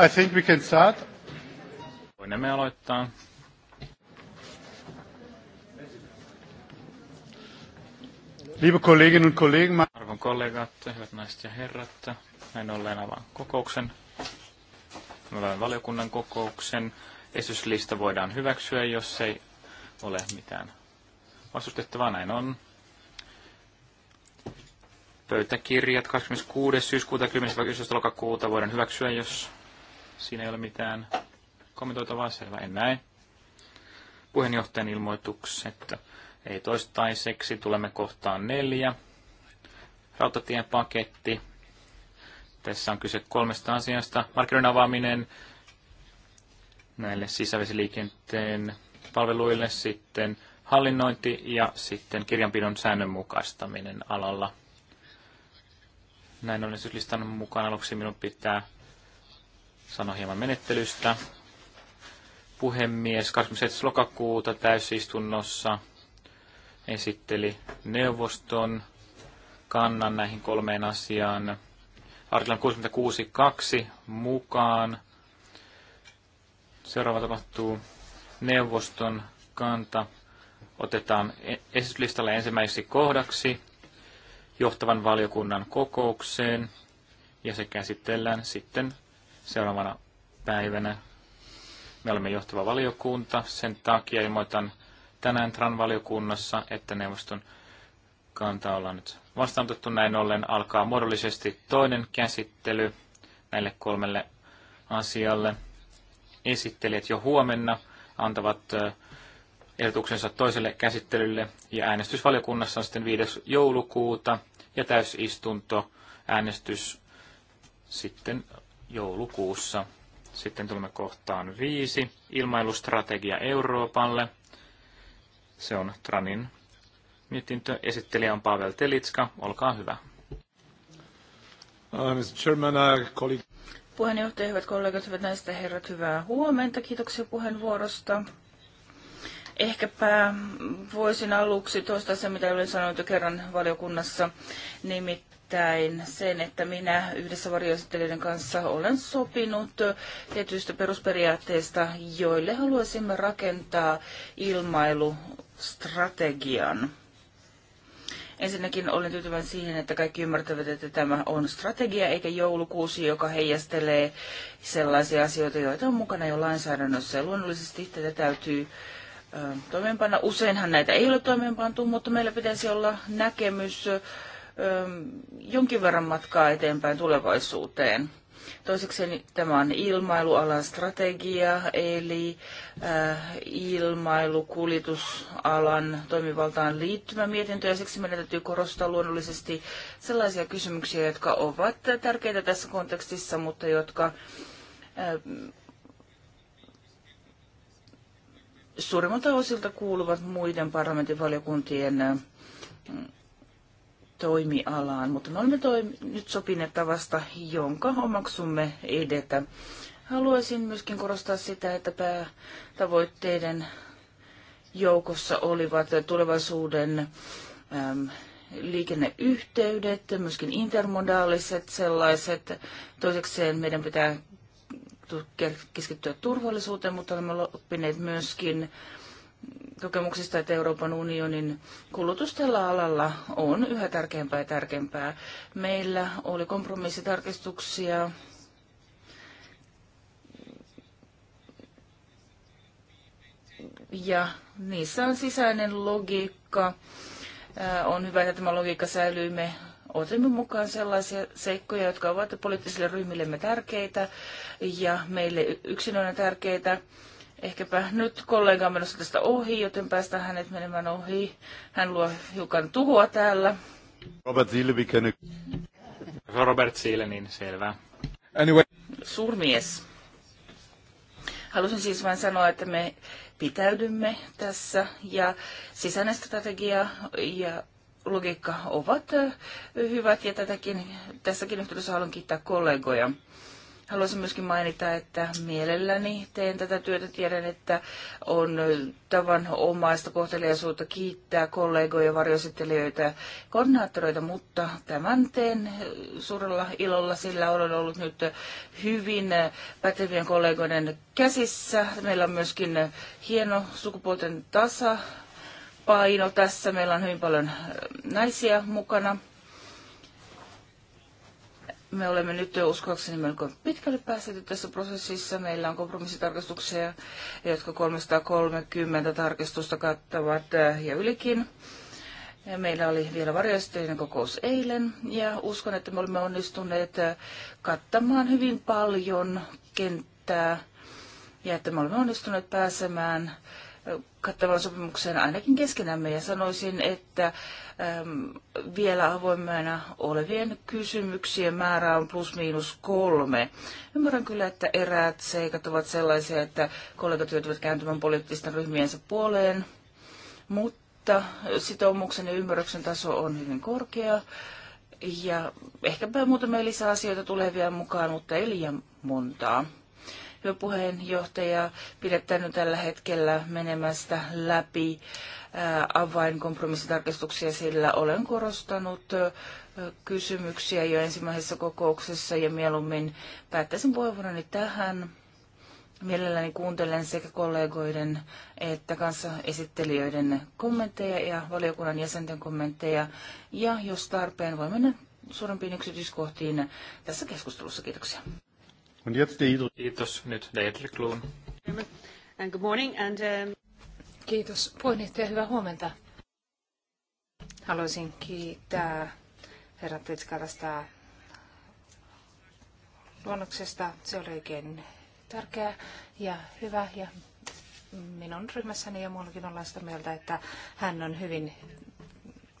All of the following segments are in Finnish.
I think we can start. Voimme aloittaa. Liebe Kolleginnen und Kollegen, arvon kollegat, hyvät naiset ja herrat, näin ollen avaan kokouksen. Me valiokunnan kokouksen. Esityslista voidaan hyväksyä, jos ei ole mitään vastustettavaa. Näin on pöytäkirjat 26. syyskuuta 10. lokakuuta voidaan hyväksyä, jos Siinä ei ole mitään kommentoitavaa, selvä, en näe. Puheenjohtajan ilmoitukset ei toistaiseksi. Tulemme kohtaan neljä. Rautatien paketti. Tässä on kyse kolmesta asiasta. Markkinoiden avaaminen näille sisävesiliikenteen palveluille, sitten hallinnointi ja sitten kirjanpidon säännönmukaistaminen alalla. Näin on esityslistan mukaan aluksi minun pitää sanoa hieman menettelystä. Puhemies 27. lokakuuta täysistunnossa esitteli neuvoston kannan näihin kolmeen asiaan. Artiklan 66.2 mukaan. Seuraava tapahtuu neuvoston kanta. Otetaan e- esityslistalle ensimmäiseksi kohdaksi johtavan valiokunnan kokoukseen ja se käsitellään sitten seuraavana päivänä. Me olemme johtava valiokunta. Sen takia ilmoitan tänään TRAN-valiokunnassa, että neuvoston kanta ollaan nyt vastaanotettu. Näin ollen alkaa muodollisesti toinen käsittely näille kolmelle asialle. Esittelijät jo huomenna antavat ehdotuksensa toiselle käsittelylle ja äänestysvaliokunnassa on sitten 5. joulukuuta ja täysistunto äänestys sitten joulukuussa. Sitten tulemme kohtaan viisi. Ilmailustrategia Euroopalle. Se on Tranin mietintö. Esittelijä on Pavel Telitska. Olkaa hyvä. Uh, uh, Puheenjohtaja, hyvät kollegat, hyvät naiset ja herrat, hyvää huomenta. Kiitoksia puheenvuorosta. Ehkäpä voisin aluksi toistaa se, mitä olin sanonut jo kerran valiokunnassa, nimittäin nimittäin sen, että minä yhdessä varjoesittelijöiden kanssa olen sopinut tietyistä perusperiaatteista, joille haluaisimme rakentaa ilmailustrategian. Ensinnäkin olen tyytyväinen siihen, että kaikki ymmärtävät, että tämä on strategia eikä joulukuusi, joka heijastelee sellaisia asioita, joita on mukana jo lainsäädännössä. Ja luonnollisesti tätä täytyy toimeenpanna. Useinhan näitä ei ole toimeenpantu, mutta meillä pitäisi olla näkemys jonkin verran matkaa eteenpäin tulevaisuuteen. Toiseksi tämä on ilmailualan strategia, eli äh, ilmailukuljetusalan toimivaltaan liittyvä mietintö, ja siksi meidän täytyy korostaa luonnollisesti sellaisia kysymyksiä, jotka ovat tärkeitä tässä kontekstissa, mutta jotka äh, suurimmalta osilta kuuluvat muiden parlamentin valiokuntien äh, toimialaan, mutta me olemme toimi, nyt sopineet tavasta, jonka omaksumme edetä. Haluaisin myöskin korostaa sitä, että päätavoitteiden joukossa olivat tulevaisuuden äm, liikenneyhteydet, myöskin intermodaaliset sellaiset. Toisekseen meidän pitää keskittyä turvallisuuteen, mutta olemme oppineet myöskin kokemuksista, että Euroopan unionin kulutus tällä alalla on yhä tärkeämpää ja tärkeämpää. Meillä oli kompromissitarkistuksia ja niissä on sisäinen logiikka. On hyvä, että tämä logiikka säilyy. Me otimme mukaan sellaisia seikkoja, jotka ovat poliittisille ryhmillemme tärkeitä ja meille yksilöinä tärkeitä Ehkäpä nyt kollega on menossa tästä ohi, joten päästään hänet menemään ohi. Hän luo hiukan tuhoa täällä. Robert Silviken. Robert Siile, niin selvä. Anyway. Suurmies. Halusin siis vain sanoa, että me pitäydymme tässä ja sisäinen strategia ja logiikka ovat hyvät ja tätäkin, tässäkin yhteydessä haluan kiittää kollegoja. Haluaisin myöskin mainita, että mielelläni teen tätä työtä. Tiedän, että on tavan omaista kohteliaisuutta kiittää kollegoja, ja koordinaattoreita, mutta tämän teen suurella ilolla, sillä olen ollut nyt hyvin pätevien kollegoiden käsissä. Meillä on myöskin hieno sukupuolten tasa paino tässä. Meillä on hyvin paljon naisia mukana me olemme nyt jo uskoakseni melko pitkälle päässeet tässä prosessissa. Meillä on kompromissitarkastuksia, jotka 330 tarkistusta kattavat äh, ja ylikin. Ja meillä oli vielä varjoistajien kokous eilen ja uskon, että me olemme onnistuneet äh, kattamaan hyvin paljon kenttää ja että me olemme onnistuneet pääsemään kattavan sopimuksen ainakin keskenämme ja sanoisin, että äm, vielä avoimena olevien kysymyksien määrä on plus miinus kolme. Ymmärrän kyllä, että eräät seikat ovat sellaisia, että kollegat joutuvat kääntymään poliittisten ryhmiensä puoleen, mutta sitoumuksen ja ymmärryksen taso on hyvin korkea. Ja ehkäpä muutamia lisäasioita tulee vielä mukaan, mutta ei liian montaa hyvä puheenjohtaja, pidättänyt tällä hetkellä menemästä läpi avainkompromissitarkistuksia, sillä olen korostanut kysymyksiä jo ensimmäisessä kokouksessa ja mieluummin päättäisin puheenvuoroni tähän. Mielelläni kuuntelen sekä kollegoiden että kanssaesittelijöiden kommentteja ja valiokunnan jäsenten kommentteja. Ja jos tarpeen, voi mennä suurempiin yksityiskohtiin tässä keskustelussa. Kiitoksia. Und jetzt Hydro Kiitos. Nyt Deidre And Good morning and, um... Kiitos puheenjohtaja. Hyvää huomenta. Haluaisin kiittää herra Tetska tästä luonnoksesta. Se oli oikein tärkeä ja hyvä ja minun ryhmässäni ja muullakin ollaan sitä mieltä, että hän on hyvin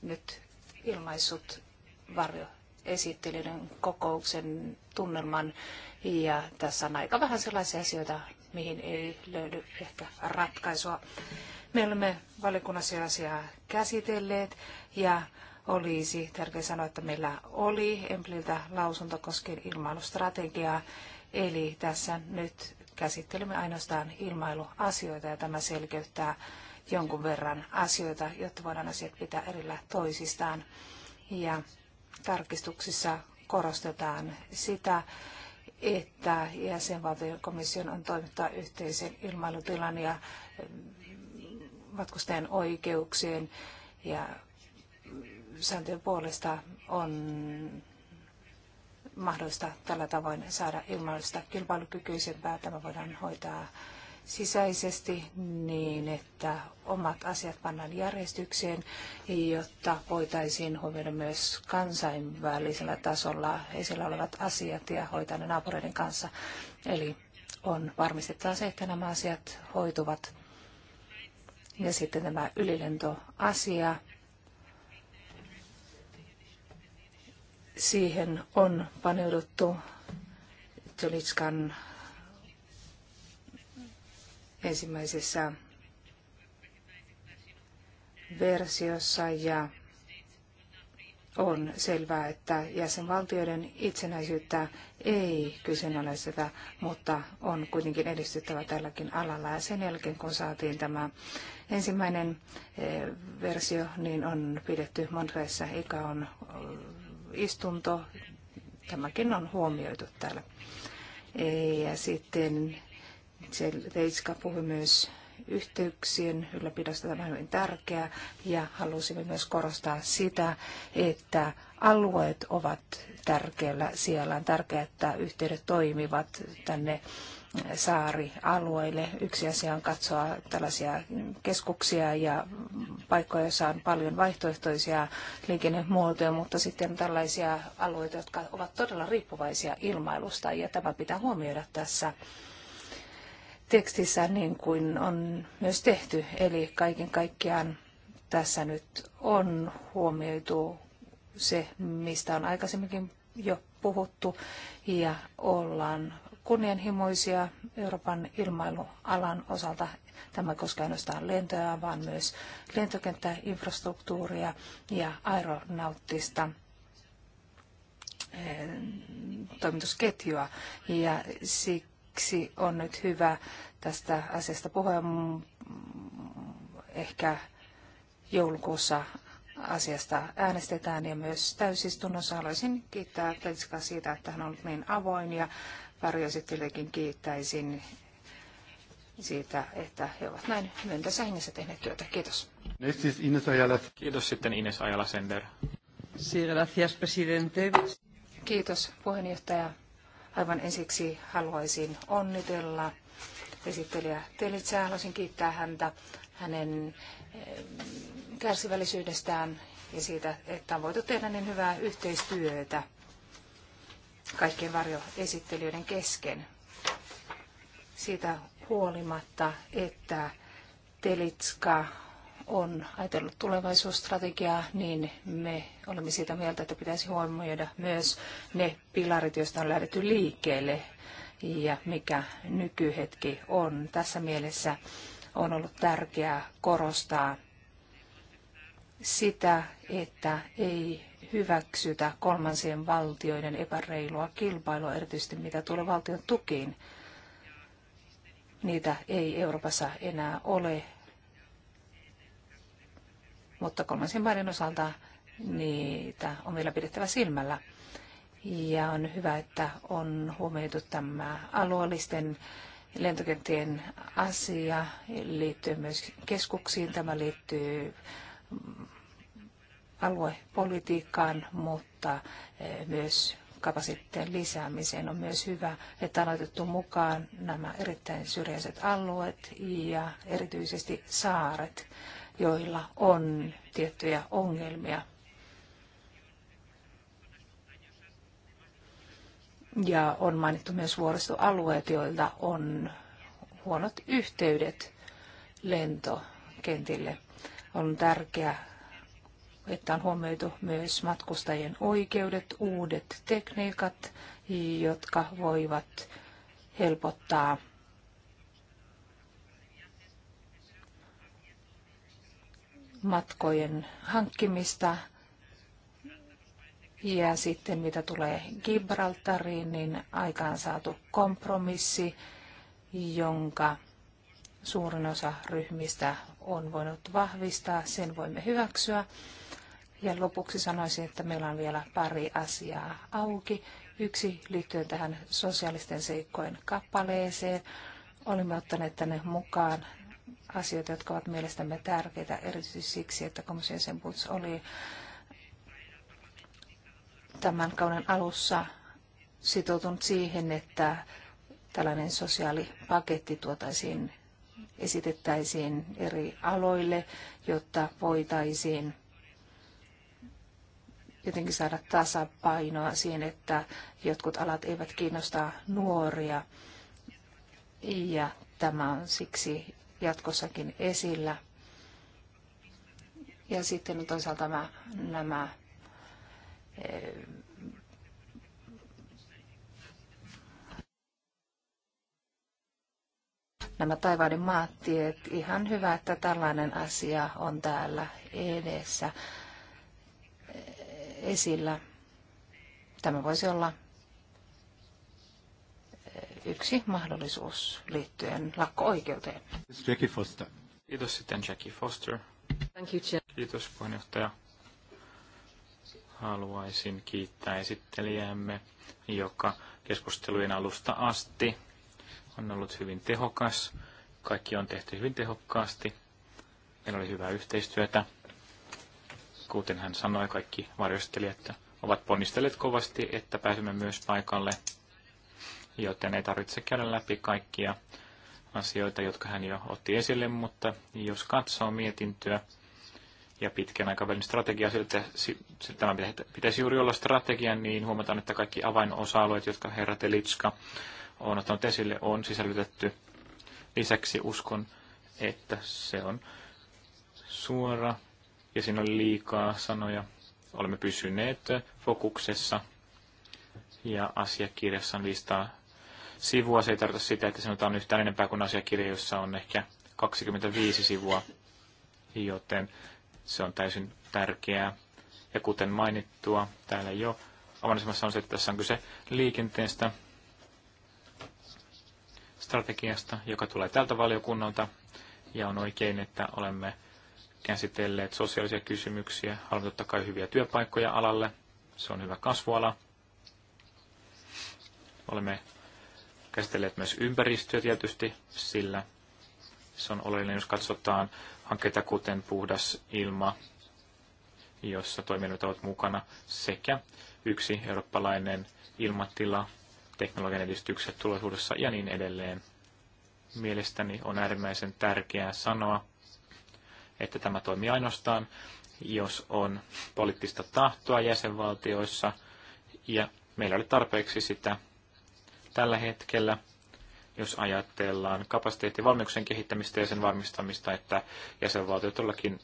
nyt ilmaissut varjo esittelyiden kokouksen tunnelman. Ja tässä on aika vähän sellaisia asioita, mihin ei löydy ehkä ratkaisua. Me olemme valiokunnassa asiaa käsitelleet ja olisi tärkeää sanoa, että meillä oli Empliltä lausunto koskien ilmailustrategiaa. Eli tässä nyt käsittelemme ainoastaan ilmailuasioita ja tämä selkeyttää jonkun verran asioita, jotta voidaan asiat pitää erillä toisistaan. Ja tarkistuksissa korostetaan sitä, että jäsenvaltion komission on toimittaa yhteisen ilmailutilan ja mm, matkustajan oikeuksien ja sääntöjen puolesta on mahdollista tällä tavoin saada ilmailusta kilpailukykyisempää. Tämä voidaan hoitaa sisäisesti niin, että omat asiat pannaan järjestykseen, jotta voitaisiin huomioida myös kansainvälisellä tasolla esillä olevat asiat ja hoitaa ne naapureiden kanssa. Eli on varmistettava se, että nämä asiat hoituvat. Ja sitten tämä ylilentoasia. Siihen on paneuduttu Tulitskan ensimmäisessä versiossa ja on selvää, että jäsenvaltioiden itsenäisyyttä ei kyseenalaisteta, mutta on kuitenkin edistyttävä tälläkin alalla. Ja sen jälkeen, kun saatiin tämä ensimmäinen eh, versio, niin on pidetty Montreessa on eh, istunto. Tämäkin on huomioitu täällä. Eh, ja sitten Teitska puhui myös yhteyksien ylläpidosta. Tämä on hyvin tärkeää ja halusimme myös korostaa sitä, että alueet ovat tärkeällä siellä. On tärkeää, että yhteydet toimivat tänne saarialueille. Yksi asia on katsoa tällaisia keskuksia ja paikkoja, joissa on paljon vaihtoehtoisia liikennemuotoja, mutta sitten tällaisia alueita, jotka ovat todella riippuvaisia ilmailusta ja tämä pitää huomioida tässä tekstissä niin kuin on myös tehty. Eli kaiken kaikkiaan tässä nyt on huomioitu se, mistä on aikaisemminkin jo puhuttu, ja ollaan kunnianhimoisia Euroopan ilmailualan osalta. Tämä koskee ainoastaan lentoja, vaan myös lentokenttäinfrastruktuuria ja aeronauttista eh, toimitusketjua. Ja siksi siksi on nyt hyvä tästä asiasta puhua. Mm, ehkä joulukuussa asiasta äänestetään ja myös täysistunnossa haluaisin kiittää Tetska siitä, että hän on ollut niin avoin ja varjoesittelijäkin kiittäisin siitä, että he ovat näin myöntässä hengessä tehneet työtä. Kiitos. Kiitos sitten Ines Ajala-Sender. Kiitos puheenjohtaja. Aivan ensiksi haluaisin onnitella esittelijä Telitsää. Haluaisin kiittää häntä hänen eh, kärsivällisyydestään ja siitä, että on voitu tehdä niin hyvää yhteistyötä kaikkien varjoesittelijöiden kesken. Siitä huolimatta, että Telitska on ajatellut tulevaisuusstrategiaa, niin me olemme siitä mieltä, että pitäisi huomioida myös ne pilarit, joista on lähdetty liikkeelle ja mikä nykyhetki on. Tässä mielessä on ollut tärkeää korostaa sitä, että ei hyväksytä kolmansien valtioiden epäreilua kilpailua, erityisesti mitä tulee valtion tukiin. Niitä ei Euroopassa enää ole, mutta kolmansien maiden osalta niitä on vielä pidettävä silmällä. Ja on hyvä, että on huomioitu tämä alueellisten lentokenttien asia liittyy myös keskuksiin. Tämä liittyy aluepolitiikkaan, mutta eh, myös kapasiteetin lisäämiseen on myös hyvä, että on otettu mukaan nämä erittäin syrjäiset alueet ja erityisesti saaret joilla on tiettyjä ongelmia. Ja on mainittu myös vuoristoalueet, joilta on huonot yhteydet lentokentille. On tärkeää, että on huomioitu myös matkustajien oikeudet, uudet tekniikat, jotka voivat helpottaa matkojen hankkimista. Ja sitten mitä tulee Gibraltariin, niin aikaan saatu kompromissi, jonka suurin osa ryhmistä on voinut vahvistaa, sen voimme hyväksyä. Ja lopuksi sanoisin, että meillä on vielä pari asiaa auki. Yksi liittyen tähän sosiaalisten seikkojen kappaleeseen. Olimme ottaneet tänne mukaan asioita, jotka ovat mielestämme tärkeitä, erityisesti siksi, että komissio Buts oli tämän kauden alussa sitoutunut siihen, että tällainen sosiaalipaketti tuotaisiin, esitettäisiin eri aloille, jotta voitaisiin jotenkin saada tasapainoa siihen, että jotkut alat eivät kiinnosta nuoria. Ja tämä on siksi jatkossakin esillä. Ja sitten on toisaalta nämä, nämä eh, nämä taivaiden maattiet. Ihan hyvä, että tällainen asia on täällä edessä eh, esillä. Tämä voisi olla yksi mahdollisuus liittyen lakko-oikeuteen. Jackie Foster. Kiitos sitten Jackie Foster. Thank you, Chair. Kiitos puheenjohtaja. Haluaisin kiittää esittelijämme, joka keskustelujen alusta asti on ollut hyvin tehokas. Kaikki on tehty hyvin tehokkaasti. Meillä oli hyvää yhteistyötä. Kuten hän sanoi, kaikki varjostelijat ovat ponnistelleet kovasti, että pääsimme myös paikalle joten ei tarvitse käydä läpi kaikkia asioita, jotka hän jo otti esille, mutta jos katsoo mietintöä ja pitkän aikavälin strategiaa, siltä, siltä tämä pitäisi juuri olla strategia, niin huomataan, että kaikki avainosa-alueet, jotka herra Telitska on ottanut esille, on sisällytetty. Lisäksi uskon, että se on suora ja siinä on liikaa sanoja. Olemme pysyneet fokuksessa ja asiakirjassa on listaa sivua. Se ei tarkoita sitä, että sanotaan yhtään enempää kuin asiakirja, jossa on ehkä 25 sivua, joten se on täysin tärkeää. Ja kuten mainittua täällä jo, avainasemassa on se, että tässä on kyse liikenteestä, strategiasta, joka tulee tältä valiokunnalta. Ja on oikein, että olemme käsitelleet sosiaalisia kysymyksiä. Haluamme totta kai hyviä työpaikkoja alalle. Se on hyvä kasvuala. Olemme käsitelleet myös ympäristöä tietysti, sillä se on oleellinen, jos katsotaan hankkeita kuten puhdas ilma, jossa toimijat ovat mukana, sekä yksi eurooppalainen ilmatila, teknologian edistykset tulevaisuudessa ja niin edelleen. Mielestäni on äärimmäisen tärkeää sanoa, että tämä toimii ainoastaan, jos on poliittista tahtoa jäsenvaltioissa ja meillä oli tarpeeksi sitä tällä hetkellä, jos ajatellaan kapasiteettivalmiuksen kehittämistä ja sen varmistamista, että jäsenvaltiot todellakin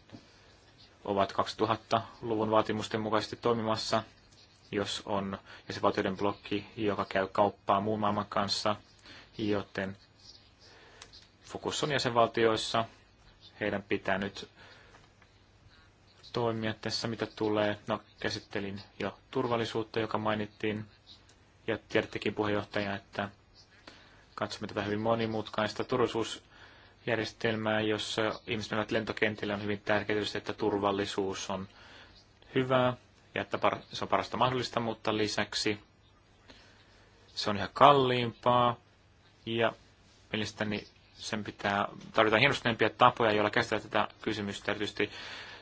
ovat 2000-luvun vaatimusten mukaisesti toimimassa, jos on jäsenvaltioiden blokki, joka käy kauppaa muun maailman kanssa, joten fokus on jäsenvaltioissa. Heidän pitää nyt toimia tässä, mitä tulee. No, käsittelin jo turvallisuutta, joka mainittiin. Ja tiedättekin puheenjohtaja, että katsomme tätä hyvin monimutkaista turvallisuusjärjestelmää, jossa ihmiset menevät lentokentille. On hyvin tärkeää, että turvallisuus on hyvää ja että se on parasta mahdollista, mutta lisäksi se on ihan kalliimpaa ja mielestäni sen pitää, tarvitaan hienostuneempia tapoja, joilla käsitellä tätä kysymystä, erityisesti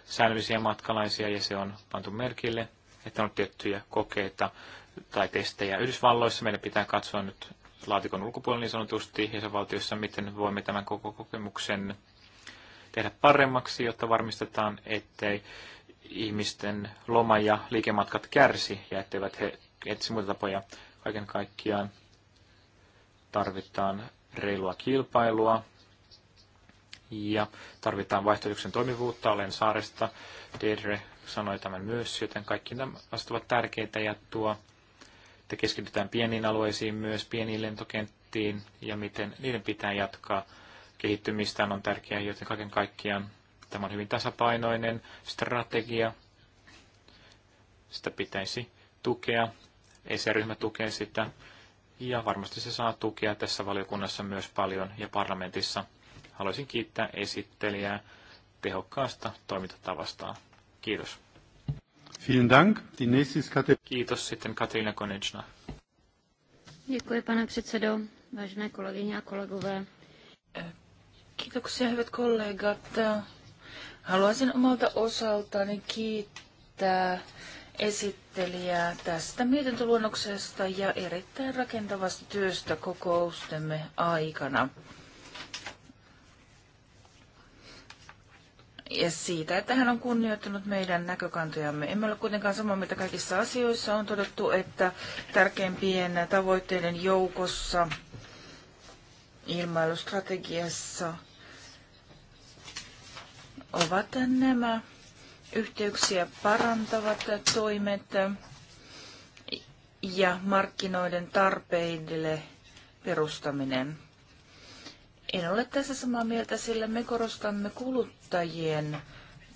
säännöllisiä matkalaisia, ja se on pantu merkille, että on tiettyjä kokeita tai testejä Yhdysvalloissa. Meidän pitää katsoa nyt laatikon ulkopuolella niin sanotusti jäsenvaltioissa, miten voimme tämän koko kokemuksen tehdä paremmaksi, jotta varmistetaan, ettei ihmisten loma- ja liikematkat kärsi ja etteivät he etsi muita tapoja. Kaiken kaikkiaan tarvitaan reilua kilpailua ja tarvitaan vaihtoehtoisen toimivuutta. Olen saaresta. Deirdre sanoi tämän myös, joten kaikki nämä ovat tärkeitä ja tuo että keskitytään pieniin alueisiin myös, pieniin lentokenttiin ja miten niiden pitää jatkaa kehittymistään on tärkeää, joten kaiken kaikkiaan tämä on hyvin tasapainoinen strategia. Sitä pitäisi tukea. ESR-ryhmä tukee sitä ja varmasti se saa tukea tässä valiokunnassa myös paljon ja parlamentissa. Haluaisin kiittää esittelijää tehokkaasta toimintatavastaan. Kiitos. Vielen Dank. Die nächste ist Kiitos sitten Katriina Konečna. Děkuji, pane předsedo, vážené kolegyně a kolegové. Kiitoksia, hyvät kollegat. Haluaisin omalta osaltani kiittää esittelijää tästä mietintöluonnoksesta ja erittäin rakentavasta työstä kokoustemme aikana. ja siitä, että hän on kunnioittanut meidän näkökantojamme. Emme ole kuitenkaan samaa mieltä kaikissa asioissa. On todettu, että tärkeimpien tavoitteiden joukossa ilmailustrategiassa ovat nämä yhteyksiä parantavat toimet ja markkinoiden tarpeille perustaminen. En ole tässä samaa mieltä, sillä me korostamme kuluttajien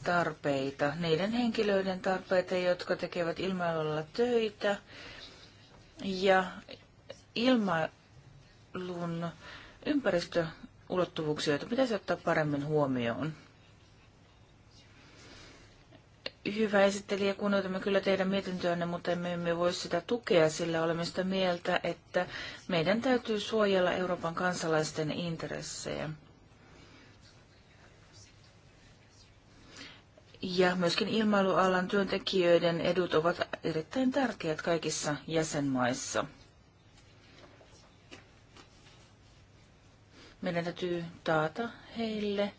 tarpeita, niiden henkilöiden tarpeita, jotka tekevät ilmailulla töitä ja ilmailun ympäristöulottuvuuksia, joita pitäisi ottaa paremmin huomioon. Hyvä esittelijä, kunnioitamme kyllä teidän mietintöönne, mutta emme, emme voi sitä tukea, sillä olemme sitä mieltä, että meidän täytyy suojella Euroopan kansalaisten intressejä. Ja myöskin ilmailualan työntekijöiden edut ovat erittäin tärkeät kaikissa jäsenmaissa. Meidän täytyy taata heille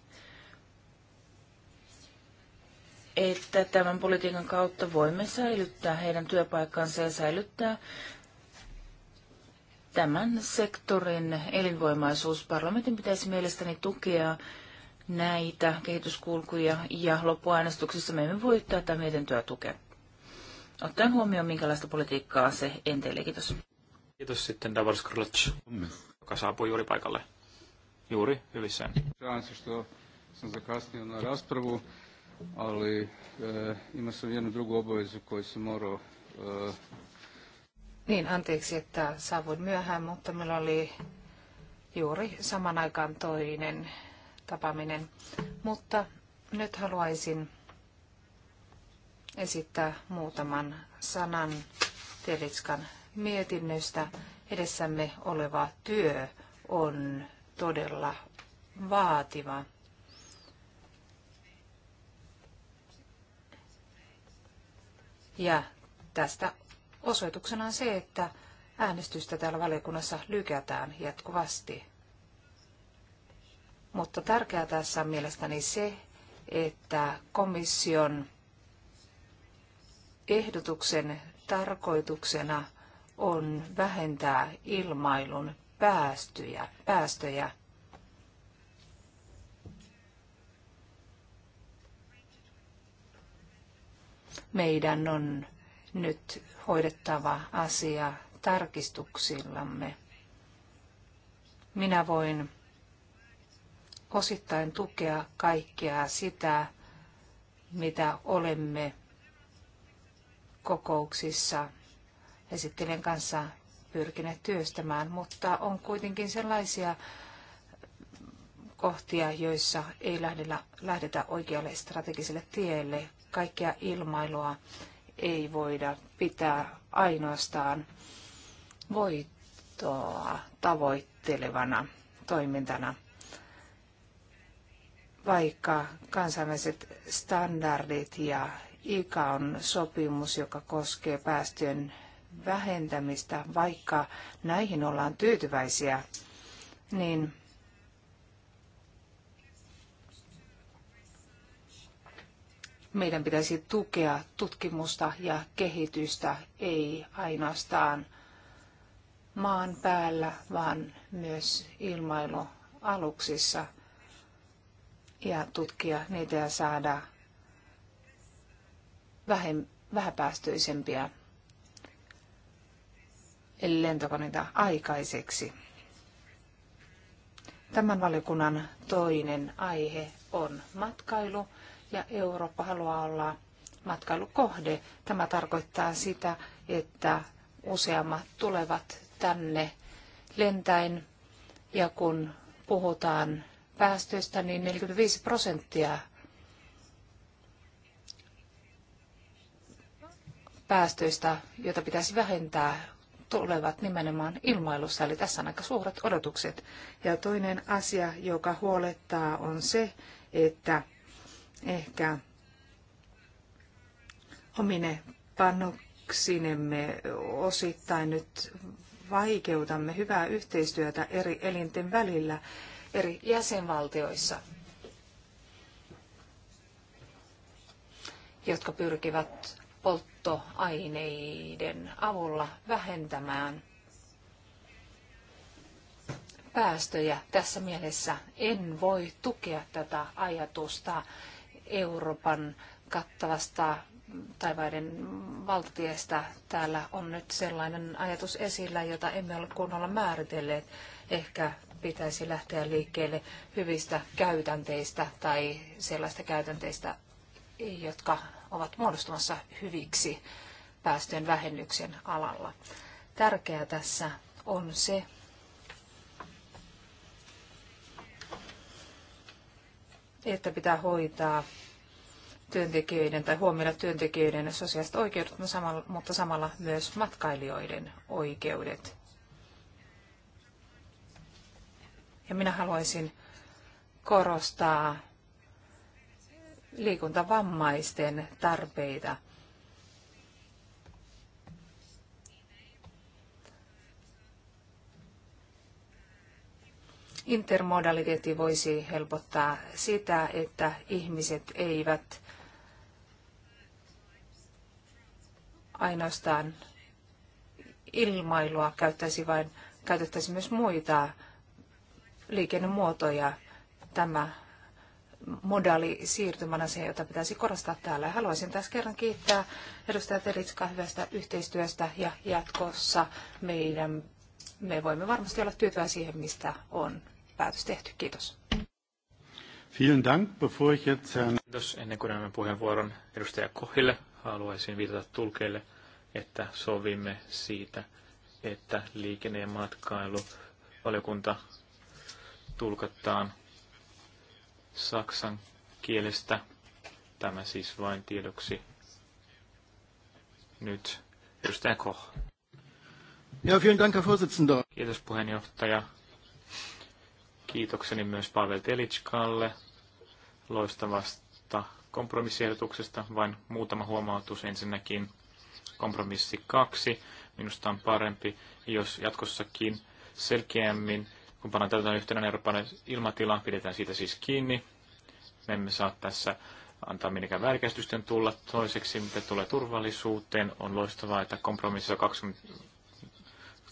että tämän politiikan kautta voimme säilyttää heidän työpaikkansa ja säilyttää tämän sektorin elinvoimaisuus. Parlamentin pitäisi mielestäni tukea näitä kehityskulkuja ja loppuäänestyksessä me emme voi tätä mietintöä tukea. Ottaen huomioon, minkälaista politiikkaa se enteilee. Kiitos. Kiitos sitten Davos Krulac, joka saapui juuri paikalle. Juuri, hyvissään ali e, sam jednu drugu obavezu koju sam morao... E... Niin, anteeksi, että saavuin myöhään, mutta meillä oli juuri saman aikaan toinen tapaaminen. Mutta nyt haluaisin esittää muutaman sanan Telitskan mietinnöstä. Edessämme oleva työ on todella vaativa Ja tästä osoituksena on se, että äänestystä täällä valiokunnassa lykätään jatkuvasti. Mutta tärkeää tässä on mielestäni se, että komission ehdotuksen tarkoituksena on vähentää ilmailun päästöjä, päästöjä meidän on nyt hoidettava asia tarkistuksillamme. Minä voin osittain tukea kaikkea sitä, mitä olemme kokouksissa esittelen kanssa pyrkineet työstämään, mutta on kuitenkin sellaisia kohtia, joissa ei lähdetä oikealle strategiselle tielle, kaikkea ilmailua ei voida pitää ainoastaan voittoa tavoittelevana toimintana. Vaikka kansainväliset standardit ja ICA on sopimus, joka koskee päästöjen vähentämistä, vaikka näihin ollaan tyytyväisiä, niin meidän pitäisi tukea tutkimusta ja kehitystä, ei ainoastaan maan päällä, vaan myös ilmailualuksissa ja tutkia niitä ja saada vähem, vähäpäästöisempiä lentokoneita aikaiseksi. Tämän valiokunnan toinen aihe on matkailu – ja Eurooppa haluaa olla matkailukohde. Tämä tarkoittaa sitä, että useammat tulevat tänne lentäen ja kun puhutaan päästöistä, niin 45 prosenttia päästöistä, joita pitäisi vähentää, tulevat nimenomaan ilmailussa, eli tässä on aika suuret odotukset. Ja toinen asia, joka huolettaa, on se, että ehkä omine panoksinemme osittain nyt vaikeutamme hyvää yhteistyötä eri elinten välillä eri jäsenvaltioissa, jotka pyrkivät polttoaineiden avulla vähentämään päästöjä. Tässä mielessä en voi tukea tätä ajatusta Euroopan kattavasta taivaiden valtatiestä. Täällä on nyt sellainen ajatus esillä, jota emme ole kunnolla määritelleet. Ehkä pitäisi lähteä liikkeelle hyvistä käytänteistä tai sellaista käytänteistä, jotka ovat muodostumassa hyviksi päästöjen vähennyksen alalla. Tärkeää tässä on se, että pitää hoitaa työntekijöiden tai huomioida työntekijöiden sosiaaliset oikeudet, mutta samalla myös matkailijoiden oikeudet. Ja minä haluaisin korostaa liikuntavammaisten tarpeita – Intermodaliteetti voisi helpottaa sitä, että ihmiset eivät ainoastaan ilmailua käyttäisi, vain käytettäisiin myös muita liikennemuotoja. Tämä modaali siirtymänä se, jota pitäisi korostaa täällä. Haluaisin taas kerran kiittää edustaja Teritska hyvästä yhteistyöstä ja jatkossa meidän, me voimme varmasti olla tyytyväisiä siihen, mistä on päätös tehty. Kiitos. Vielen Dank. Bevor ich jetzt Herrn... Kiitos. Ennen kuin annan puheenvuoron edustaja Kohille, haluaisin viitata tulkeille, että sovimme siitä, että liikenne- ja matkailuvaliokunta tulkataan saksan kielestä. Tämä siis vain tiedoksi nyt. Edustaja Koch. Ja, vielen Dank, Herr Vorsitzender. Kiitos puheenjohtaja Kiitokseni myös Pavel Telitskalle loistavasta kompromissiehdotuksesta. Vain muutama huomautus ensinnäkin. Kompromissi kaksi. Minusta on parempi, jos jatkossakin selkeämmin, kun pannaan täytäntöön yhtenä eurooppalainen ilmatila, pidetään siitä siis kiinni. Me emme saa tässä antaa minikään väärinkäsitysten tulla. Toiseksi, mitä tulee turvallisuuteen, on loistavaa, että kompromissi 20,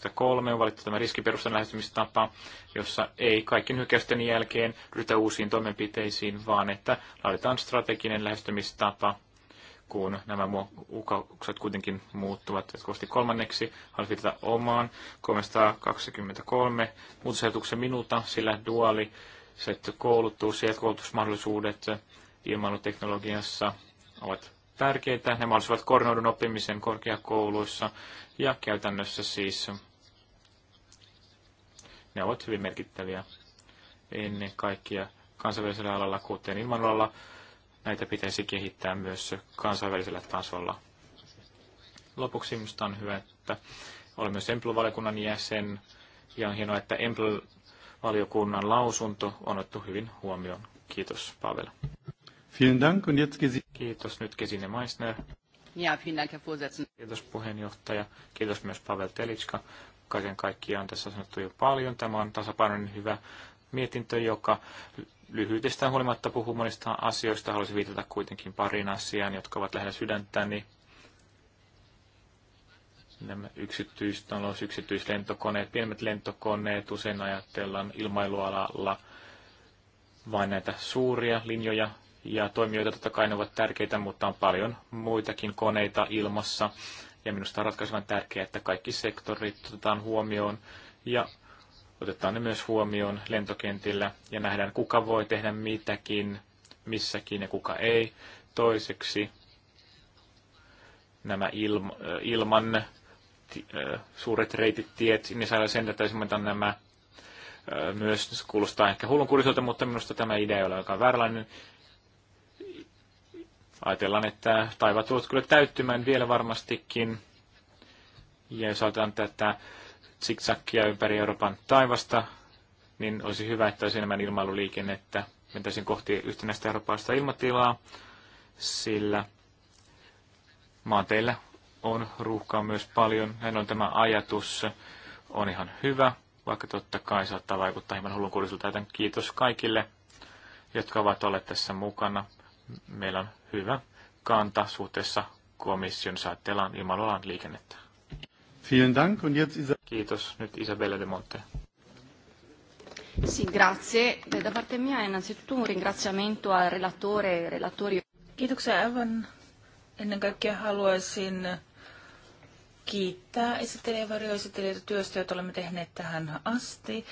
2023 on valittu tämä riskiperustan lähestymistapa, jossa ei kaikkien hyökkäysten jälkeen ryhdytä uusiin toimenpiteisiin, vaan että laaditaan strateginen lähestymistapa, kun nämä uhkaukset kuitenkin muuttuvat jatkuvasti kolmanneksi. Haluaisin viitata omaan 323 muutosehdotuksen minulta, sillä duaali koulutus ja koulutusmahdollisuudet ilmailuteknologiassa ovat tärkeitä. Ne mahdollisivat koordinoidun oppimisen korkeakouluissa ja käytännössä siis ne ovat hyvin merkittäviä ennen kaikkea kansainvälisellä alalla, kuten ilmanalalla. Näitä pitäisi kehittää myös kansainvälisellä tasolla. Lopuksi minusta on hyvä, että olen myös emplu valiokunnan jäsen ja on hienoa, että emplu valiokunnan lausunto on otettu hyvin huomioon. Kiitos Pavel. Vielen Dank Kiitos nyt kesine Meissner. Ja, vielen Dank, Kiitos puheenjohtaja. Kiitos myös Pavel Telitska Kaiken kaikkiaan tässä on sanottu jo paljon. Tämä on tasapainoinen hyvä mietintö, joka lyhyydestään huolimatta puhuu monista asioista. Haluaisin viitata kuitenkin pariin asiaan, jotka ovat lähellä sydäntäni. Nämä yksityistalous, yksityislentokoneet, pienemmät lentokoneet, usein ajatellaan ilmailualalla vain näitä suuria linjoja ja toimijoita. Totta kai ne ovat tärkeitä, mutta on paljon muitakin koneita ilmassa, ja minusta on ratkaisevan tärkeää, että kaikki sektorit otetaan huomioon ja otetaan ne myös huomioon lentokentillä ja nähdään, kuka voi tehdä mitäkin, missäkin ja kuka ei. Toiseksi nämä ilma, äh, ilman äh, suuret reitit, tiet, niin saadaan sen, että esimerkiksi nämä äh, myös kuulostaa ehkä hullunkuriselta, mutta minusta tämä idea ei ole aika vääränlainen ajatellaan, että taivaat tulevat kyllä täyttymään vielä varmastikin. Ja jos ajatellaan tätä zigzagia ympäri Euroopan taivasta, niin olisi hyvä, että olisi enemmän ilmailuliikennettä. Mentäisiin kohti yhtenäistä eurooppalaista ilmatilaa, sillä maanteillä on ruuhkaa myös paljon. Hän on tämä ajatus, on ihan hyvä, vaikka totta kai saattaa vaikuttaa hieman hullunkuliselta. kiitos kaikille, jotka ovat olleet tässä mukana meillä on hyvä kanta suhteessa komission saattelaan ilmailualan liikennettä. Vielen Dank. Und jetzt Isa- Kiitos. Nyt Isabella de Monte. Sì, grazie. Da parte mia innanzitutto un ringraziamento al relatore, e relatori. Kiitoksia Evan. Ennen kaikkea haluaisin kiittää esittelijä ja työstä, jota olemme tehneet tähän asti.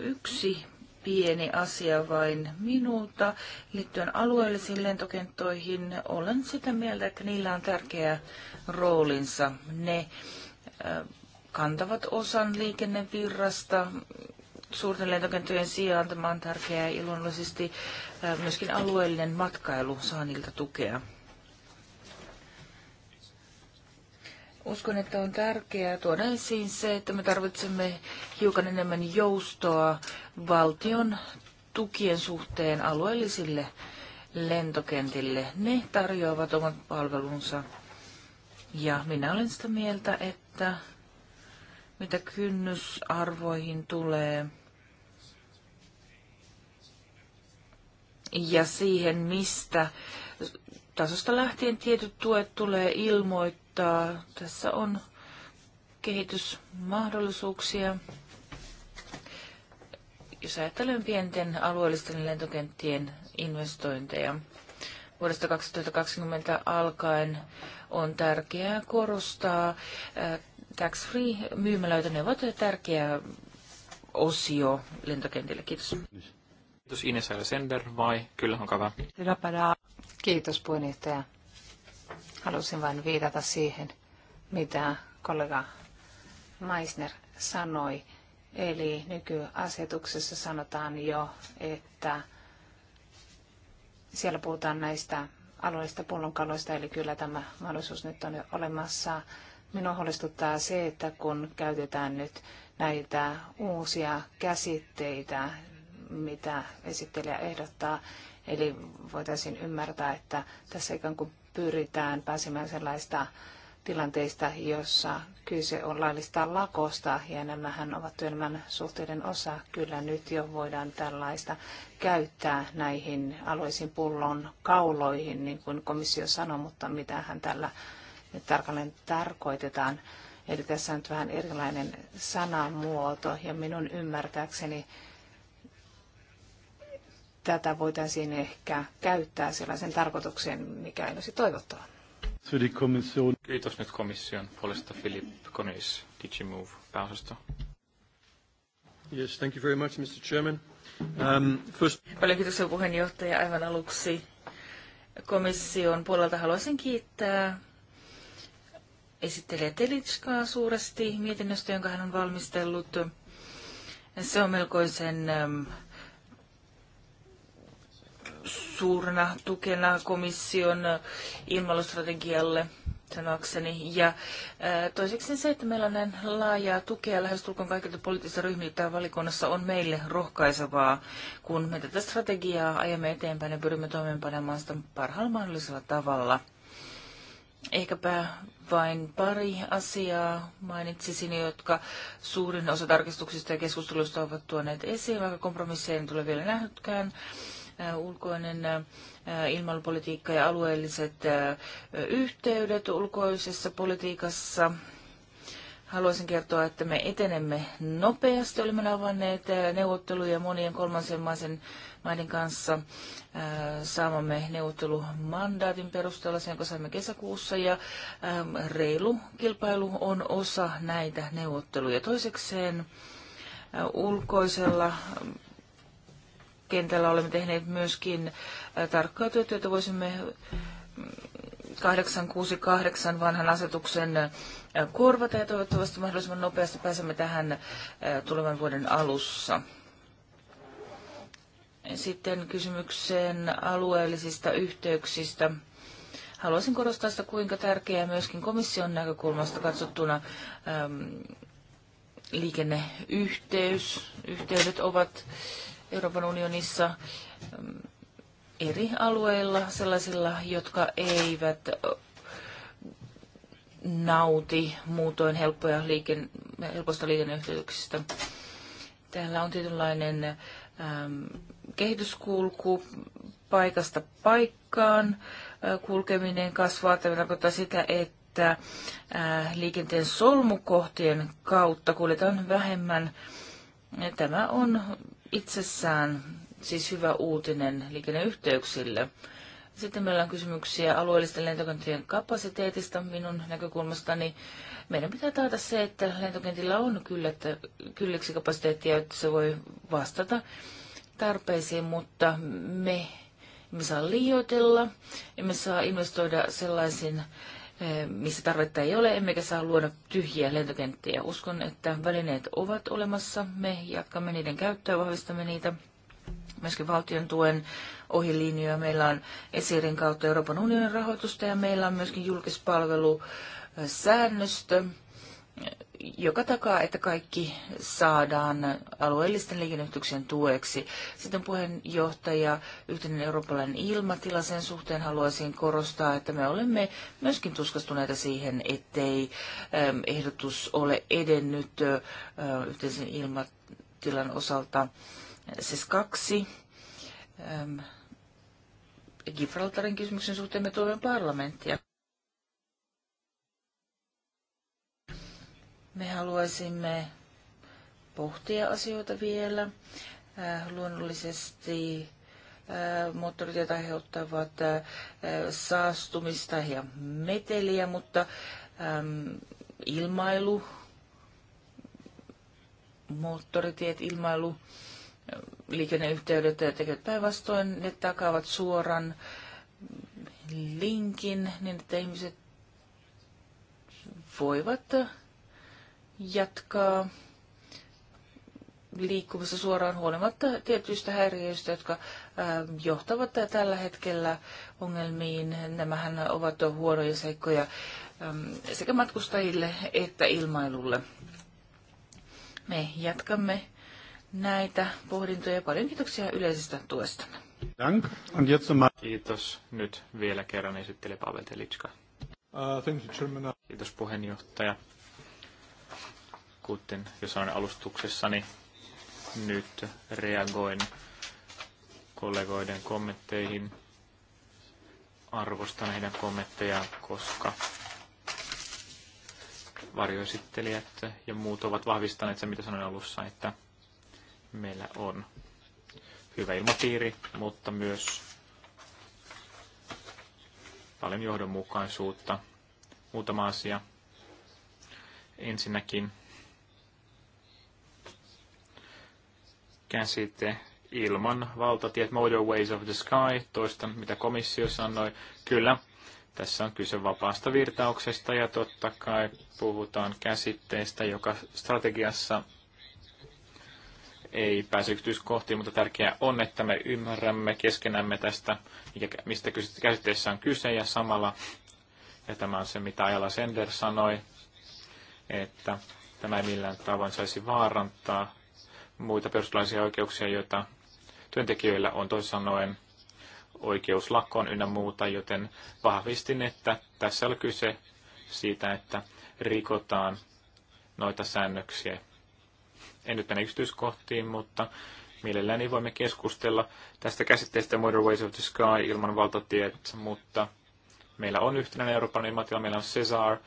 Yksi pieni asia vain minulta. Liittyen alueellisiin lentokenttoihin olen sitä mieltä, että niillä on tärkeä roolinsa. Ne äh, kantavat osan liikennevirrasta suurten lentokenttojen sijaan. Tämä on tärkeää ilonollisesti. Äh, myöskin alueellinen matkailu saa niiltä tukea. Uskon, että on tärkeää tuoda esiin se, että me tarvitsemme hiukan enemmän joustoa valtion tukien suhteen alueellisille lentokentille. Ne tarjoavat oman palvelunsa. Ja minä olen sitä mieltä, että mitä kynnysarvoihin tulee ja siihen, mistä tasosta lähtien tietyt tuet tulee ilmoittaa. Tässä on kehitysmahdollisuuksia. Jos ajattelen pienten alueellisten lentokenttien investointeja, vuodesta 2020 alkaen on tärkeää korostaa äh, tax-free myymälöitä. Ne ovat tärkeä osio lentokentille. Kiitos. Kiitos Ines Sender vai? Kyllä, on kava. Kiitos puheenjohtaja. Halusin vain viitata siihen, mitä kollega Meisner sanoi. Eli nykyasetuksessa sanotaan jo, että siellä puhutaan näistä alueista pullonkaloista, eli kyllä tämä mahdollisuus nyt on jo olemassa. Minua huolestuttaa se, että kun käytetään nyt näitä uusia käsitteitä, mitä esittelijä ehdottaa. Eli voitaisiin ymmärtää, että tässä ikään kuin pyritään pääsemään sellaista tilanteista, jossa kyse on laillista lakosta, ja nämähän ovat työelämän suhteiden osa. Kyllä nyt jo voidaan tällaista käyttää näihin alueisiin pullon kauloihin, niin kuin komissio sanoi, mutta mitä hän tällä nyt tarkalleen tarkoitetaan. Eli tässä on nyt vähän erilainen sanamuoto, ja minun ymmärtääkseni tätä voitaisiin ehkä käyttää sellaisen tarkoituksen, mikä ei olisi toivottavaa. Kiitos nyt komission puolesta Philip Konis, Digimove pääosasto. Yes, thank you very much, Mr. Chairman. Um, first... Paljon kiitoksia puheenjohtaja aivan aluksi. Komission puolelta haluaisin kiittää esittelijä Telitskaa suuresti mietinnöstä, jonka hän on valmistellut. Se on melkoisen um, suurena tukena komission ilmailustrategialle sanakseni. Ja toiseksi se, että meillä on näin laajaa tukea lähestulkoon kaikilta poliittisilta ryhmiltä valikoinnassa on meille rohkaisevaa, kun me tätä strategiaa ajamme eteenpäin ja pyrimme toimeenpanemaan sitä parhaalla mahdollisella tavalla. Ehkäpä vain pari asiaa mainitsisin, jotka suurin osa tarkistuksista ja keskusteluista ovat tuoneet esiin, vaikka kompromisseja en ole vielä nähnytkään. Äh, ulkoinen äh, ilmailupolitiikka ja alueelliset äh, yhteydet ulkoisessa politiikassa. Haluaisin kertoa, että me etenemme nopeasti. Olemme avanneet neuvotteluja monien kolmansien maisen maiden kanssa saamamme neuvottelumandaatin perusteella, sen jonka saimme kesäkuussa, ja ähm, reilu kilpailu on osa näitä neuvotteluja. Toisekseen ulkoisella kentällä olemme tehneet myöskin äh, tarkkaa työtä, jota voisimme 868 mm, vanhan asetuksen äh, korvata ja toivottavasti mahdollisimman nopeasti pääsemme tähän äh, tulevan vuoden alussa. Sitten kysymykseen alueellisista yhteyksistä. Haluaisin korostaa sitä, kuinka tärkeää myöskin komission näkökulmasta katsottuna äm, liikenneyhteys, yhteydet ovat Euroopan unionissa mm, eri alueilla, sellaisilla, jotka eivät nauti muutoin helppoja liiken, helposta liikenneyhteyksistä. Täällä on tietynlainen ähm, kehityskulku paikasta paikkaan. Kulkeminen kasvaa. Tämä tarkoittaa sitä, että äh, liikenteen solmukohtien kautta kuljetaan vähemmän. Tämä on itsessään siis hyvä uutinen liikenneyhteyksille. Sitten meillä on kysymyksiä alueellisten lentokenttien kapasiteetista minun näkökulmastani. Meidän pitää taata se, että lentokentillä on kyllä, että kylliksi kapasiteettia, että se voi vastata tarpeisiin, mutta me emme saa liioitella, emme saa investoida sellaisiin Eh, missä tarvetta ei ole, emmekä saa luoda tyhjiä lentokenttiä. Uskon, että välineet ovat olemassa. Me jatkamme niiden käyttöä, vahvistamme niitä. Myöskin valtion tuen ohilinjoja. Meillä on esirin kautta Euroopan unionin rahoitusta ja meillä on myöskin julkispalvelu säännöstö, joka takaa, että kaikki saadaan alueellisten liikenneyhteyksien tueksi. Sitten puheenjohtaja yhteinen eurooppalainen ilmatila. Sen suhteen haluaisin korostaa, että me olemme myöskin tuskastuneita siihen, ettei ähm, ehdotus ole edennyt äh, yhteisen ilmatilan osalta. Siis kaksi. Ähm, Gibraltarin kysymyksen suhteen me tuomme parlamenttia. Me haluaisimme pohtia asioita vielä. Äh, luonnollisesti äh, moottoritiet aiheuttavat äh, saastumista ja meteliä, mutta ilmailu, moottoritiet, ilmailu, liikenneyhteydet tekevät päinvastoin. Ne takaavat suoran linkin niin, että ihmiset voivat jatkaa liikkumassa suoraan huolimatta tietyistä häiriöistä, jotka ähm, johtavat tällä hetkellä ongelmiin. Nämähän ovat huonoja seikkoja ähm, sekä matkustajille että ilmailulle. Me jatkamme näitä pohdintoja. Paljon kiitoksia yleisestä tuesta. Dank. Und jetzt Kiitos. Nyt vielä kerran esittelee Pavel Telitska. Uh, thank you, Kiitos puheenjohtaja. Kuten jo sanoin alustuksessani, nyt reagoin kollegoiden kommentteihin. Arvostan heidän kommenttejaan, koska varjoesittelijät ja muut ovat vahvistaneet sen, mitä sanoin alussa, että meillä on hyvä ilmapiiri, mutta myös paljon johdonmukaisuutta. Muutama asia. Ensinnäkin käsite ilman valtatiet ways of the Sky, toista mitä komissio sanoi. Kyllä, tässä on kyse vapaasta virtauksesta ja totta kai puhutaan käsitteestä, joka strategiassa ei pääse yksityiskohtiin, mutta tärkeää on, että me ymmärrämme keskenämme tästä, mistä käsitteessä on kyse ja samalla, ja tämä on se mitä Ajala Sender sanoi, että tämä ei millään tavoin saisi vaarantaa muita perustuslaisia oikeuksia, joita työntekijöillä on toisin oikeus lakkoon ynnä muuta, joten vahvistin, että tässä oli kyse siitä, että rikotaan noita säännöksiä. En nyt mene yksityiskohtiin, mutta mielelläni voimme keskustella tästä käsitteestä Modern Ways of the Sky ilman valtatiet, mutta meillä on yhtenäinen Euroopan ilmatila, meillä on Cesar,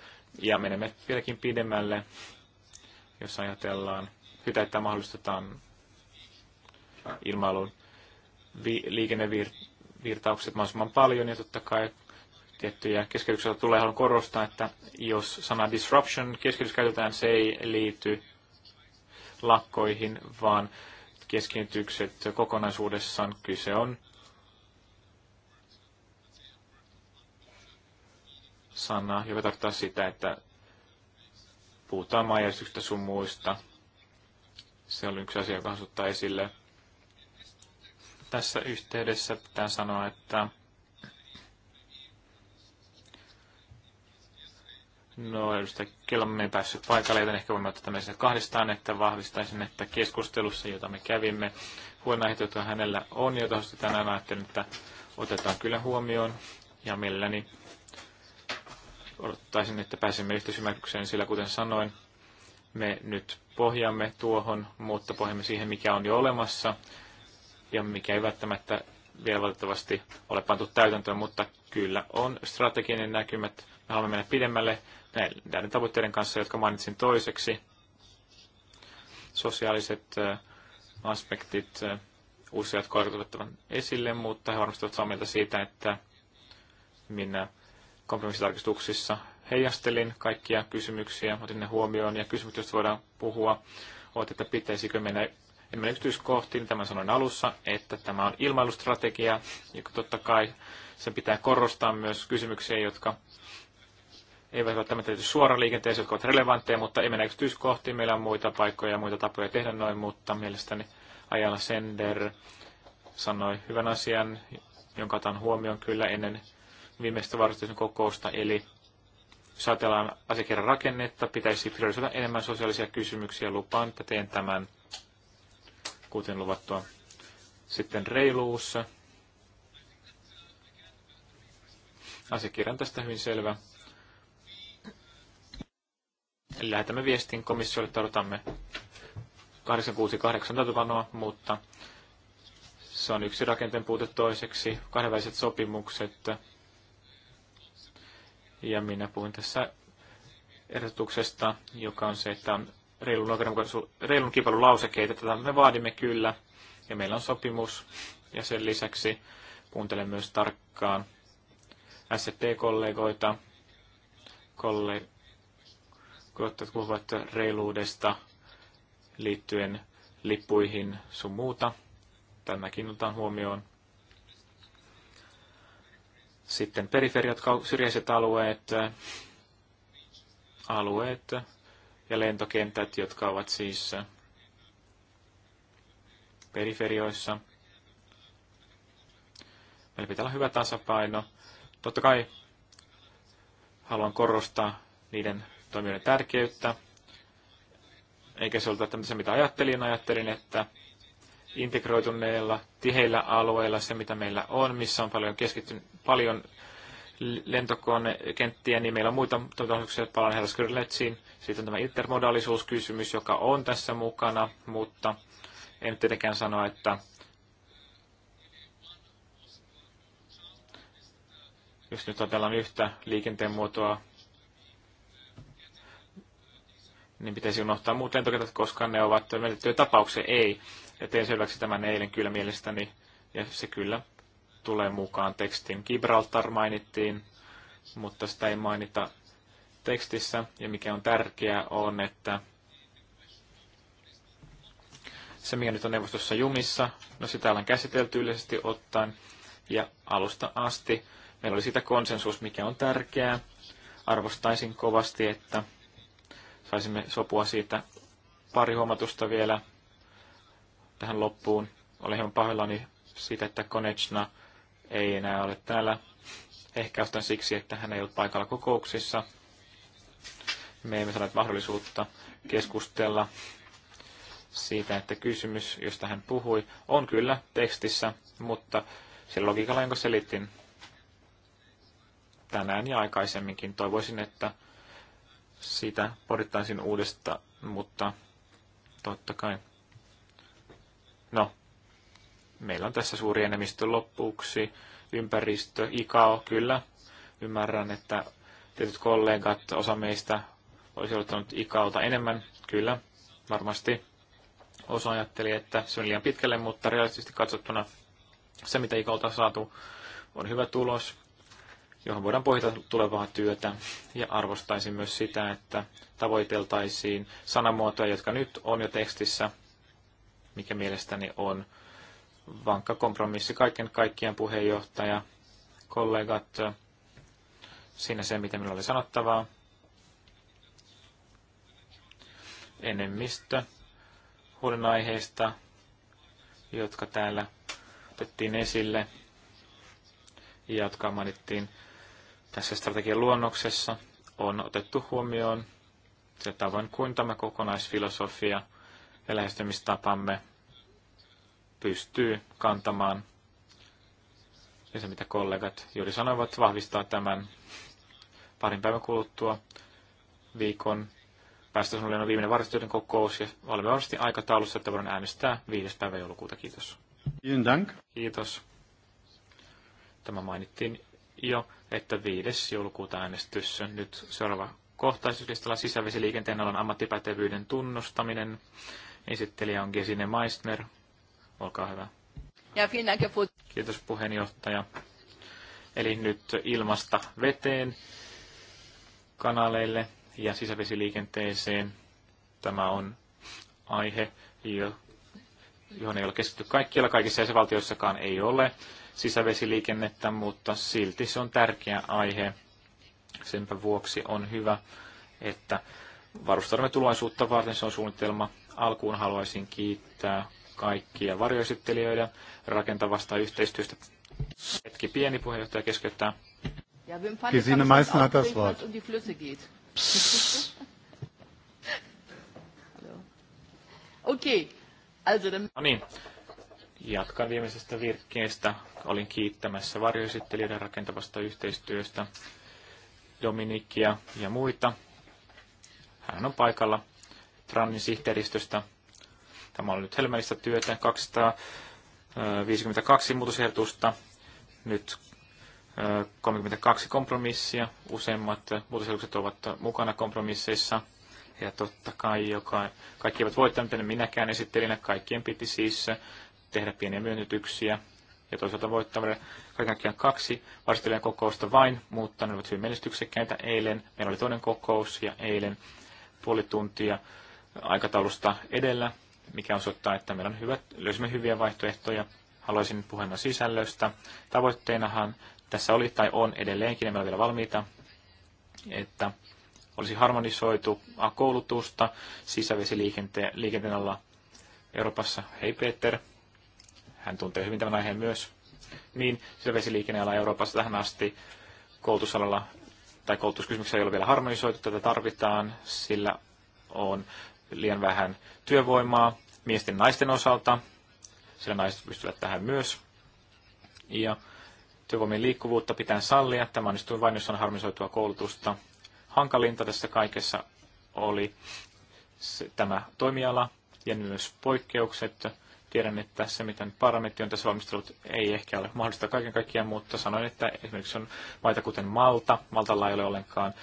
ja menemme vieläkin pidemmälle, jos ajatellaan sitä, että mahdollistetaan ilmailun vi- liikennevirtaukset mahdollisimman paljon ja totta kai tiettyjä keskeytyksiä tulee. Haluan korostaa, että jos sana disruption keskeytys käytetään, se ei liity lakkoihin, vaan keskeytykset kokonaisuudessaan kyse on sana, joka tarkoittaa sitä, että puhutaan maanjärjestyksestä sun muista se oli yksi asia, joka asuttaa esille. Tässä yhteydessä pitää sanoa, että No, edustaja Kelman ei päässyt paikalle, joten ehkä voimme ottaa tämän kahdestaan, että vahvistaisin, että keskustelussa, jota me kävimme, huolenaiheet, joita hänellä on, tosiaan tänään ajattelin, että otetaan kyllä huomioon, ja mielelläni odottaisin, että pääsemme yhteisymmärrykseen, sillä kuten sanoin, me nyt pohjaamme tuohon, mutta pohjaamme siihen, mikä on jo olemassa ja mikä ei välttämättä vielä valitettavasti ole pantu täytäntöön, mutta kyllä on strateginen näkymät. Me haluamme mennä pidemmälle näiden tavoitteiden kanssa, jotka mainitsin toiseksi. Sosiaaliset aspektit useat kollegat tämän esille, mutta he varmasti ovat samaa mieltä siitä, että minä kompromissitarkistuksissa heijastelin kaikkia kysymyksiä, otin ne huomioon ja kysymykset, joista voidaan puhua, ovat, että pitäisikö mennä en mene yksityiskohtiin, tämän sanoin alussa, että tämä on ilmailustrategia, ja totta kai sen pitää korostaa myös kysymyksiä, jotka eivät välttämättä liity suoraan liikenteeseen, jotka ovat relevantteja, mutta ei mennä yksityiskohtiin. Meillä on muita paikkoja ja muita tapoja tehdä noin, mutta mielestäni Ajala Sender sanoi hyvän asian, jonka otan huomioon kyllä ennen viimeistä varsinaisen kokousta, eli jos ajatellaan asiakirjan rakennetta, pitäisi priorisoida enemmän sosiaalisia kysymyksiä. Lupaan, että teen tämän, kuten luvattua. Sitten reiluus. Asiakirjan tästä hyvin selvä. lähetämme viestin komissiolle, että odotamme 868 täytöpanoa, mutta se on yksi rakenteen puute toiseksi, Kahdenväiset sopimukset, ja minä puhun tässä ehdotuksesta, joka on se, että on reilun, reilun kilpailun lausekeita. Tätä me vaadimme kyllä, ja meillä on sopimus, ja sen lisäksi kuuntelen myös tarkkaan ST-kollegoita, kollegoita, jotka puhuvat reiluudesta liittyen lippuihin sun muuta. Tämäkin otan huomioon. Sitten periferiat, syrjäiset alueet, alueet ja lentokentät, jotka ovat siis periferioissa. Meillä pitää olla hyvä tasapaino. Totta kai haluan korostaa niiden toimijoiden tärkeyttä. Eikä se ollut tämmöistä, mitä ajattelin. Ajattelin, että integroituneilla, tiheillä alueilla, se mitä meillä on, missä on paljon keskittynyt paljon lentokonekenttiä, niin meillä on muita toimintaosuuksia, palaan Helsinki-Letsiin. Sitten on tämä intermodaalisuuskysymys, joka on tässä mukana, mutta en nyt tietenkään sano, että jos nyt ajatellaan yhtä liikenteen muotoa, niin pitäisi unohtaa muut lentokentät, koska ne ovat menetettyjä tapauksia. Ei. Ja tein selväksi tämän eilen kyllä mielestäni, ja se kyllä tulee mukaan tekstin. Gibraltar mainittiin, mutta sitä ei mainita tekstissä. Ja mikä on tärkeää on, että se, mikä nyt on neuvostossa jumissa, no sitä ollaan käsitelty yleisesti ottaen ja alusta asti. Meillä oli sitä konsensus, mikä on tärkeää. Arvostaisin kovasti, että saisimme sopua siitä pari huomatusta vielä tähän loppuun. Olen hieman pahoillani siitä, että Konechna ei enää ole täällä. Ehkä ostan siksi, että hän ei ollut paikalla kokouksissa. Me emme saaneet mahdollisuutta keskustella siitä, että kysymys, josta hän puhui, on kyllä tekstissä, mutta se logiikalla, jonka selitin tänään ja aikaisemminkin, toivoisin, että siitä porittaisin uudesta, mutta totta kai. No, meillä on tässä suuri enemmistö loppuksi. Ympäristö, ICAO, kyllä. Ymmärrän, että tietyt kollegat, osa meistä olisi odottanut ICAOta enemmän, kyllä, varmasti. Osa ajatteli, että se on liian pitkälle, mutta realistisesti katsottuna se, mitä ICAOta on saatu, on hyvä tulos, johon voidaan pohjata tulevaa työtä. Ja arvostaisin myös sitä, että tavoiteltaisiin sanamuotoja, jotka nyt on jo tekstissä, mikä mielestäni on vankka kompromissi kaiken kaikkien puheenjohtaja, kollegat. Siinä se, mitä minulla oli sanottavaa. Enemmistö huolenaiheista, jotka täällä otettiin esille ja jotka mainittiin tässä strategian luonnoksessa, on otettu huomioon se tavoin kuin tämä kokonaisfilosofia ja lähestymistapamme pystyy kantamaan. Ja se, mitä kollegat juuri sanoivat, vahvistaa tämän parin päivän kuluttua viikon päästä on viimeinen varastoiden kokous ja olemme varmasti aikataulussa, että voidaan äänestää 5. päivä joulukuuta. Kiitos. Dank. Kiitos. Tämä mainittiin jo, että 5. joulukuuta äänestys. Nyt seuraava kohtaisuuslistalla sisävesiliikenteen alan ammattipätevyyden tunnustaminen. Esittelijä on Gesine Meissner. Olkaa hyvä. Ja Kiitos puheenjohtaja. Eli nyt ilmasta veteen kanaleille ja sisävesiliikenteeseen. Tämä on aihe, johon ei ole keskitty kaikkialla, kaikissa jäsenvaltioissakaan ei ole sisävesiliikennettä, mutta silti se on tärkeä aihe. Senpä vuoksi on hyvä, että varustaudumme tulaisuutta varten. Se on suunnitelma. Alkuun haluaisin kiittää kaikkia varjoesittelijöitä rakentavasta yhteistyöstä. Hetki pieni puheenjohtaja keskeyttää. Ja, Gesine Meissner hat das Wort. Okei. No niin. Jatkan viimeisestä virkkeestä. Olin kiittämässä varjoesittelijöiden rakentavasta yhteistyöstä Dominikia ja muita. Hän on paikalla Trannin sihteeristöstä Tämä on nyt helmeistä työtä, 252 muutosehdotusta, nyt 32 kompromissia. Useimmat muutosehdotukset ovat mukana kompromisseissa. Ja totta kai joka, kaikki eivät voittaneet, en minäkään esittelinä. Kaikkien piti siis tehdä pieniä myönnytyksiä. Ja toisaalta voittaville kaiken kaksi varsittelijan kokousta vain, mutta ne olivat hyvin menestyksekkäitä eilen. Meillä oli toinen kokous ja eilen puoli tuntia aikataulusta edellä mikä osoittaa, että meillä on hyvät, löysimme hyviä vaihtoehtoja. Haluaisin puhua sisällöstä. Tavoitteenahan tässä oli tai on edelleenkin, emme ole vielä valmiita, että olisi harmonisoitu koulutusta sisävesiliikenteen liikenteen alla Euroopassa. Hei Peter, hän tuntee hyvin tämän aiheen myös. Niin, sisävesiliikenneala Euroopassa tähän asti koulutusalalla tai koulutuskysymyksessä ei ole vielä harmonisoitu, tätä tarvitaan, sillä on liian vähän työvoimaa miesten naisten osalta, sillä naiset pystyvät tähän myös. Ja työvoimien liikkuvuutta pitää sallia. Tämä onnistuu vain, jos on harmonisoitua koulutusta. Hankalinta tässä kaikessa oli tämä toimiala ja myös poikkeukset. Tiedän, että se, miten parametti on tässä valmistellut, ei ehkä ole mahdollista kaiken kaikkiaan, mutta sanoin, että esimerkiksi on maita kuten Malta. Maltalla ei ole ollenkaan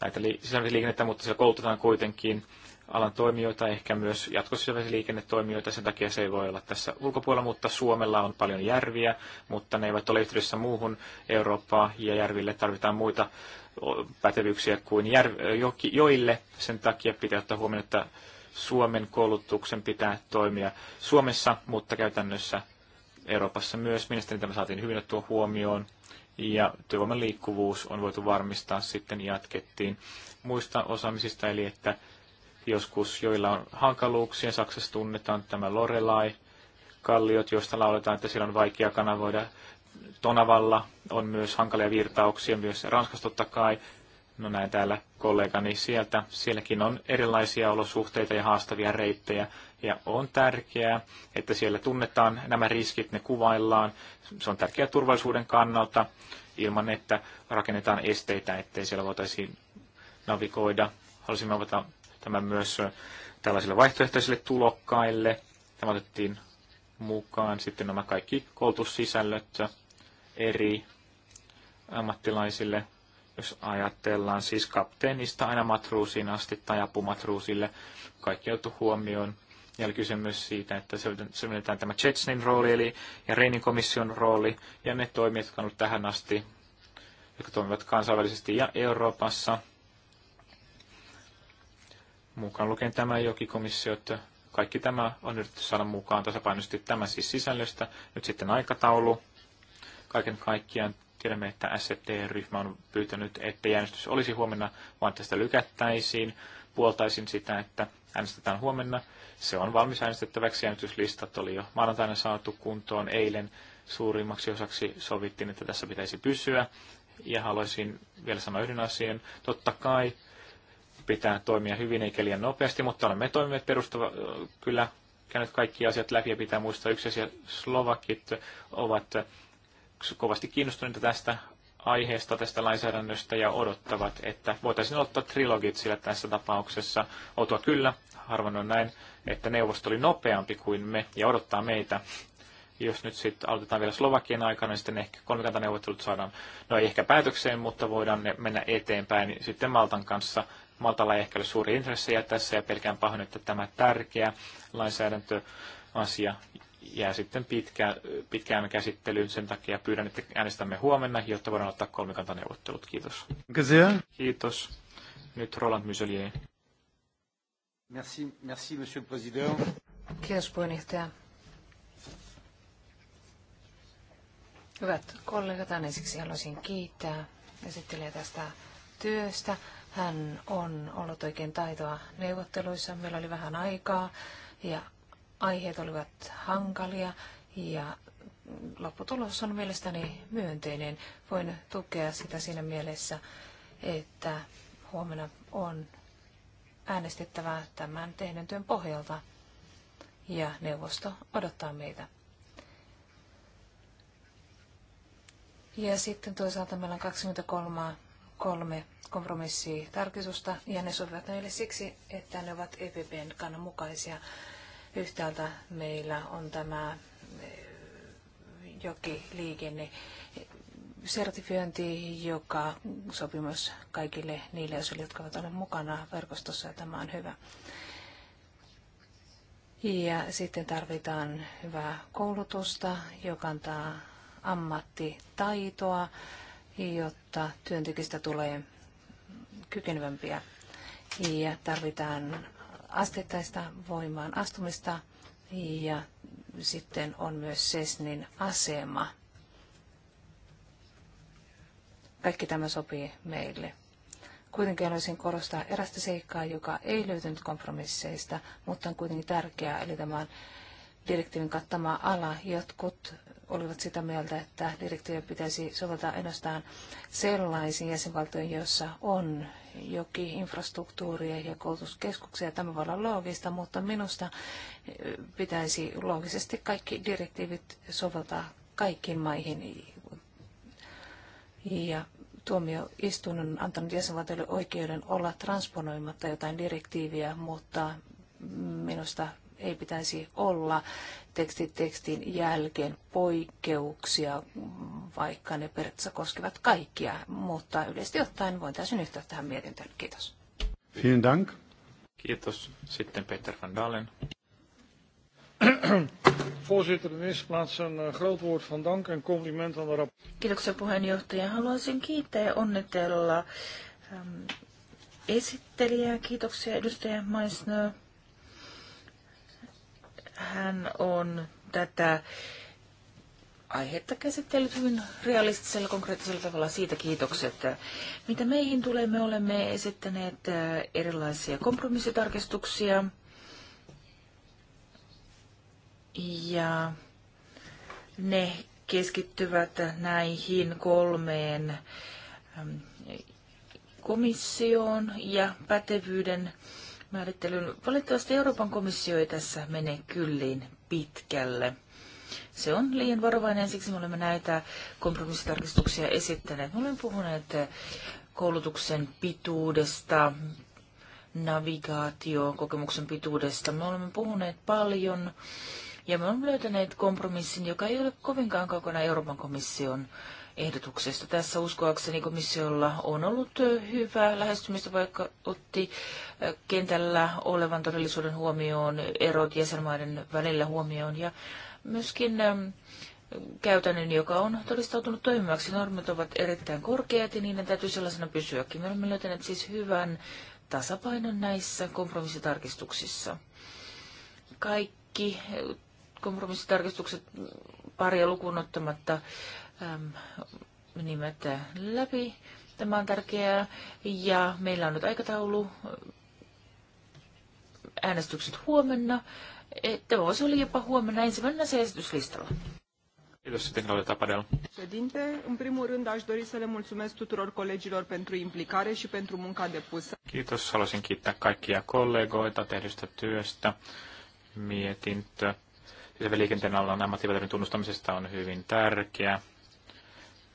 näitä li- sisällistä mutta siellä koulutetaan kuitenkin alan toimijoita, ehkä myös jatkosisävesiliikennetoimijoita, sen takia se ei voi olla tässä ulkopuolella, mutta Suomella on paljon järviä, mutta ne eivät ole yhteydessä muuhun Eurooppaan ja järville tarvitaan muita pätevyyksiä kuin järv- joille. Sen takia pitää ottaa huomioon, että Suomen koulutuksen pitää toimia Suomessa, mutta käytännössä Euroopassa myös. Mielestäni tämä saatiin hyvin ottua huomioon ja työvoiman liikkuvuus on voitu varmistaa sitten jatkettiin muista osaamisista, eli että joskus joilla on hankaluuksia. Saksassa tunnetaan tämä Lorelai, kalliot, joista lauletaan, että siellä on vaikea kanavoida. Tonavalla on myös hankalia virtauksia, myös Ranskassa totta kai. No näin täällä kollegani sieltä. Sielläkin on erilaisia olosuhteita ja haastavia reittejä. Ja on tärkeää, että siellä tunnetaan nämä riskit, ne kuvaillaan. Se on tärkeää turvallisuuden kannalta ilman, että rakennetaan esteitä, ettei siellä voitaisiin navigoida. Halusimme avata tämä myös tällaisille vaihtoehtoisille tulokkaille. Tämä otettiin mukaan sitten nämä kaikki koulutussisällöt eri ammattilaisille, jos ajatellaan siis kapteenista aina matruusiin asti tai apumatruusille, kaikki otettu huomioon. Ja oli kyse myös siitä, että selvennetään tämä Chetsnin rooli eli, ja Reinin komission rooli ja ne toimijat, jotka on tähän asti, jotka toimivat kansainvälisesti ja Euroopassa – mukaan lukien tämä että Kaikki tämä on yritetty saada mukaan tasapainoisesti tämä siis sisällöstä. Nyt sitten aikataulu. Kaiken kaikkiaan tiedämme, että SFT-ryhmä on pyytänyt, että äänestys olisi huomenna, vaan tästä lykättäisiin. Puoltaisin sitä, että äänestetään huomenna. Se on valmis äänestettäväksi. Äänestyslistat oli jo maanantaina saatu kuntoon eilen. Suurimmaksi osaksi sovittiin, että tässä pitäisi pysyä. Ja haluaisin vielä sanoa yhden asian. Totta kai pitää toimia hyvin eikä liian nopeasti, mutta olemme toimineet perustava, kyllä käynyt kaikki asiat läpi ja pitää muistaa yksi asia, Slovakit ovat kovasti kiinnostuneita tästä aiheesta, tästä lainsäädännöstä ja odottavat, että voitaisiin ottaa trilogit sillä tässä tapauksessa. Outoa kyllä, harvoin on näin, että neuvosto oli nopeampi kuin me ja odottaa meitä. Jos nyt sitten aloitetaan vielä Slovakian aikana, niin sitten ehkä kolmikantaneuvottelut saadaan, no ei ehkä päätökseen, mutta voidaan mennä eteenpäin sitten Maltan kanssa matala ehkä ole suuri intressejä tässä ja pelkään pahoin, että tämä tärkeä lainsäädäntöasia jää sitten pitkään, pitkään käsittelyyn. Sen takia pyydän, että äänestämme huomenna, jotta voidaan ottaa kolmikantaneuvottelut. Kiitos. Kiitos. Kiitos. Nyt Roland Myselier. Merci, merci, monsieur le président. Kiitos puheenjohtaja. Hyvät kollegat, ensiksi haluaisin kiittää esittelijä tästä työstä. Hän on ollut oikein taitoa neuvotteluissa. Meillä oli vähän aikaa ja aiheet olivat hankalia ja lopputulos on mielestäni myönteinen. Voin tukea sitä siinä mielessä, että huomenna on äänestettävä tämän tehdyn työn pohjalta ja neuvosto odottaa meitä. Ja sitten toisaalta meillä on 23 kolme kompromissitarkistusta, ja ne sopivat meille siksi, että ne ovat EPPn kannan mukaisia. Yhtäältä meillä on tämä eh, jokiliikenne sertifiointi, joka sopii myös kaikille niille osille, jotka ovat olleet mukana verkostossa, ja tämä on hyvä. Ja sitten tarvitaan hyvää koulutusta, joka antaa ammattitaitoa jotta työntekijöistä tulee kykenevämpiä ja tarvitaan asteittaista voimaan astumista ja sitten on myös SESNin asema. Kaikki tämä sopii meille. Kuitenkin haluaisin korostaa erästä seikkaa, joka ei löytynyt kompromisseista, mutta on kuitenkin tärkeää, eli tämä on direktiivin kattama ala. Jotkut olivat sitä mieltä, että direktiivi pitäisi soveltaa ainoastaan sellaisiin jäsenvaltioihin, joissa on jokin infrastruktuuri ja koulutuskeskuksia. Tämä voi olla loogista, mutta minusta eh, pitäisi loogisesti kaikki direktiivit soveltaa kaikkiin maihin. Ja tuomioistuin on antanut jäsenvaltioille oikeuden olla transponoimatta jotain direktiiviä, mutta minusta ei pitäisi olla teksti tekstin jälkeen poikkeuksia, vaikka ne periaatteessa koskevat kaikkia, mutta yleisesti ottaen voitaisiin yhtyä tähän mietintöön. Kiitos. Vielen dank. Kiitos. Sitten Peter van Dalen. Voorzitter, in eerste plaats een eh, groot woord van dank en compliment aan de rapporteur. Kiitoksia puheenjohtaja. Haluaisin kiittää ja onnitella ähm, esittelijää. Kiitoksia edustaja Meissner hän on tätä aihetta käsitellyt hyvin realistisella, konkreettisella tavalla. Siitä kiitokset. Mitä meihin tulee, me olemme esittäneet äh, erilaisia kompromissitarkistuksia. Ja ne keskittyvät näihin kolmeen ähm, komissioon ja pätevyyden määrittelyyn. Valitettavasti Euroopan komissio ei tässä mene kyllin pitkälle. Se on liian varovainen, siksi me olemme näitä kompromissitarkistuksia esittäneet. Me olemme puhuneet koulutuksen pituudesta, navigaatiokokemuksen pituudesta. Me olemme puhuneet paljon ja me olemme löytäneet kompromissin, joka ei ole kovinkaan kaukana Euroopan komission ehdotuksesta. Tässä uskoakseni komissiolla on ollut hyvä lähestymistä, vaikka otti kentällä olevan todellisuuden huomioon, erot jäsenmaiden välillä huomioon ja myöskin käytännön, joka on todistautunut toimivaksi. Normit ovat erittäin korkeat ja niiden täytyy sellaisena pysyäkin. Me olemme löytäneet siis hyvän tasapainon näissä kompromissitarkistuksissa. Kaikki kompromissitarkistukset paria lukuun ottamatta nimet läpi. Tämä on tärkeää. Ja meillä on nyt aikataulu. Äänestykset huomenna. Tämä voisi olla jopa huomenna ensimmäinen se esityslistalla. Kiitos sitten Claudia Tapadel. Ședinte, în primul rând aș dori să le mulțumesc tuturor colegilor pentru implicare și pentru munca depusă. Kiitos, haluaisin kiittää kaikkia kollegoita tehdystä työstä. Mietintö sisävän alla on ammattipätevyyden tunnustamisesta on hyvin tärkeä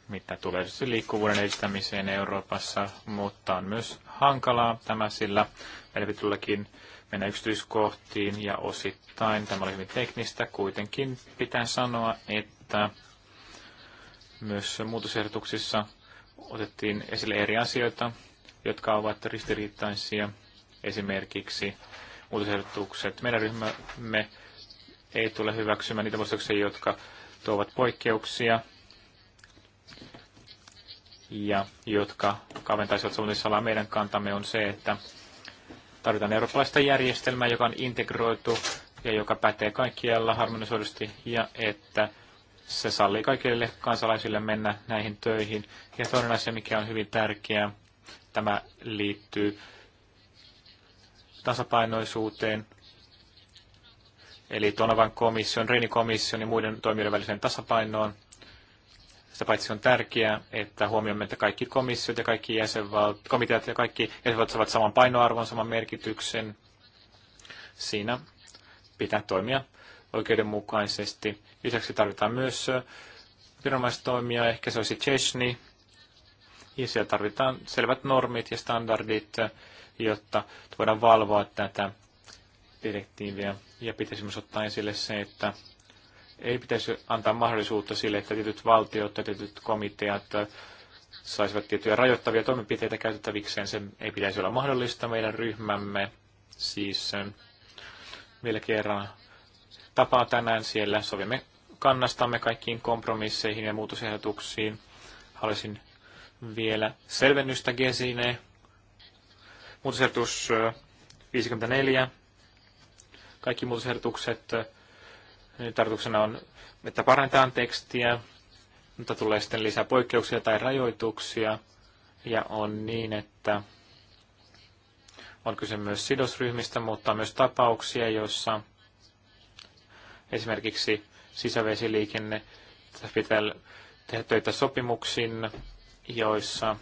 mitä tulee siis liikkuvuuden edistämiseen Euroopassa, mutta on myös hankalaa tämä, sillä meidän pitää tullakin mennä yksityiskohtiin ja osittain. Tämä oli hyvin teknistä. Kuitenkin pitää sanoa, että myös muutosehdotuksissa otettiin esille eri asioita, jotka ovat ristiriitaisia. Esimerkiksi muutosehdotukset. Meidän ryhmämme ei tule hyväksymään niitä muutoksia, jotka tuovat poikkeuksia ja jotka kaventaisivat suunnitelmalla meidän kantamme on se, että tarvitaan eurooppalaista järjestelmää, joka on integroitu ja joka pätee kaikkialla harmonisoidusti ja että se sallii kaikille kansalaisille mennä näihin töihin. Ja toinen asia, mikä on hyvin tärkeä, tämä liittyy tasapainoisuuteen. Eli tuolla vain komission, reinikomission ja muiden toimijoiden väliseen tasapainoon. Sitä paitsi on tärkeää, että huomioimme, että kaikki komissiot ja kaikki jäsenvaltiot, komiteat ja kaikki jäsenvaltiot saavat saman painoarvon, saman merkityksen. Siinä pitää toimia oikeudenmukaisesti. Lisäksi tarvitaan myös viranomaistoimia, ehkä se olisi Chesni, ja siellä tarvitaan selvät normit ja standardit, jotta voidaan valvoa tätä direktiiviä. Ja pitäisi myös ottaa esille se, että ei pitäisi antaa mahdollisuutta sille, että tietyt valtiot ja tietyt komiteat saisivat tiettyjä rajoittavia toimenpiteitä käytettävikseen. Se ei pitäisi olla mahdollista meidän ryhmämme. Siis ähm, vielä kerran tapaa tänään siellä. Sovimme kannastamme kaikkiin kompromisseihin ja muutosehdotuksiin. Haluaisin vielä selvennystä Gesine. Muutosehdotus 54. Äh, Kaikki muutosehdotukset äh, nyt niin tarkoituksena on, että parannetaan tekstiä, mutta tulee sitten lisää poikkeuksia tai rajoituksia. Ja on niin, että on kyse myös sidosryhmistä, mutta on myös tapauksia, joissa esimerkiksi sisävesiliikenne pitää tehdä töitä sopimuksiin, joissa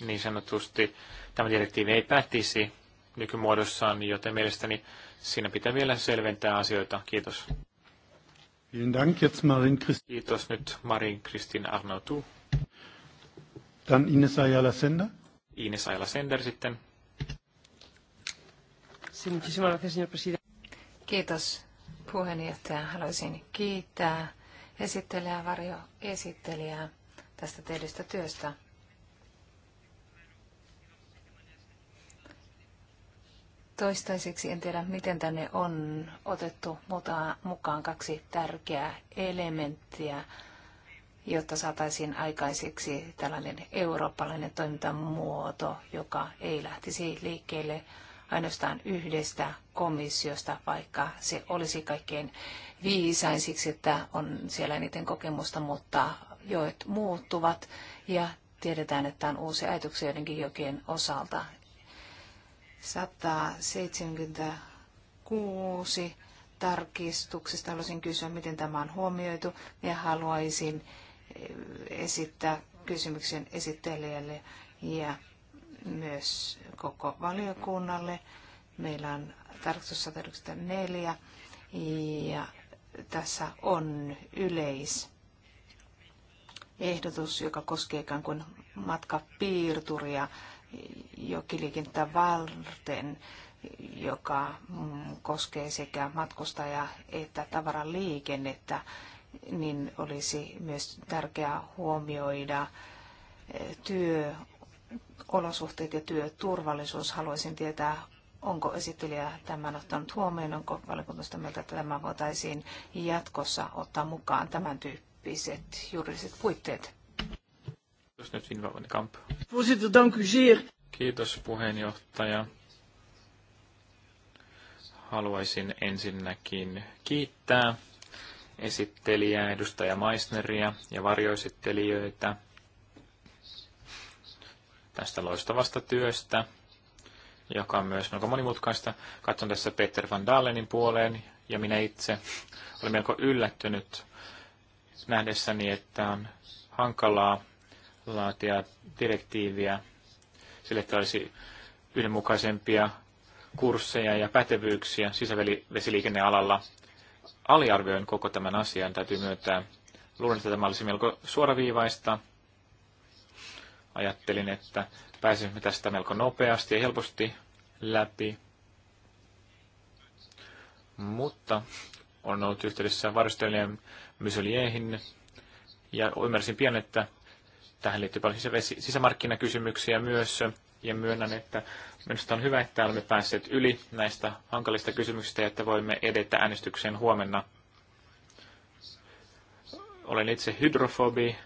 niin sanotusti tämä direktiivi ei pätisi, nykymuodossaan, joten mielestäni siinä pitää vielä selventää asioita. Kiitos. Kiitos nyt Marin Kristin Arnautu. Dann Ines Ayala Sender. Ines Ayala Sender sitten. Kiitos puheenjohtaja. Haluaisin kiittää esittelijää, varjoesittelijää tästä tehdystä työstä. Toistaiseksi en tiedä, miten tänne on otettu mukaan kaksi tärkeää elementtiä, jotta saataisiin aikaiseksi tällainen eurooppalainen toimintamuoto, joka ei lähtisi liikkeelle ainoastaan yhdestä komissiosta, vaikka se olisi kaikkein viisain siksi, että on siellä eniten kokemusta, mutta joet muuttuvat ja tiedetään, että on uusi ajatuksia joidenkin jokien osalta 176 tarkistuksesta haluaisin kysyä, miten tämä on huomioitu ja haluaisin eh, esittää kysymyksen esittelijälle ja myös koko valiokunnalle. Meillä on tarkistus 194 ja tässä on yleis ehdotus, joka koskee ikään kuin matkapiirturia jokiliikentä varten, joka koskee sekä matkustaja- että tavaran liikennettä, niin olisi myös tärkeää huomioida eh, työolosuhteet ja työturvallisuus. Haluaisin tietää, onko esittelijä tämän ottanut huomioon, onko valiokunnasta mieltä, että tämä voitaisiin jatkossa ottaa mukaan tämän tyyppiset juridiset puitteet. Jos nyt dank u zeer. Kiitos puheenjohtaja. Haluaisin ensinnäkin kiittää esittelijää, edustaja Meissneria ja varjoesittelijöitä tästä loistavasta työstä, joka on myös melko monimutkaista. Katson tässä Peter van Dalenin puoleen ja minä itse olen melko yllättynyt nähdessäni, että on hankalaa laatia direktiiviä sille, että olisi yhdenmukaisempia kursseja ja pätevyyksiä sisävesiliikennealalla. Aliarvioin koko tämän asian, täytyy myöntää. Luulen, että tämä olisi melko suoraviivaista. Ajattelin, että pääsisimme tästä melko nopeasti ja helposti läpi. Mutta on ollut yhteydessä varustelijan Myseliehin ja ymmärsin pian, että Tähän liittyy paljon sisämarkkinakysymyksiä myös, ja myönnän, että minusta on hyvä, että olemme päässeet yli näistä hankalista kysymyksistä, että voimme edetä äänestykseen huomenna. Olen itse hydrofobi,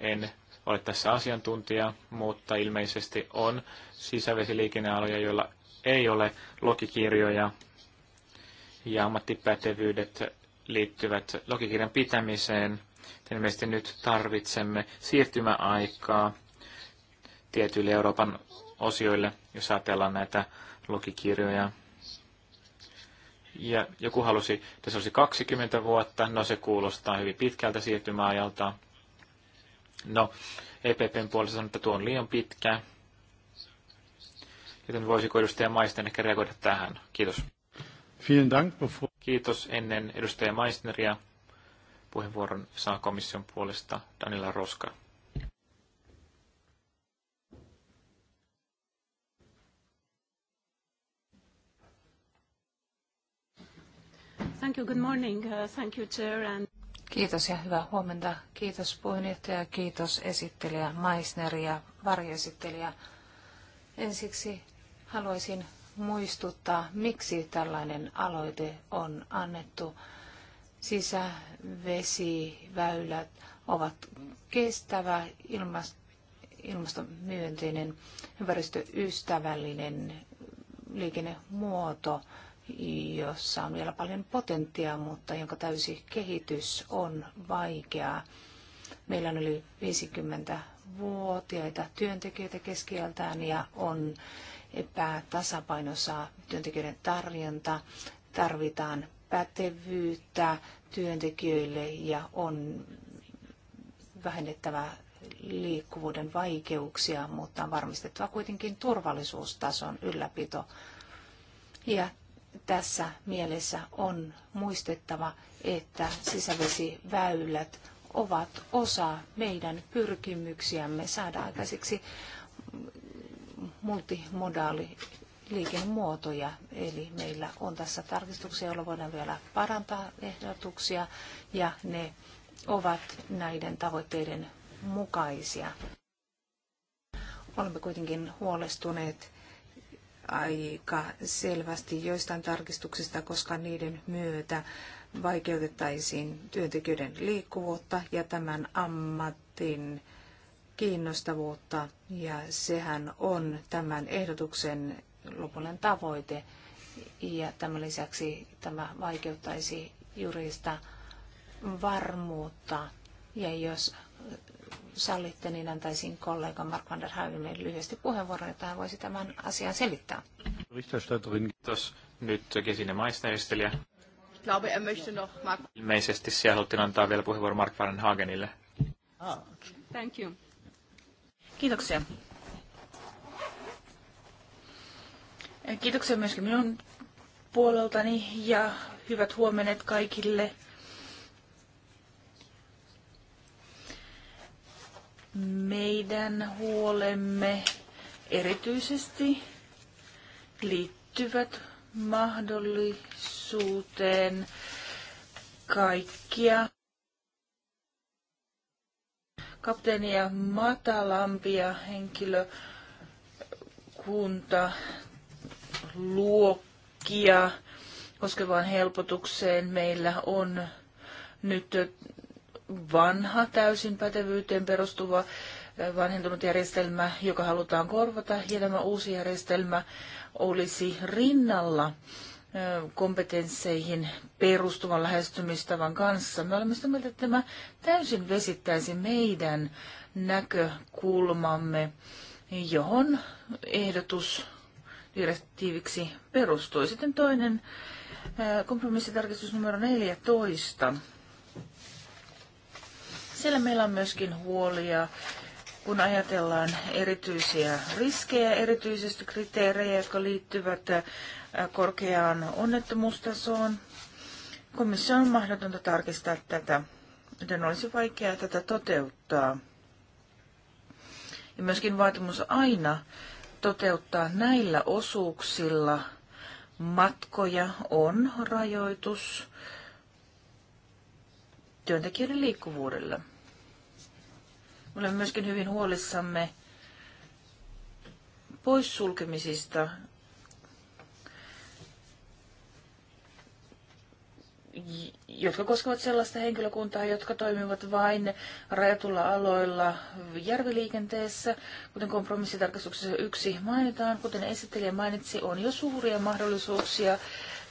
en ole tässä asiantuntija, mutta ilmeisesti on sisävesiliikennealoja, joilla ei ole logikirjoja ja ammattipätevyydet liittyvät logikirjan pitämiseen – Ilmeisesti nyt tarvitsemme siirtymäaikaa tietyille Euroopan osioille, jos ajatellaan näitä logikirjoja. Ja joku halusi, että se olisi 20 vuotta, no se kuulostaa hyvin pitkältä siirtymäajalta. No, EPPn puolesta sanon, että tuo on liian pitkä, joten voisiko edustaja Maisten ehkä reagoida tähän? Kiitos. Vielen Dank. Kiitos ennen edustaja Maisneria. Puheenvuoron saa komission puolesta Danila Roska. Thank you. Good morning. Uh, thank you, Chair. And... Kiitos ja hyvää huomenta. Kiitos puheenjohtaja, kiitos esittelijä Meissner ja varjoesittelijä. Ensiksi haluaisin muistuttaa, miksi tällainen aloite on annettu sisävesiväylät ovat kestävä ilmastomyönteinen, ympäristöystävällinen liikennemuoto, jossa on vielä paljon potentiaa, mutta jonka täysi kehitys on vaikeaa. Meillä on yli 50-vuotiaita työntekijöitä keskieltään ja on epätasapainossa työntekijöiden tarjonta. Tarvitaan pätevyyttä, työntekijöille ja on vähennettävä liikkuvuuden vaikeuksia, mutta on varmistettava kuitenkin turvallisuustason ylläpito. Ja tässä mielessä on muistettava, että sisävesiväylät ovat osa meidän pyrkimyksiämme saada aikaiseksi multimodaali liikennemuotoja. Eli meillä on tässä tarkistuksia, joilla voidaan vielä parantaa ehdotuksia ja ne ovat näiden tavoitteiden mukaisia. Olemme kuitenkin huolestuneet aika selvästi joistain tarkistuksista, koska niiden myötä vaikeutettaisiin työntekijöiden liikkuvuutta ja tämän ammatin kiinnostavuutta. Ja sehän on tämän ehdotuksen lopullinen tavoite. Ja tämän lisäksi tämä vaikeuttaisi jurista varmuutta. Ja jos sallitte, niin antaisin kollega Mark van der Hagenille lyhyesti puheenvuoron, että hän voisi tämän asian selittää. Kiitos. Nyt Gesine Meisteristelijä. Er Ilmeisesti siellä haluttiin antaa vielä puheenvuoro Mark van Hagenille. Ah, Thank you. Kiitoksia. Kiitoksia myöskin minun puoleltani ja hyvät huomenet kaikille. Meidän huolemme erityisesti liittyvät mahdollisuuteen kaikkia kapteenia matalampia henkilökunta luokkia koskevaan helpotukseen meillä on nyt vanha täysin pätevyyteen perustuva vanhentunut järjestelmä, joka halutaan korvata, ja tämä uusi järjestelmä olisi rinnalla kompetensseihin perustuvan lähestymistavan kanssa. Me olemme sitä mieltä, että tämä täysin vesittäisi meidän näkökulmamme, johon ehdotus direktiiviksi perustui. Sitten toinen kompromissitarkistus numero 14. Siellä meillä on myöskin huolia, kun ajatellaan erityisiä riskejä, erityisesti kriteerejä, jotka liittyvät korkeaan onnettomuustasoon. Komissio on mahdotonta tarkistaa tätä, joten olisi vaikeaa tätä toteuttaa. Ja myöskin vaatimus aina toteuttaa näillä osuuksilla matkoja on rajoitus työntekijöiden liikkuvuudelle. Olemme myöskin hyvin huolissamme poissulkemisista jotka koskevat sellaista henkilökuntaa, jotka toimivat vain rajatulla aloilla järviliikenteessä. Kuten kompromissitarkastuksessa yksi mainitaan, kuten esittelijä mainitsi, on jo suuria mahdollisuuksia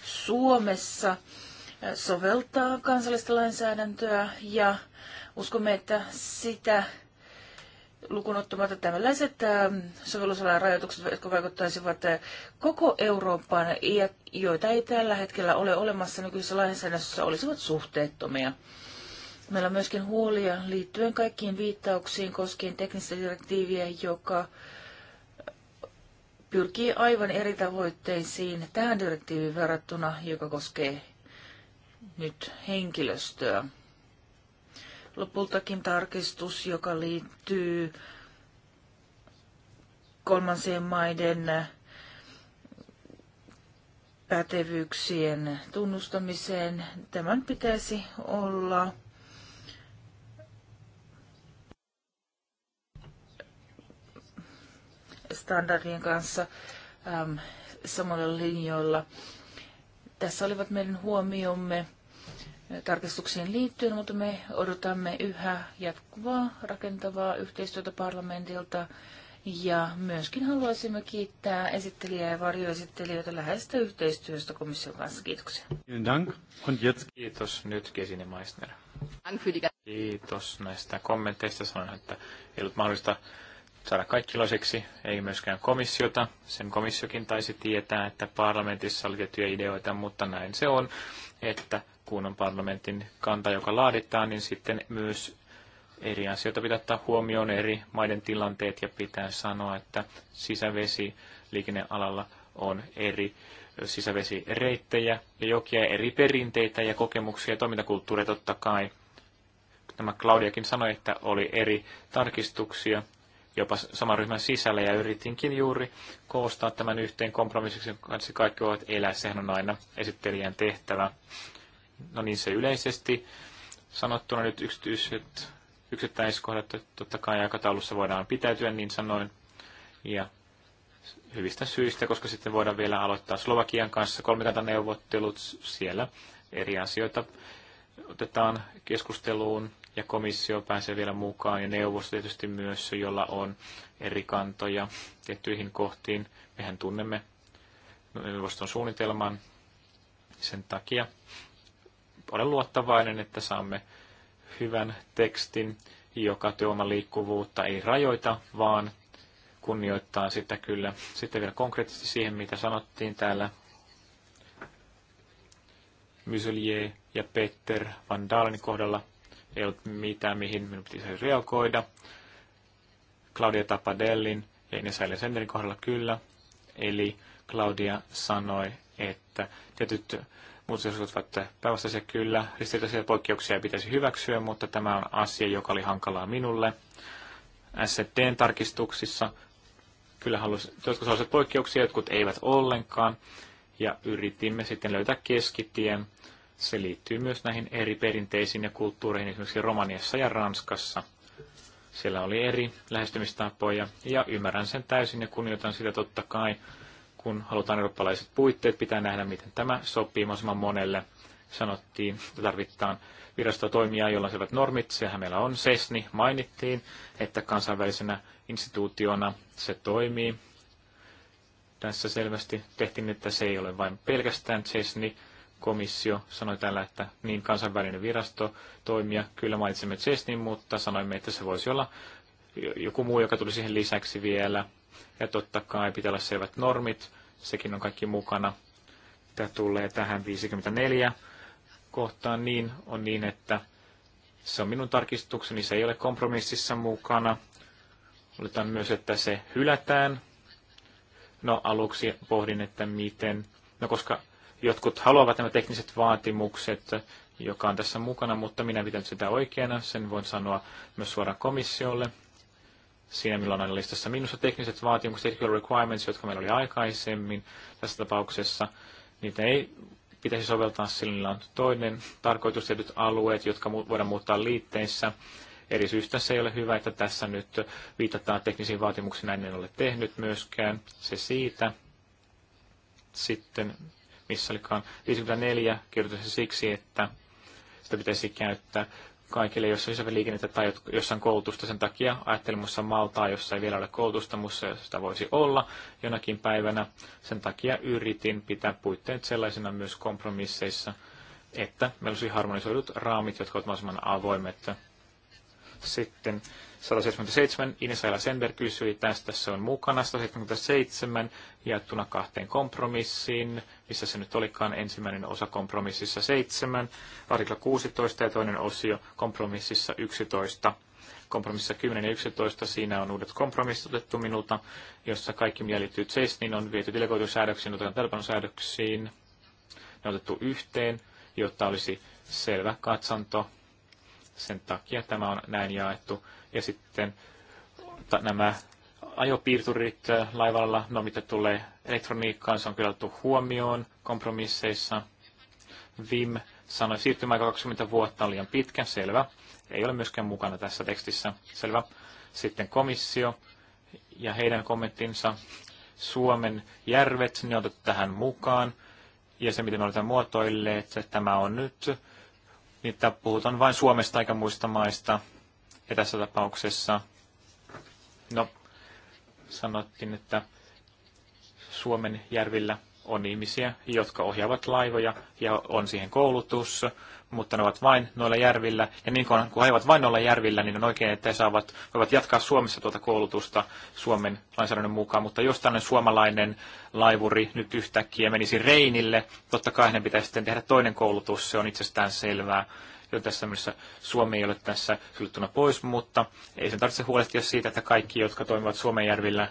Suomessa soveltaa kansallista lainsäädäntöä ja uskomme, että sitä lukuun ottamatta tällaiset ähm, sovellusalan rajoitukset, jotka vaikuttaisivat äh, koko Eurooppaan ja joita ei tällä hetkellä ole olemassa nykyisessä lainsäädännössä, olisivat suhteettomia. Meillä on myöskin huolia liittyen kaikkiin viittauksiin koskien teknistä direktiiviä, joka pyrkii aivan eri tavoitteisiin tähän direktiiviin verrattuna, joka koskee nyt henkilöstöä lopultakin tarkistus, joka liittyy kolmansien maiden pätevyyksien tunnustamiseen. Tämän pitäisi olla standardien kanssa samalla linjoilla. Tässä olivat meidän huomiomme tarkistuksiin liittyen, mutta me odotamme yhä jatkuvaa rakentavaa yhteistyötä parlamentilta ja myöskin haluaisimme kiittää esittelijää ja varjoesittelijöitä läheisestä yhteistyöstä komission kanssa. Kiitoksia. Kiitos. Nyt Kesine Meissner. Kiitos näistä kommenteista. Sanoin, että ei ollut mahdollista saada kaikki loiseksi, ei myöskään komissiota. Sen komissiokin taisi tietää, että parlamentissa oli tiettyjä ideoita, mutta näin se on, että kun on parlamentin kanta, joka laaditaan, niin sitten myös eri asioita pitää ottaa huomioon eri maiden tilanteet ja pitää sanoa, että sisävesi liikennealalla on eri sisävesireittejä ja jokia, eri perinteitä ja kokemuksia ja toimintakulttuureja totta kai. Tämä Claudiakin sanoi, että oli eri tarkistuksia jopa saman ryhmän sisällä ja yritinkin juuri koostaa tämän yhteen kompromissiksi, kun kaikki ovat elää. Sehän on aina esittelijän tehtävä. No niin, se yleisesti sanottuna nyt yksityiset, yksittäiskohdat, totta kai aikataulussa voidaan pitäytyä, niin sanoin. Ja hyvistä syistä, koska sitten voidaan vielä aloittaa Slovakian kanssa kolmikantaneuvottelut siellä. Eri asioita otetaan keskusteluun ja komissio pääsee vielä mukaan ja neuvosto tietysti myös, jolla on eri kantoja tiettyihin kohtiin. Mehän tunnemme neuvoston suunnitelman sen takia olen luottavainen, että saamme hyvän tekstin, joka työoman liikkuvuutta ei rajoita, vaan kunnioittaa sitä kyllä. Sitten vielä konkreettisesti siihen, mitä sanottiin täällä Myselier ja Peter Van Dalenin kohdalla. Ei ollut mitään, mihin minun pitäisi reagoida. Claudia Tapadellin ja Ines Senderin kohdalla kyllä. Eli Claudia sanoi, että tietyt mutta muutosehdotukset ovat päinvastaisia kyllä. Ristiriitaisia poikkeuksia pitäisi hyväksyä, mutta tämä on asia, joka oli hankalaa minulle. SDn tarkistuksissa kyllä halusi, jotkut halusivat poikkeuksia, jotkut eivät ollenkaan. Ja yritimme sitten löytää keskitien. Se liittyy myös näihin eri perinteisiin ja kulttuureihin, esimerkiksi Romaniassa ja Ranskassa. Siellä oli eri lähestymistapoja ja ymmärrän sen täysin ja kunnioitan sitä totta kai, kun halutaan eurooppalaiset puitteet, pitää nähdä, miten tämä sopii mahdollisimman monelle. Sanottiin, että tarvitaan virastotoimia, jolla selvät normit. Sehän meillä on SESNI. Mainittiin, että kansainvälisenä instituutiona se toimii. Tässä selvästi tehtiin, että se ei ole vain pelkästään SESNI. Komissio sanoi tällä, että niin kansainvälinen virasto toimia. Kyllä mainitsimme SESNin, mutta sanoimme, että se voisi olla joku muu, joka tuli siihen lisäksi vielä ja totta kai pitää olla selvät normit, sekin on kaikki mukana. Tämä tulee tähän 54 kohtaan niin, on niin, että se on minun tarkistukseni, se ei ole kompromississa mukana. Oletan myös, että se hylätään. No aluksi pohdin, että miten. No koska jotkut haluavat nämä tekniset vaatimukset, joka on tässä mukana, mutta minä pidän sitä oikeana. Sen voin sanoa myös suoraan komissiolle. Siinä meillä on aina listassa minusta tekniset vaatimukset, technical requirements, jotka meillä oli aikaisemmin tässä tapauksessa. Niitä ei pitäisi soveltaa, sillä niillä on toinen tarkoitus tietyt alueet, jotka voidaan muuttaa liitteissä. Eri syystä se ei ole hyvä, että tässä nyt viitataan teknisiin vaatimuksiin, näin en ole tehnyt myöskään. Se siitä. Sitten, missä olikaan, 54 kirjoitus siksi, että sitä pitäisi käyttää kaikille, jos on liikennettä tai jossa on koulutusta. Sen takia ajattelin että maltaa, jossa ei vielä ole koulutusta, mutta sitä voisi olla jonakin päivänä. Sen takia yritin pitää puitteet sellaisena myös kompromisseissa, että meillä olisi harmonisoidut raamit, jotka ovat mahdollisimman avoimet. Sitten 177, Ines Senber kysyi tästä, se on mukana, 177 jaettuna kahteen kompromissiin, missä se nyt olikaan ensimmäinen osa kompromississa 7, artikla 16 ja toinen osio kompromississa 11. Kompromississa 10 ja 11 siinä on uudet kompromissit otettu minulta, jossa kaikki mielityt seis, niin on viety delegoitusäädöksiin, otetaan telpanosäädöksiin, ne on otettu yhteen, jotta olisi selvä katsanto. Sen takia tämä on näin jaettu ja sitten nämä ajopiirturit äh, laivalla, no mitä tulee elektroniikkaan, se on kyllä otettu huomioon kompromisseissa. Vim sanoi, siirtymäaika 20 vuotta on liian pitkä, selvä. Ei ole myöskään mukana tässä tekstissä, selvä. Sitten komissio ja heidän kommenttinsa. Suomen järvet, ne otettu tähän mukaan. Ja se, miten me olemme muotoilleet, että tämä on nyt, niitä puhutaan vain Suomesta eikä muista maista ja tässä tapauksessa, no, sanottiin, että Suomen järvillä on ihmisiä, jotka ohjaavat laivoja ja on siihen koulutus, mutta ne ovat vain noilla järvillä. Ja niin kuin kun he ovat vain noilla järvillä, niin on oikein, että he saavat, voivat jatkaa Suomessa tuota koulutusta Suomen lainsäädännön mukaan. Mutta jos tällainen suomalainen laivuri nyt yhtäkkiä menisi Reinille, totta kai hänen pitäisi sitten tehdä toinen koulutus, se on itsestään selvää joten tässä mielessä Suomi ei ole tässä suljettuna pois, mutta ei sen tarvitse huolehtia siitä, että kaikki, jotka toimivat Suomenjärvillä,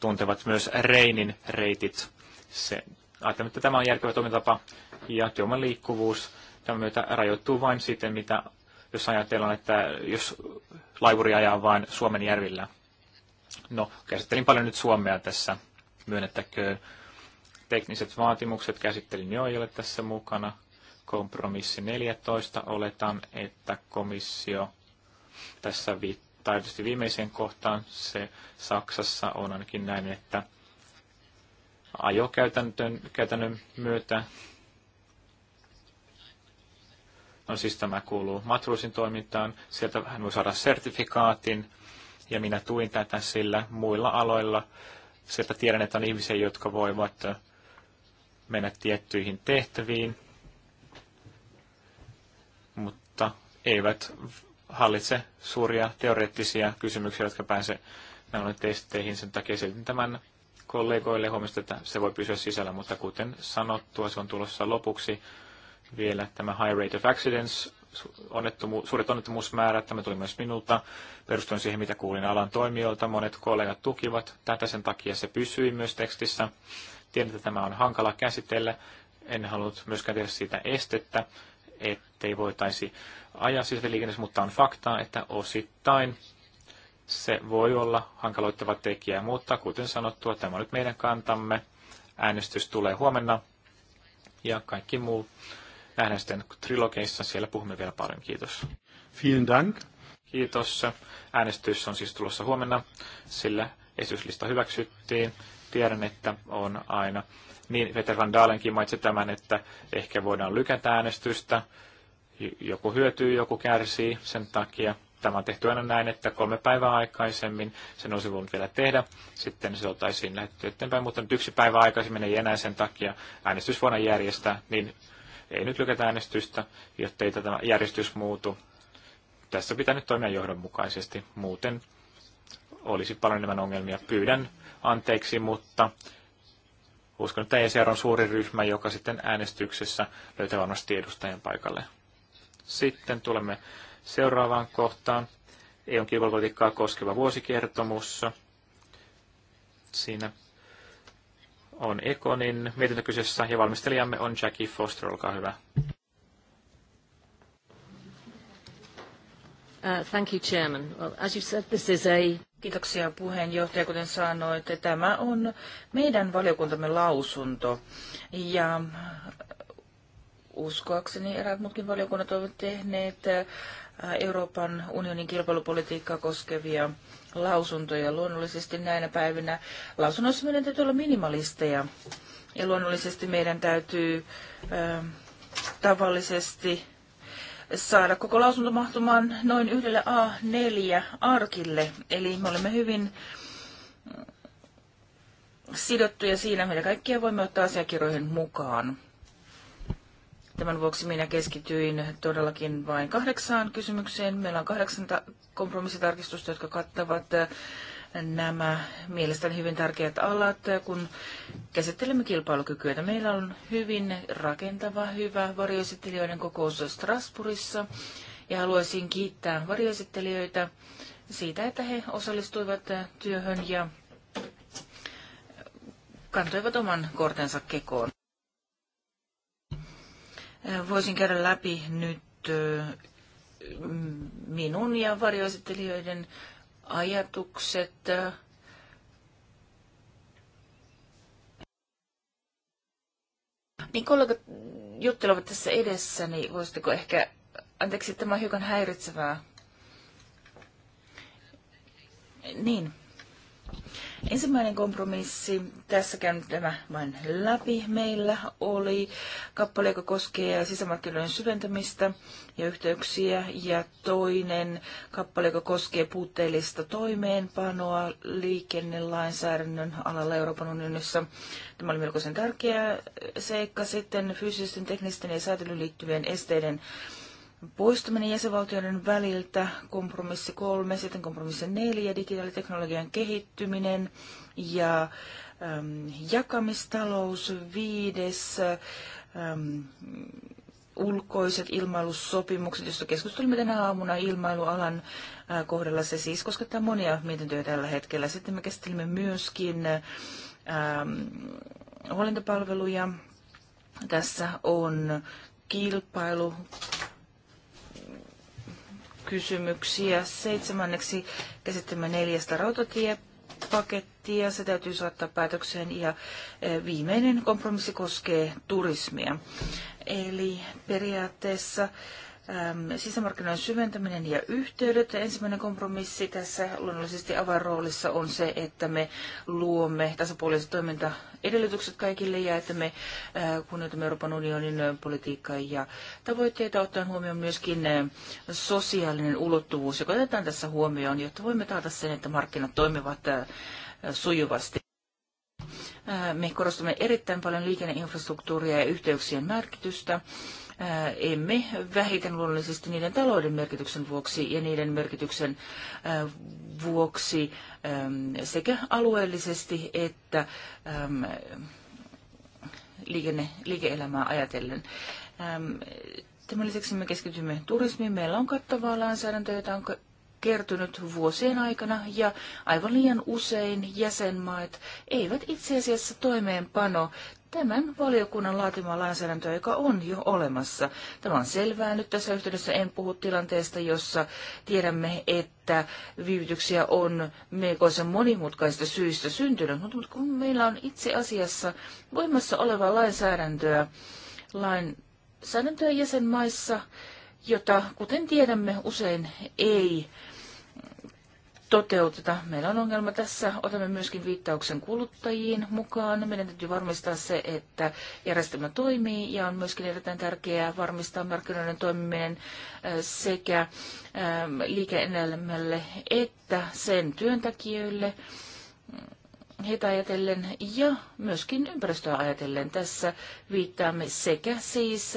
tuntevat myös Reinin reitit. Se, ajattelen, että tämä on järkevä toimintapa ja työvoiman liikkuvuus tämä myötä rajoittuu vain siten, mitä jos ajatellaan, että jos laivuri ajaa vain Suomen järvillä. No, käsittelin paljon nyt Suomea tässä, myönnettäköön. Tekniset vaatimukset käsittelin jo ei ole tässä mukana kompromissi 14. Oletan, että komissio tässä viittaa tietysti viimeiseen kohtaan. Se Saksassa on ainakin näin, että ajokäytännön myötä, no siis tämä kuuluu Matruusin toimintaan, sieltä hän voi saada sertifikaatin, ja minä tuin tätä sillä muilla aloilla. Sieltä tiedän, että on ihmisiä, jotka voivat mennä tiettyihin tehtäviin, eivät hallitse suuria teoreettisia kysymyksiä, jotka pääse näille testeihin. Sen takia esitin tämän kollegoille huomista, että se voi pysyä sisällä, mutta kuten sanottua, se on tulossa lopuksi vielä tämä high rate of accidents, onnettomu- suuret onnettomuusmäärät, tämä tuli myös minulta, perustuen siihen, mitä kuulin alan toimijoilta, monet kollegat tukivat, tätä sen takia se pysyi myös tekstissä. Tiedän, että tämä on hankala käsitellä, en halunnut myöskään tehdä siitä estettä, ettei voitaisi ajaa sisäliikenteessä, mutta on faktaa, että osittain se voi olla hankaloittava tekijä, mutta kuten sanottua, tämä on nyt meidän kantamme. Äänestys tulee huomenna ja kaikki muu nähdään sitten trilogeissa. Siellä puhumme vielä paljon. Kiitos. Vielen dank. Kiitos. Äänestys on siis tulossa huomenna, sillä esityslista hyväksyttiin. Tiedän, että on aina. Niin, Peter van Dalenkin mainitsi tämän, että ehkä voidaan lykätä äänestystä. Joku hyötyy, joku kärsii sen takia. Tämä on tehty aina näin, että kolme päivää aikaisemmin sen olisi voinut vielä tehdä. Sitten se oltaisiin lähdetty eteenpäin, mutta nyt yksi päivä aikaisemmin ei enää sen takia. Äänestys voidaan järjestää, niin ei nyt lykätä äänestystä, jotta ei tämä järjestys muutu. Tässä pitää nyt toimia johdonmukaisesti. Muuten olisi paljon enemmän ongelmia. Pyydän anteeksi, mutta uskon, että ECR on suuri ryhmä, joka sitten äänestyksessä löytää varmasti edustajan paikalle. Sitten tulemme seuraavaan kohtaan. EUn kilpailupolitiikkaa koskeva vuosikertomus. Siinä on Ekonin mietintö kyseessä ja valmistelijamme on Jackie Foster, olkaa hyvä. Uh, thank you, Chairman. Well, as you said, this is a... Kiitoksia puheenjohtaja, kuten että Tämä on meidän valiokuntamme lausunto ja uskoakseni eräät muutkin valiokunnat ovat tehneet äh, Euroopan unionin kilpailupolitiikkaa koskevia lausuntoja. Luonnollisesti näinä päivinä lausunnoissa meidän täytyy olla minimalisteja ja luonnollisesti meidän täytyy äh, tavallisesti saada koko lausunto mahtumaan noin yhdelle A4-arkille. Eli me olemme hyvin mm, sidottuja siinä, mitä kaikkia voimme ottaa asiakirjoihin mukaan. Tämän vuoksi minä keskityin todellakin vain kahdeksaan kysymykseen. Meillä on kahdeksan kompromissitarkistusta, jotka kattavat äh, nämä mielestäni hyvin tärkeät alat, kun käsittelemme kilpailukykyä. Meillä on hyvin rakentava, hyvä varjoesittelijöiden kokous Strasbourgissa ja haluaisin kiittää varjoesittelijöitä siitä, että he osallistuivat työhön ja kantoivat oman kortensa kekoon. Voisin käydä läpi nyt mm, minun ja varjoesittelijöiden ajatukset. Niin kollegat juttelevat tässä edessä, niin voisitteko ehkä, anteeksi tämä on hiukan häiritsevää. Niin. Ensimmäinen kompromissi, tässä käynyt tämä vain läpi, meillä oli kappale, joka koskee sisämarkkinoiden syventämistä ja yhteyksiä, ja toinen kappale, joka koskee puutteellista toimeenpanoa liikennelainsäädännön alalla Euroopan unionissa. Tämä oli melkoisen tärkeä seikka. Sitten fyysisten, teknisten ja säätelyyn liittyvien esteiden poistuminen jäsenvaltioiden väliltä, kompromissi kolme, sitten kompromissi neljä, digitaaliteknologian kehittyminen ja äm, jakamistalous viides, äm, ulkoiset ilmailussopimukset, joista keskustelimme tänä aamuna ilmailualan ä, kohdalla. Se siis koskettaa monia mietintöjä tällä hetkellä. Sitten me käsittelimme myöskin äm, huolintapalveluja. Tässä on kilpailu, kysymyksiä. Seitsemänneksi käsittelemme neljästä rautatiepakettia. Se täytyy saattaa päätökseen ja e, viimeinen kompromissi koskee turismia. Eli periaatteessa sisämarkkinoiden syventäminen ja yhteydet. Ensimmäinen kompromissi tässä luonnollisesti avainroolissa on se, että me luomme tasapuoliset toimintaedellytykset kaikille ja että me kunnioitamme Euroopan unionin politiikkaa ja tavoitteita ottaen huomioon myöskin sosiaalinen ulottuvuus, joka otetaan tässä huomioon, jotta voimme taata sen, että markkinat toimivat sujuvasti. Me korostamme erittäin paljon liikenneinfrastruktuuria ja yhteyksien merkitystä Äh, emme vähiten luonnollisesti niiden talouden merkityksen vuoksi ja niiden merkityksen äh, vuoksi ähm, sekä alueellisesti että ähm, liikenne, liike-elämää ajatellen. Ähm, tämän lisäksi me keskitymme turismiin. Meillä on kattavaa lainsäädäntöä, jota on kertynyt vuosien aikana ja aivan liian usein jäsenmaat eivät itse asiassa toimeenpano tämän valiokunnan laatimaa lainsäädäntöä, joka on jo olemassa. Tämä on selvää. Nyt tässä yhteydessä en puhu tilanteesta, jossa tiedämme, että viivytyksiä on melkoisen monimutkaisista syistä syntynyt, mutta kun meillä on itse asiassa voimassa olevaa lainsäädäntöä, lainsäädäntöä jäsenmaissa, jota, kuten tiedämme, usein ei toteuteta. Meillä on ongelma tässä. Otamme myöskin viittauksen kuluttajiin mukaan. Meidän täytyy varmistaa se, että järjestelmä toimii ja on myöskin erittäin tärkeää varmistaa markkinoiden toimiminen sekä liikeenelmälle että sen työntekijöille heitä ajatellen ja myöskin ympäristöä ajatellen. Tässä viittaamme sekä siis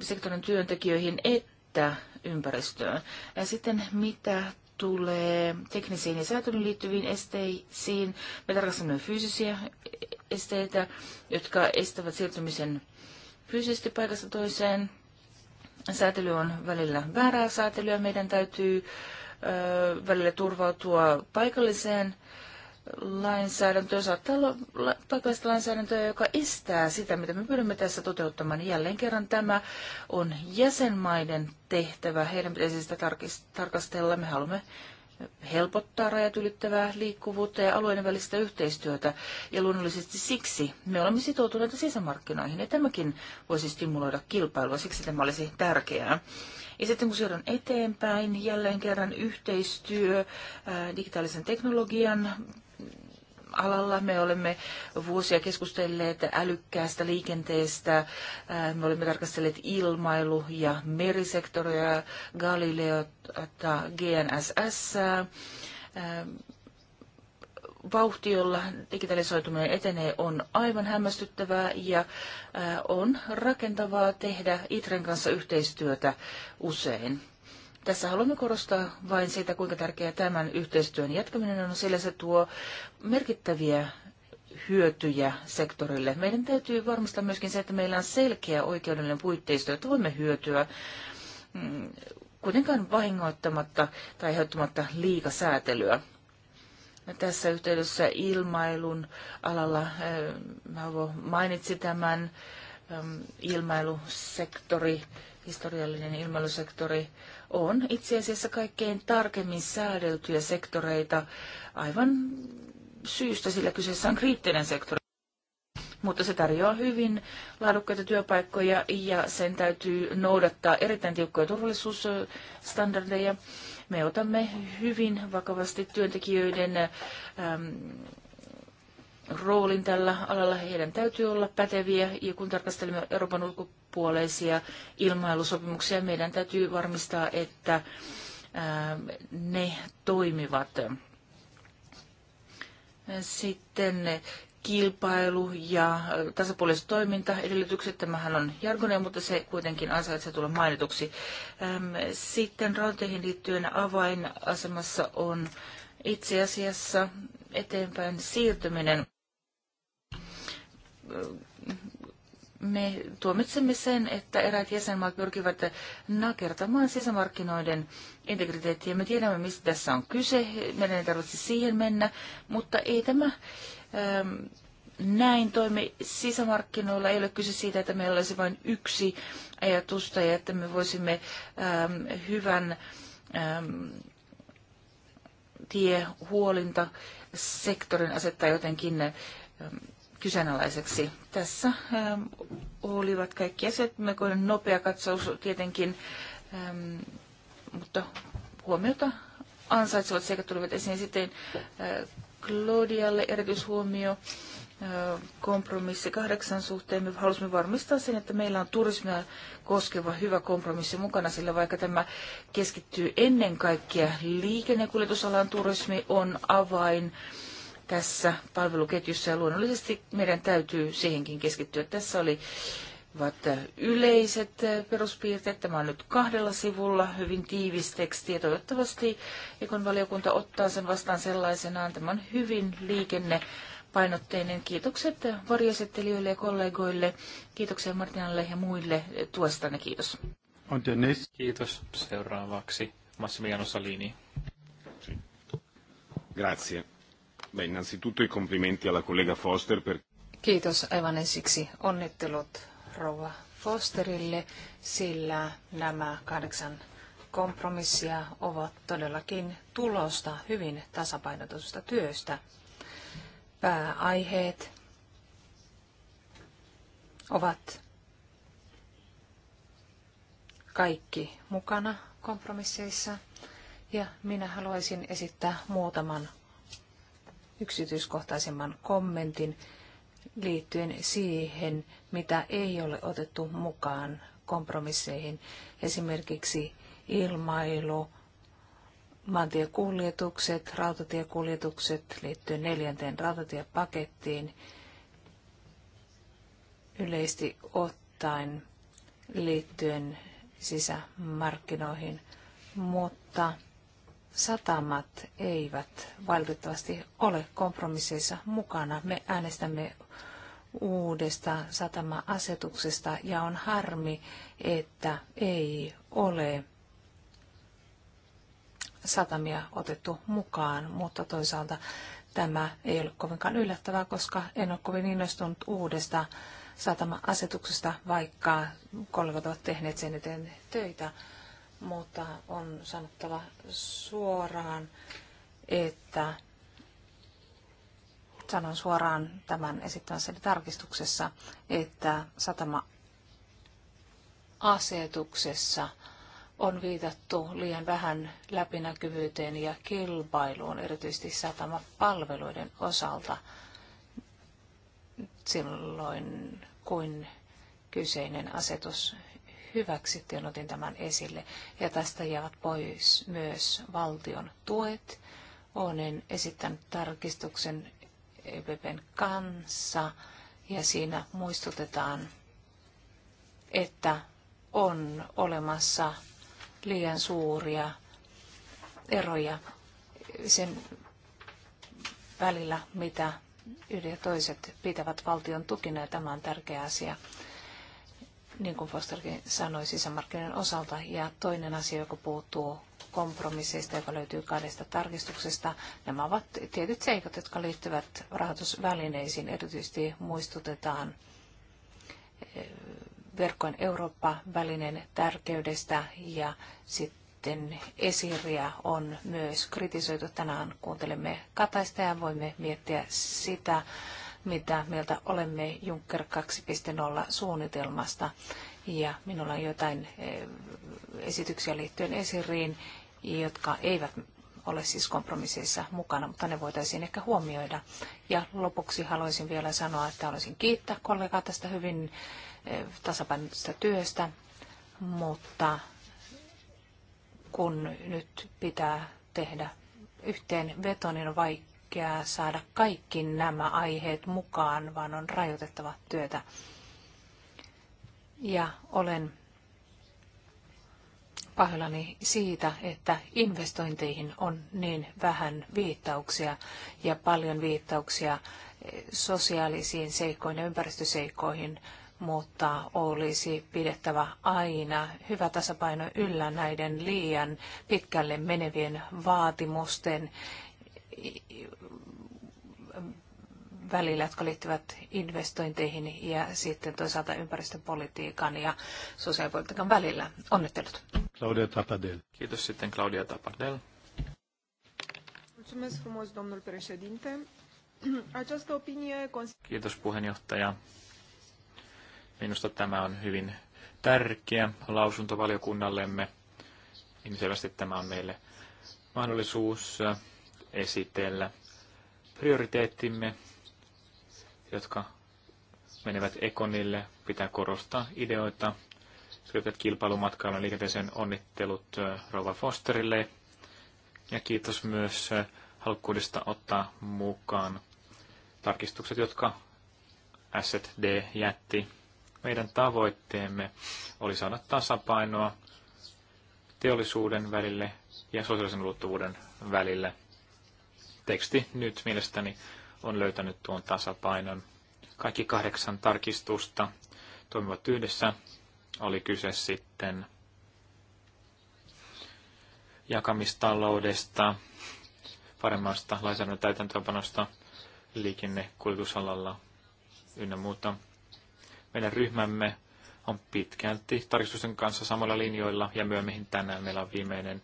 sektorin työntekijöihin että että ympäristöön. Ja sitten mitä tulee teknisiin ja säätelyyn liittyviin esteisiin, me tarkastamme fyysisiä esteitä, jotka estävät siirtymisen fyysisesti paikasta toiseen. Säätely on välillä väärää säätelyä. Meidän täytyy ö, välillä turvautua paikalliseen lainsäädäntöä, saattaa olla paikallista lainsäädäntöä, joka estää sitä, mitä me pyrimme tässä toteuttamaan. Jälleen kerran tämä on jäsenmaiden tehtävä. Heidän pitäisi sitä tarkastella. Me haluamme helpottaa rajat ylittävää liikkuvuutta ja alueiden välistä yhteistyötä. Ja luonnollisesti siksi me olemme sitoutuneita sisämarkkinoihin ja tämäkin voisi stimuloida kilpailua, siksi tämä olisi tärkeää. Ja sitten kun siirrytään eteenpäin, jälleen kerran yhteistyö digitaalisen teknologian alalla. Me olemme vuosia keskustelleet älykkäästä liikenteestä. Me olemme tarkastelleet ilmailu- ja merisektoria, Galileota, GNSS. Vauhti, jolla digitalisoituminen etenee, on aivan hämmästyttävää ja on rakentavaa tehdä ITREn kanssa yhteistyötä usein. Tässä haluamme korostaa vain sitä, kuinka tärkeää tämän yhteistyön jatkaminen on, sillä se tuo merkittäviä hyötyjä sektorille. Meidän täytyy varmistaa myöskin se, että meillä on selkeä oikeudellinen puitteisto, että voimme hyötyä mm, kuitenkaan vahingoittamatta tai aiheuttamatta liikasäätelyä. Tässä yhteydessä ilmailun alalla, eh, mä mainitsi tämän mm, ilmailusektori, historiallinen ilmailusektori on itse asiassa kaikkein tarkemmin säädeltyjä sektoreita aivan syystä, sillä kyseessä on kriittinen sektori. Mutta se tarjoaa hyvin laadukkaita työpaikkoja ja sen täytyy noudattaa erittäin tiukkoja turvallisuusstandardeja. Me otamme hyvin vakavasti työntekijöiden äm, roolin tällä alalla. Heidän täytyy olla päteviä ja kun tarkastelemme Euroopan ulkopuolella, tasapuoleisia ilmailusopimuksia. Meidän täytyy varmistaa, että ne toimivat. Sitten kilpailu ja tasapuoliset toimintaedellytykset. Tämähän on jargonia, mutta se kuitenkin ansaitsee tulla mainituksi. Sitten rauteihin liittyen avainasemassa on itse asiassa eteenpäin siirtyminen me tuomitsemme sen, että eräät jäsenmaat pyrkivät nakertamaan sisämarkkinoiden integriteettiä. Me tiedämme, mistä tässä on kyse. Meidän ei tarvitse siihen mennä, mutta ei tämä ähm, näin toimi sisämarkkinoilla. Ei ole kyse siitä, että meillä olisi vain yksi ajatusta ja että me voisimme ähm, hyvän ähm, tiehuolintasektorin asettaa jotenkin ähm, kyseenalaiseksi. Tässä ähm, olivat kaikki asiat. Melkoinen nopea katsaus tietenkin, ähm, mutta huomiota ansaitsevat sekä tulivat esiin sitten äh, Claudialle erityishuomio äh, kompromissi kahdeksan suhteen. Me halusimme varmistaa sen, että meillä on turismia koskeva hyvä kompromissi mukana, sillä vaikka tämä keskittyy ennen kaikkea liikennekuljetusalan turismi on avain äh, tässä palveluketjussa ja luonnollisesti meidän täytyy siihenkin keskittyä. Tässä oli yleiset peruspiirteet. Tämä on nyt kahdella sivulla hyvin tiivis teksti ja toivottavasti Ekon valiokunta ottaa sen vastaan sellaisenaan. Tämä on hyvin liikennepainotteinen. Kiitokset varjoesittelijöille ja kollegoille. Kiitoksia Martinalle ja muille tuestanne. Kiitos. Kiitos. Seuraavaksi Massimiliano Salini. Grazie. Beh, innanzitutto i complimenti alla collega Foster per... Kiitos aivan ensiksi. Onnittelut rouva Fosterille, sillä nämä kahdeksan kompromissia ovat todellakin tulosta hyvin tasapainotusta työstä. Pääaiheet ovat kaikki mukana kompromisseissa ja minä haluaisin esittää muutaman yksityiskohtaisemman kommentin liittyen siihen, mitä ei ole otettu mukaan kompromisseihin. Esimerkiksi ilmailu, maantiekuljetukset, rautatiekuljetukset liittyen neljänteen rautatiepakettiin yleisesti ottaen liittyen sisämarkkinoihin, mutta satamat eivät valitettavasti ole kompromisseissa mukana. Me äänestämme uudesta satama-asetuksesta ja on harmi, että ei ole satamia otettu mukaan, mutta toisaalta tämä ei ole kovinkaan yllättävää, koska en ole kovin innostunut uudesta satama-asetuksesta, vaikka kollegat ovat tehneet sen eteen töitä mutta on sanottava suoraan, että sanon suoraan tämän esittämässäni tarkistuksessa, että satama-asetuksessa on viitattu liian vähän läpinäkyvyyteen ja kilpailuun, erityisesti satamapalveluiden osalta silloin, kun kyseinen asetus hyväksytty, ja otin tämän esille. Ja tästä jäävät pois myös valtion tuet. Olen esittänyt tarkistuksen EPPn kanssa, ja siinä muistutetaan, että on olemassa liian suuria eroja sen välillä, mitä yhdet ja toiset pitävät valtion tukina, ja tämä on tärkeä asia niin kuin Fosterkin sanoi, sisämarkkinoiden osalta. Ja toinen asia, joka puuttuu kompromisseista, joka löytyy kahdesta tarkistuksesta. Nämä ovat tietyt seikat, jotka liittyvät rahoitusvälineisiin. Erityisesti muistutetaan eh, verkkojen Eurooppa-välinen tärkeydestä ja sitten esiriä on myös kritisoitu. Tänään kuuntelemme Kataista ja voimme miettiä sitä, mitä mieltä olemme Juncker 2.0 suunnitelmasta. Ja minulla on jotain eh, esityksiä liittyen esiriin, jotka eivät ole siis kompromisseissa mukana, mutta ne voitaisiin ehkä huomioida. Ja lopuksi haluaisin vielä sanoa, että haluaisin kiittää kollegaa tästä hyvin eh, tasapainoisesta työstä, mutta kun nyt pitää tehdä yhteenveto, niin on vai, tärkeää saada kaikki nämä aiheet mukaan, vaan on rajoitettava työtä. Ja olen pahoillani siitä, että investointeihin on niin vähän viittauksia ja paljon viittauksia sosiaalisiin seikkoihin ja ympäristöseikkoihin, mutta olisi pidettävä aina hyvä tasapaino yllä näiden liian pitkälle menevien vaatimusten välillä, jotka liittyvät investointeihin ja sitten toisaalta ympäristöpolitiikan ja sosiaalipolitiikan välillä. Onnittelut. Claudia Tapadel. Kiitos sitten Claudia Tapadel. Kiitos puheenjohtaja. Minusta tämä on hyvin tärkeä lausunto valiokunnallemme. Niin selvästi tämä on meille mahdollisuus esitellä prioriteettimme, jotka menevät Ekonille. Pitää korostaa ideoita. Syrjät kilpailumatkailun liikenteeseen onnittelut Rova Fosterille. Ja kiitos myös halukkuudesta ottaa mukaan tarkistukset, jotka SD jätti. Meidän tavoitteemme oli saada tasapainoa teollisuuden välille ja sosiaalisen ulottuvuuden välille teksti nyt mielestäni on löytänyt tuon tasapainon. Kaikki kahdeksan tarkistusta toimivat yhdessä. Oli kyse sitten jakamistaloudesta, paremmasta lainsäädännön täytäntöönpanosta liikennekuljetusalalla ynnä muuta. Meidän ryhmämme on pitkälti tarkistusten kanssa samalla linjoilla ja myöhemmin tänään meillä on viimeinen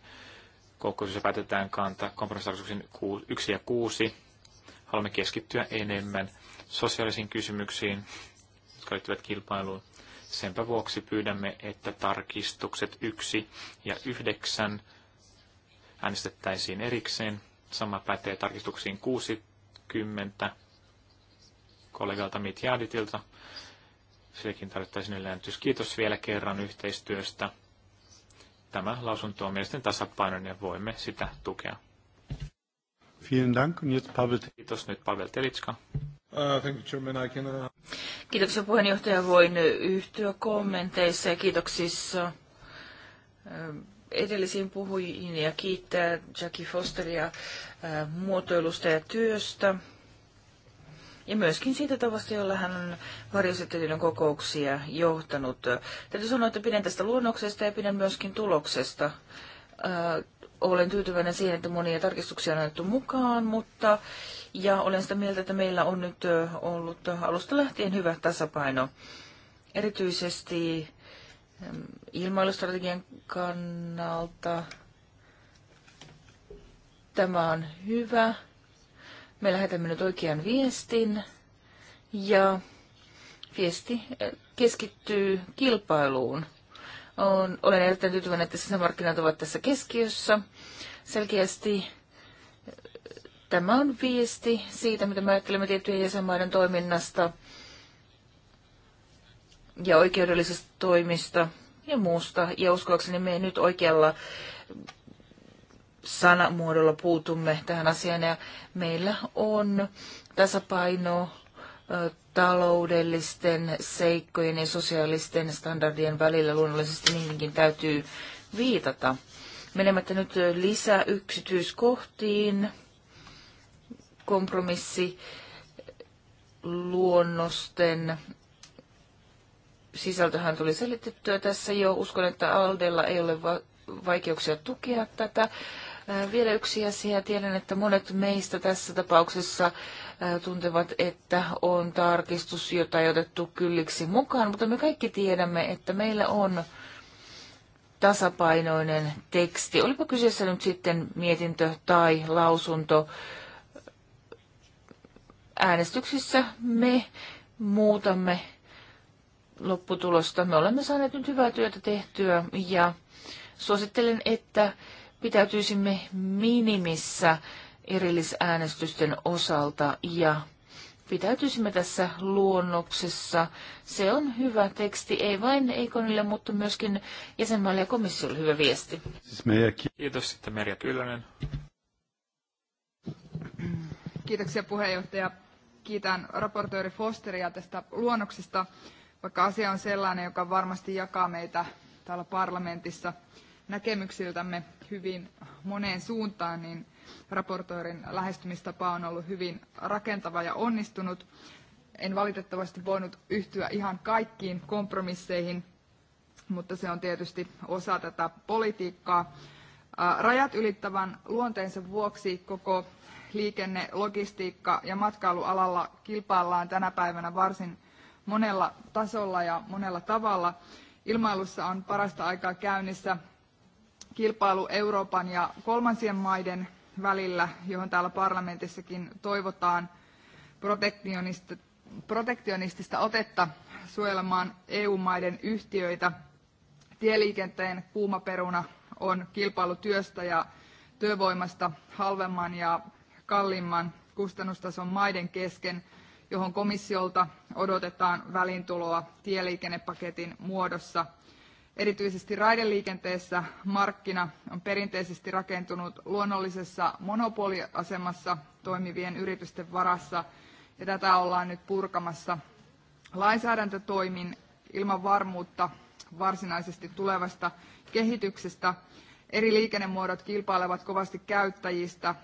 kokouksessa päätetään kantaa kompromissitarkoituksen 1 ja 6. Haluamme keskittyä enemmän sosiaalisiin kysymyksiin, jotka liittyvät kilpailuun. Senpä vuoksi pyydämme, että tarkistukset 1 ja 9 äänestettäisiin erikseen. Sama pätee tarkistuksiin 60 kollegalta Mitjaaditilta. Sillekin tarvittaisiin äänestys. Kiitos vielä kerran yhteistyöstä tämä lausunto on mielestäni tasapainoinen ja voimme sitä tukea. Vielen Dank. Und jetzt Pavel. Kiitos nyt Pavel Telitska. Uh, uh, Kiitoksia puheenjohtaja. Voin yhtyä kommenteissa ja kiitoksissa ähm, edellisiin puhujiin ja kiittää Jackie Fosteria äh, muotoilusta ja työstä ja myöskin siitä tavasta, jolla hän on varjoesittelijöiden kokouksia johtanut. Täytyy sanoa, että pidän tästä luonnoksesta ja pidän myöskin tuloksesta. Äh, olen tyytyväinen siihen, että monia tarkistuksia on annettu mukaan, mutta ja olen sitä mieltä, että meillä on nyt äh, ollut alusta lähtien hyvä tasapaino. Erityisesti ähm, ilmailustrategian kannalta tämä on hyvä me lähetämme nyt oikean viestin ja viesti eh, keskittyy kilpailuun. On, olen erittäin tyytyväinen, että sisämarkkinat ovat tässä keskiössä. Selkeästi eh, tämä on viesti siitä, mitä me ajattelemme tiettyjen jäsenmaiden toiminnasta ja oikeudellisesta toimista ja muusta. Ja uskoakseni me nyt oikealla sanamuodolla puutumme tähän asiaan ja meillä on tasapaino taloudellisten seikkojen ja sosiaalisten standardien välillä luonnollisesti niihinkin täytyy viitata. Menemättä nyt lisää yksityiskohtiin kompromissi luonnosten sisältöhän tuli selitettyä tässä jo. Uskon, että Aldella ei ole vaikeuksia tukea tätä. Äh, vielä yksi asia. Tiedän, että monet meistä tässä tapauksessa äh, tuntevat, että on tarkistus, jota ei otettu kylliksi mukaan, mutta me kaikki tiedämme, että meillä on tasapainoinen teksti. Olipa kyseessä nyt sitten mietintö tai lausunto äänestyksissä me muutamme lopputulosta. Me olemme saaneet nyt hyvää työtä tehtyä ja suosittelen, että pitäytyisimme minimissä erillisäänestysten osalta ja pitäytyisimme tässä luonnoksessa. Se on hyvä teksti, ei vain Eikonille, mutta myöskin jäsenmaille ja komissiolle hyvä viesti. Siis Kiitos sitten Merja Kyllönen. Kiitoksia puheenjohtaja. Kiitän raportööri Fosteria tästä luonnoksesta, vaikka asia on sellainen, joka varmasti jakaa meitä täällä parlamentissa – näkemyksiltämme hyvin moneen suuntaan, niin raportoirin lähestymistapa on ollut hyvin rakentava ja onnistunut. En valitettavasti voinut yhtyä ihan kaikkiin kompromisseihin, mutta se on tietysti osa tätä politiikkaa. Rajat ylittävän luonteensa vuoksi koko liikenne, logistiikka ja matkailualalla kilpaillaan tänä päivänä varsin monella tasolla ja monella tavalla. Ilmailussa on parasta aikaa käynnissä kilpailu Euroopan ja kolmansien maiden välillä, johon täällä parlamentissakin toivotaan protektionistista otetta suojelemaan EU-maiden yhtiöitä. Tieliikenteen kuuma peruna on kilpailu työstä ja työvoimasta halvemman ja kalliimman kustannustason maiden kesken, johon komissiolta odotetaan välintuloa tieliikennepaketin muodossa – Erityisesti raideliikenteessä markkina on perinteisesti rakentunut luonnollisessa monopoliasemassa toimivien yritysten varassa, ja tätä ollaan nyt purkamassa lainsäädäntötoimin ilman varmuutta varsinaisesti tulevasta kehityksestä. Eri liikennemuodot kilpailevat kovasti käyttäjistä,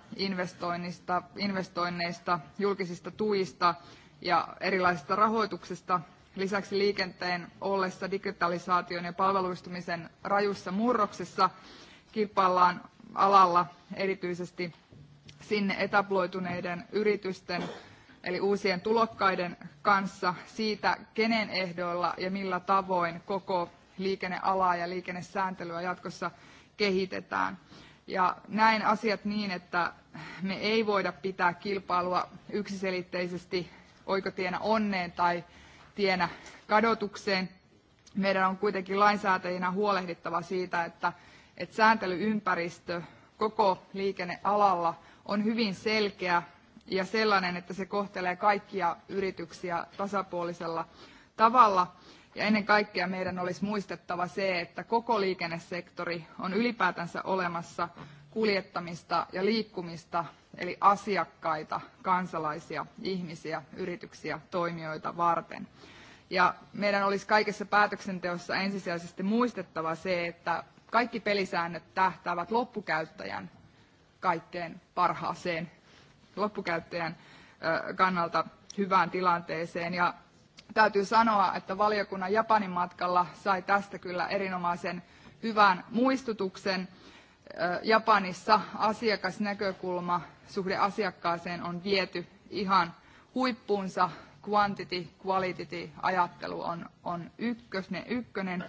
investoinneista, julkisista tuista ja erilaisista rahoituksesta, Lisäksi liikenteen ollessa digitalisaation ja palveluistumisen rajussa murroksessa kilpaillaan alalla erityisesti sinne etabloituneiden yritysten eli uusien tulokkaiden kanssa siitä, kenen ehdoilla ja millä tavoin koko liikennealaa ja liikennesääntelyä jatkossa kehitetään. Ja näen asiat niin, että me ei voida pitää kilpailua yksiselitteisesti oikotienä onneen tai tienä kadotukseen. Meidän on kuitenkin lainsäätäjinä huolehdittava siitä, että, että sääntelyympäristö koko liikennealalla on hyvin selkeä ja sellainen, että se kohtelee kaikkia yrityksiä tasapuolisella tavalla. Ja ennen kaikkea meidän olisi muistettava se, että koko liikennesektori on ylipäätänsä olemassa kuljettamista ja liikkumista, eli asiakkaita, kansalaisia, ihmisiä, yrityksiä, toimijoita varten. Ja meidän olisi kaikessa päätöksenteossa ensisijaisesti muistettava se, että kaikki pelisäännöt tähtäävät loppukäyttäjän kaikkein parhaaseen, loppukäyttäjän kannalta hyvään tilanteeseen. Ja täytyy sanoa, että valiokunnan Japanin matkalla sai tästä kyllä erinomaisen hyvän muistutuksen – Japanissa asiakasnäkökulma suhde asiakkaaseen on viety ihan huippuunsa. Quantity, quality ajattelu on, on ykkösne, ykkönen.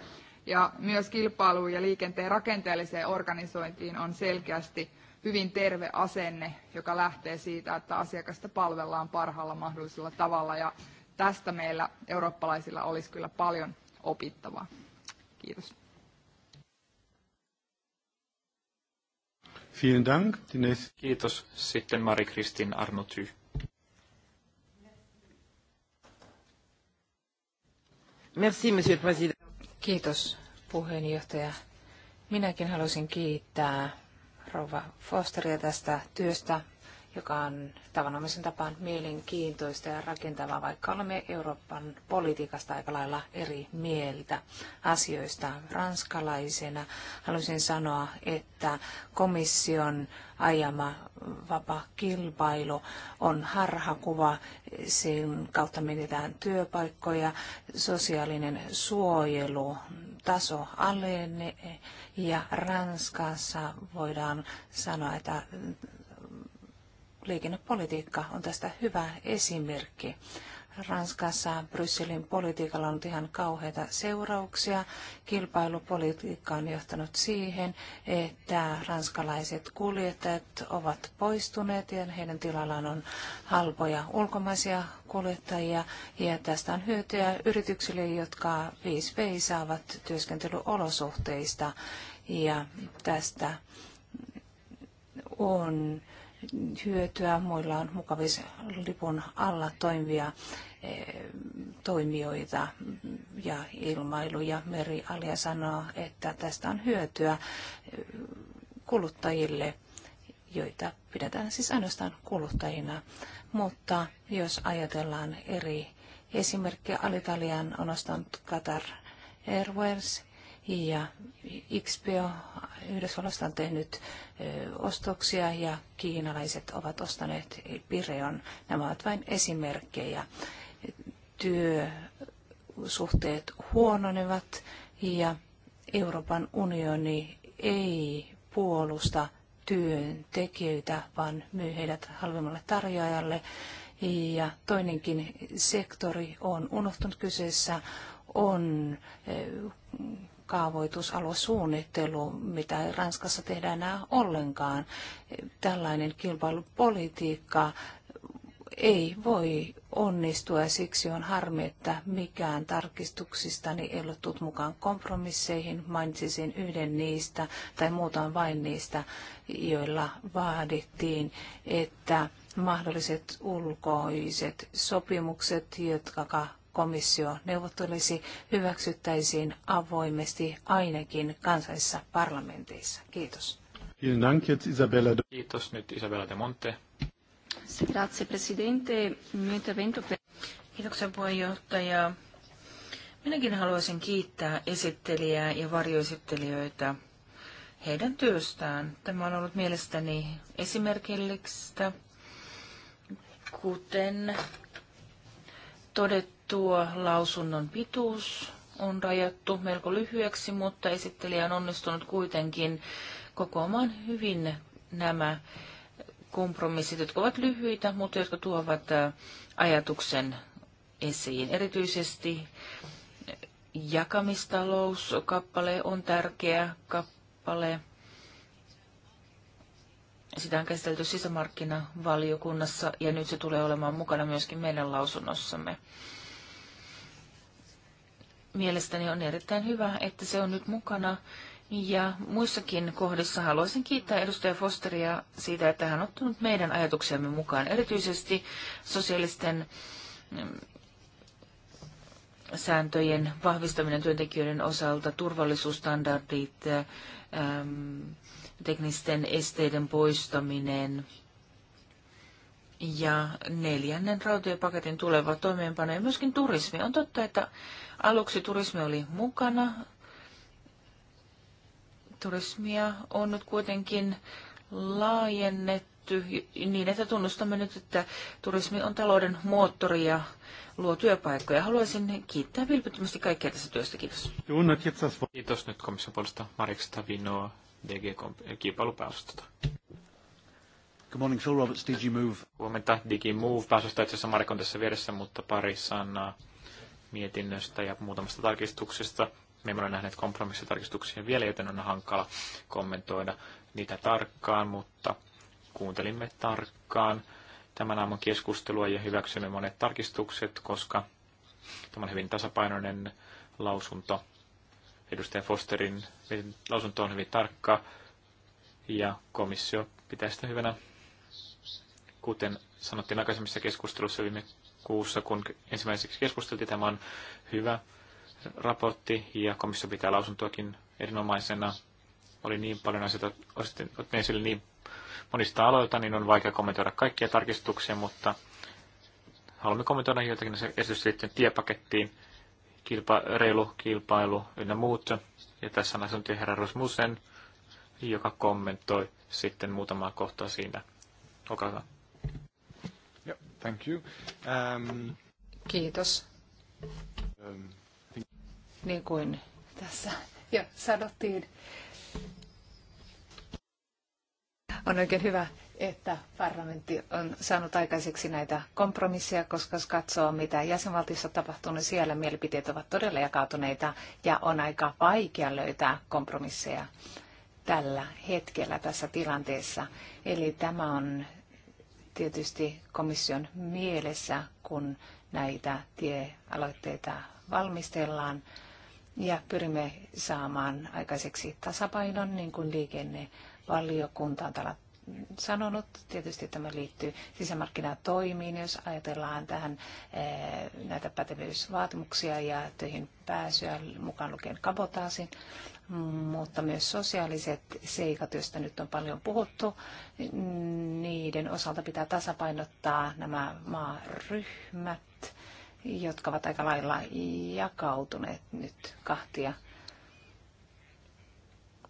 Ja myös kilpailuun ja liikenteen rakenteelliseen organisointiin on selkeästi hyvin terve asenne, joka lähtee siitä, että asiakasta palvellaan parhaalla mahdollisella tavalla. Ja tästä meillä eurooppalaisilla olisi kyllä paljon opittavaa. Kiitos. Vielen Dank. Kiitos. Sitten Marie-Christin Arnoty. Merci, monsieur president. Kiitos, puheenjohtaja. Minäkin halusin kiittää rouva Fosteria tästä työstä joka on tavanomaisen tapaan mielenkiintoista ja rakentavaa, vaikka olemme Euroopan politiikasta aika lailla eri mieltä asioista. Ranskalaisena haluaisin sanoa, että komission ajama vapa kilpailu on harhakuva. Sen kautta menetään työpaikkoja, sosiaalinen suojelu, taso alenee ja Ranskassa voidaan sanoa, että liikennepolitiikka on tästä hyvä esimerkki. Ranskassa Brysselin politiikalla on ihan kauheita seurauksia. Kilpailupolitiikka on johtanut siihen, että ranskalaiset kuljettajat ovat poistuneet ja heidän tilallaan on halpoja ulkomaisia kuljettajia. Ja tästä on hyötyä yrityksille, jotka 5V saavat työskentelyolosuhteista. Ja tästä on hyötyä, muilla on mukavislipun alla toimivia eh, toimijoita ja ilmailu ja Alia sanoo, että tästä on hyötyä eh, kuluttajille, joita pidetään siis ainoastaan kuluttajina. Mutta jos ajatellaan eri esimerkkejä, Alitalian on ostanut Qatar Airways, ja XPO Yhdysvalloista on tehnyt ostoksia ja kiinalaiset ovat ostaneet Pireon. Nämä ovat vain esimerkkejä. Työsuhteet huononevat ja Euroopan unioni ei puolusta työntekijöitä, vaan myy heidät halvemmalle tarjoajalle. Ja toinenkin sektori on unohtunut kyseessä on kaavoitus, mitä Ranskassa tehdään enää ollenkaan. Tällainen kilpailupolitiikka ei voi onnistua ja siksi on harmi, että mikään tarkistuksistani ei ole tullut mukaan kompromisseihin. Mainitsisin yhden niistä tai muutaan vain niistä, joilla vaadittiin, että mahdolliset ulkoiset sopimukset, jotka komissio neuvottelisi, hyväksyttäisiin avoimesti ainakin kansallisissa parlamenteissa. Kiitos. Kiitos nyt Isabella de Monte. Grazie Presidente. Kiitoksia puheenjohtaja. Minäkin haluaisin kiittää esittelijää ja varjoesittelijöitä heidän työstään. Tämä on ollut mielestäni esimerkillistä, kuten todettu tuo lausunnon pituus on rajattu melko lyhyeksi, mutta esittelijä on onnistunut kuitenkin kokoamaan hyvin nämä kompromissit, jotka ovat lyhyitä, mutta jotka tuovat ajatuksen esiin. Erityisesti jakamistalouskappale on tärkeä kappale. Sitä on käsitelty sisämarkkinavaliokunnassa ja nyt se tulee olemaan mukana myöskin meidän lausunnossamme mielestäni on erittäin hyvä, että se on nyt mukana. Ja muissakin kohdissa haluaisin kiittää edustaja Fosteria siitä, että hän on ottanut meidän ajatuksemme mukaan, erityisesti sosiaalisten mm, sääntöjen vahvistaminen työntekijöiden osalta, turvallisuusstandardit, teknisten esteiden poistaminen ja neljännen rautatiepaketin tuleva toimeenpano ja myöskin turismi. On totta, että Aluksi turismi oli mukana. Turismia on nyt kuitenkin laajennettu niin, että tunnustamme nyt, että turismi on talouden moottori ja luo työpaikkoja. Haluaisin kiittää vilpittömästi kaikkia tästä työstä. Kiitos. Kiitos nyt komission puolesta Marek Stavinoa, DG eh, Kilpailupääosastolta. Good morning, Phil Roberts, DG Move. Huomenta DG Move pääosasta. Itse asiassa Marek on tässä vieressä, mutta pari sanaa mietinnöstä ja muutamasta tarkistuksesta. Me emme ole nähneet kompromissitarkistuksia vielä, joten on hankala kommentoida niitä tarkkaan, mutta kuuntelimme tarkkaan tämän aamun keskustelua ja hyväksymme monet tarkistukset, koska tämä on hyvin tasapainoinen lausunto. Edustaja Fosterin lausunto on hyvin tarkka ja komissio pitää sitä hyvänä. Kuten sanottiin aikaisemmissa keskustelussa viime kuussa, kun ensimmäiseksi keskusteltiin. Tämä on hyvä raportti ja komissio pitää lausuntoakin erinomaisena. Oli niin paljon asioita, otin esille niin monista aloilta, niin on vaikea kommentoida kaikkia tarkistuksia, mutta haluamme kommentoida joitakin esitys liittyen tiepakettiin, kilpa, reilu kilpailu ynnä muut. Ja tässä on asiantuntija herra Rosmusen, joka kommentoi sitten muutamaa kohtaa siinä. Olkaa hyvä. Thank you. Um, Kiitos. Um, niin kuin tässä jo sanottiin, on oikein hyvä, että parlamentti on saanut aikaiseksi näitä kompromisseja, koska jos katsoo, mitä jäsenvaltiossa tapahtuu, niin siellä mielipiteet ovat todella jakautuneita ja on aika vaikea löytää kompromisseja tällä hetkellä tässä tilanteessa. Eli tämä on tietysti komission mielessä, kun näitä tiealoitteita valmistellaan ja pyrimme saamaan aikaiseksi tasapainon, niin kuin liikennevaliokunta on täällä sanonut. Tietysti tämä liittyy sisämarkkinatoimiin, jos ajatellaan tähän eh, näitä pätevyysvaatimuksia ja töihin pääsyä mukaan lukien kabotaasin, mutta myös sosiaaliset seikat, joista nyt on paljon puhuttu, niiden osalta pitää tasapainottaa nämä maaryhmät, jotka ovat aika lailla jakautuneet nyt kahtia –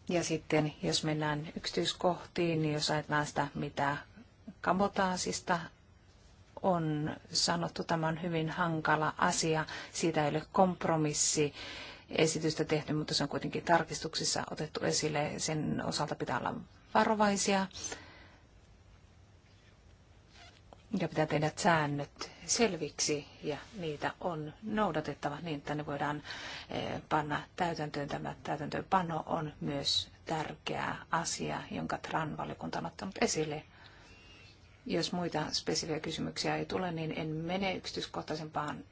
ja sitten jos mennään yksityiskohtiin, niin jos ajatellaan sitä, mitä kamotaasista on sanottu, tämä on hyvin hankala asia. Siitä ei ole kompromissi esitystä tehty, mutta se on kuitenkin tarkistuksissa otettu esille. Sen osalta pitää olla varovaisia ja pitää tehdä säännöt selviksi ja niitä on noudatettava niin, että ne voidaan eh, panna täytäntöön. Tämä täytäntöönpano on myös tärkeä asia, jonka TRAN-valiokunta on ottanut esille. Jos muita spesifiä kysymyksiä ei tule, niin en mene yksityiskohtaisempaan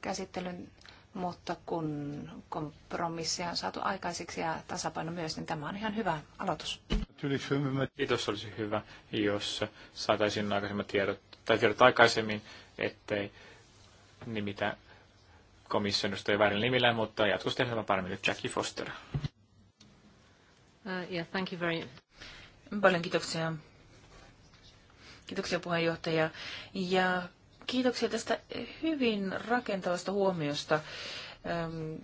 käsittelyyn mutta kun kompromissia on saatu aikaiseksi ja tasapaino myös, niin tämä on ihan hyvä aloitus. Kiitos, olisi hyvä, jos saataisiin aikaisemmat tiedot, tai tiedot aikaisemmin, ettei nimitä komissionista ei väärin nimillä, mutta jatkossa tehdään paremmin Jackie Foster. Uh, yeah, thank you very... Paljon kiitoksia. Kiitoksia puheenjohtaja. Ja Kiitoksia tästä hyvin rakentavasta huomiosta, ähm,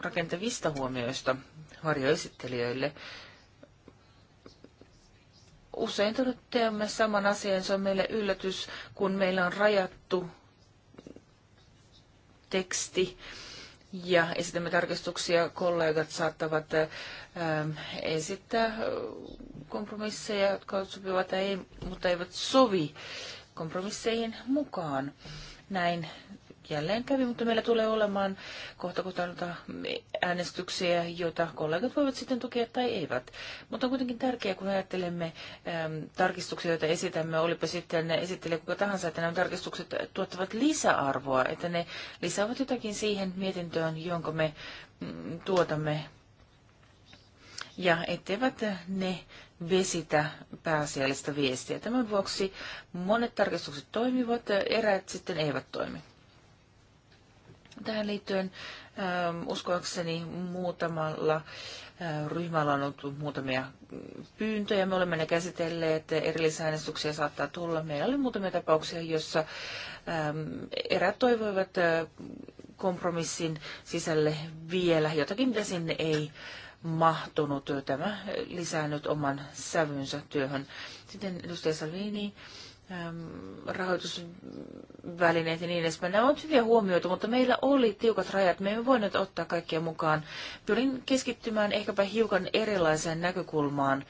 rakentavista huomioista varjoesittelijöille. Usein teemme saman asian, se on meille yllätys, kun meillä on rajattu teksti ja esitämme tarkistuksia. Kollegat saattavat ähm, esittää kompromisseja, jotka sopivat tai ei, mutta eivät sovi äh, kompromisseihin mukaan. Näin jälleen kävi, mutta meillä tulee olemaan kohta kohta äänestyksiä, joita kollegat voivat sitten tukea tai eivät. Mutta on kuitenkin tärkeää, kun ajattelemme äm, tarkistuksia, joita esitämme, olipa sitten ne esittelee kuka tahansa, että nämä tarkistukset tuottavat lisäarvoa, että ne lisäävät jotakin siihen mietintöön, jonka me mm, tuotamme. Ja etteivät ne vesitä pääasiallista viestiä. Tämän vuoksi monet tarkistukset toimivat, eräät sitten eivät toimi. Tähän liittyen ähm, uskoakseni muutamalla äh, ryhmällä on ollut muutamia pyyntöjä. Me olemme ne käsitelleet, erillisäänestyksiä saattaa tulla. Meillä oli muutamia tapauksia, joissa ähm, erät toivoivat äh, kompromissin sisälle vielä jotakin, mitä sinne ei mahtunut. Tämä lisännyt oman sävynsä työhön. Sitten edustaja Salvini, ähm, rahoitusvälineet ja niin edespäin. Nämä ovat hyviä huomioita, mutta meillä oli tiukat rajat. Me emme voineet ottaa kaikkia mukaan. Pyrin keskittymään ehkäpä hiukan erilaiseen näkökulmaan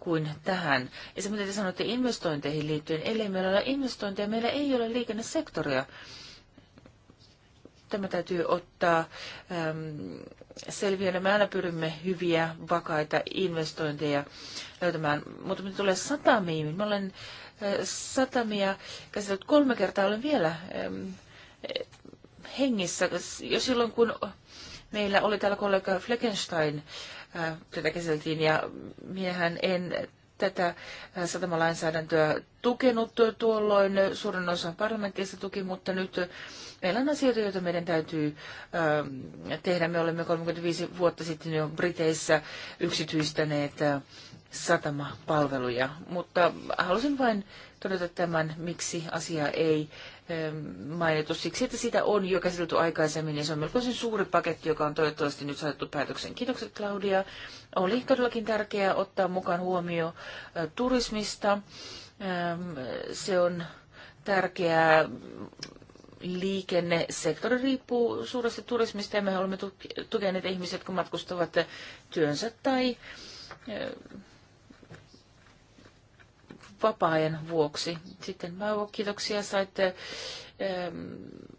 kuin tähän. Ja se, mitä te sanoitte investointeihin liittyen, ellei meillä ole investointeja, meillä ei ole liikennesektoria tämä täytyy ottaa ähm, selviönä. Me aina pyrimme hyviä, vakaita investointeja löytämään, mutta mitä tulee satamiin, mä olen äh, satamia käsitellyt kolme kertaa, olen vielä äm, hengissä. Jo silloin, kun meillä oli täällä kollega Fleckenstein, äh, tätä käsiteltiin, ja miehän en tätä satamalainsäädäntöä tukenut tuolloin. Suurin osa parlamentista tuki, mutta nyt meillä on asioita, joita meidän täytyy tehdä. Me olemme 35 vuotta sitten jo Briteissä yksityistäneet satamapalveluja, mutta halusin vain todeta tämän, miksi asia ei mainittu siksi, että sitä on jo käsitelty aikaisemmin ja se on melkoisen suuri paketti, joka on toivottavasti nyt saatettu päätöksen. Kiitokset Claudia. Oli todellakin tärkeää ottaa mukaan huomio turismista. Se on tärkeää liikennesektori riippuu suuresti turismista ja me olemme tukeneet ihmiset, jotka matkustavat työnsä tai vapaa-ajan vuoksi. Sitten mä kiitoksia, saitte ähm,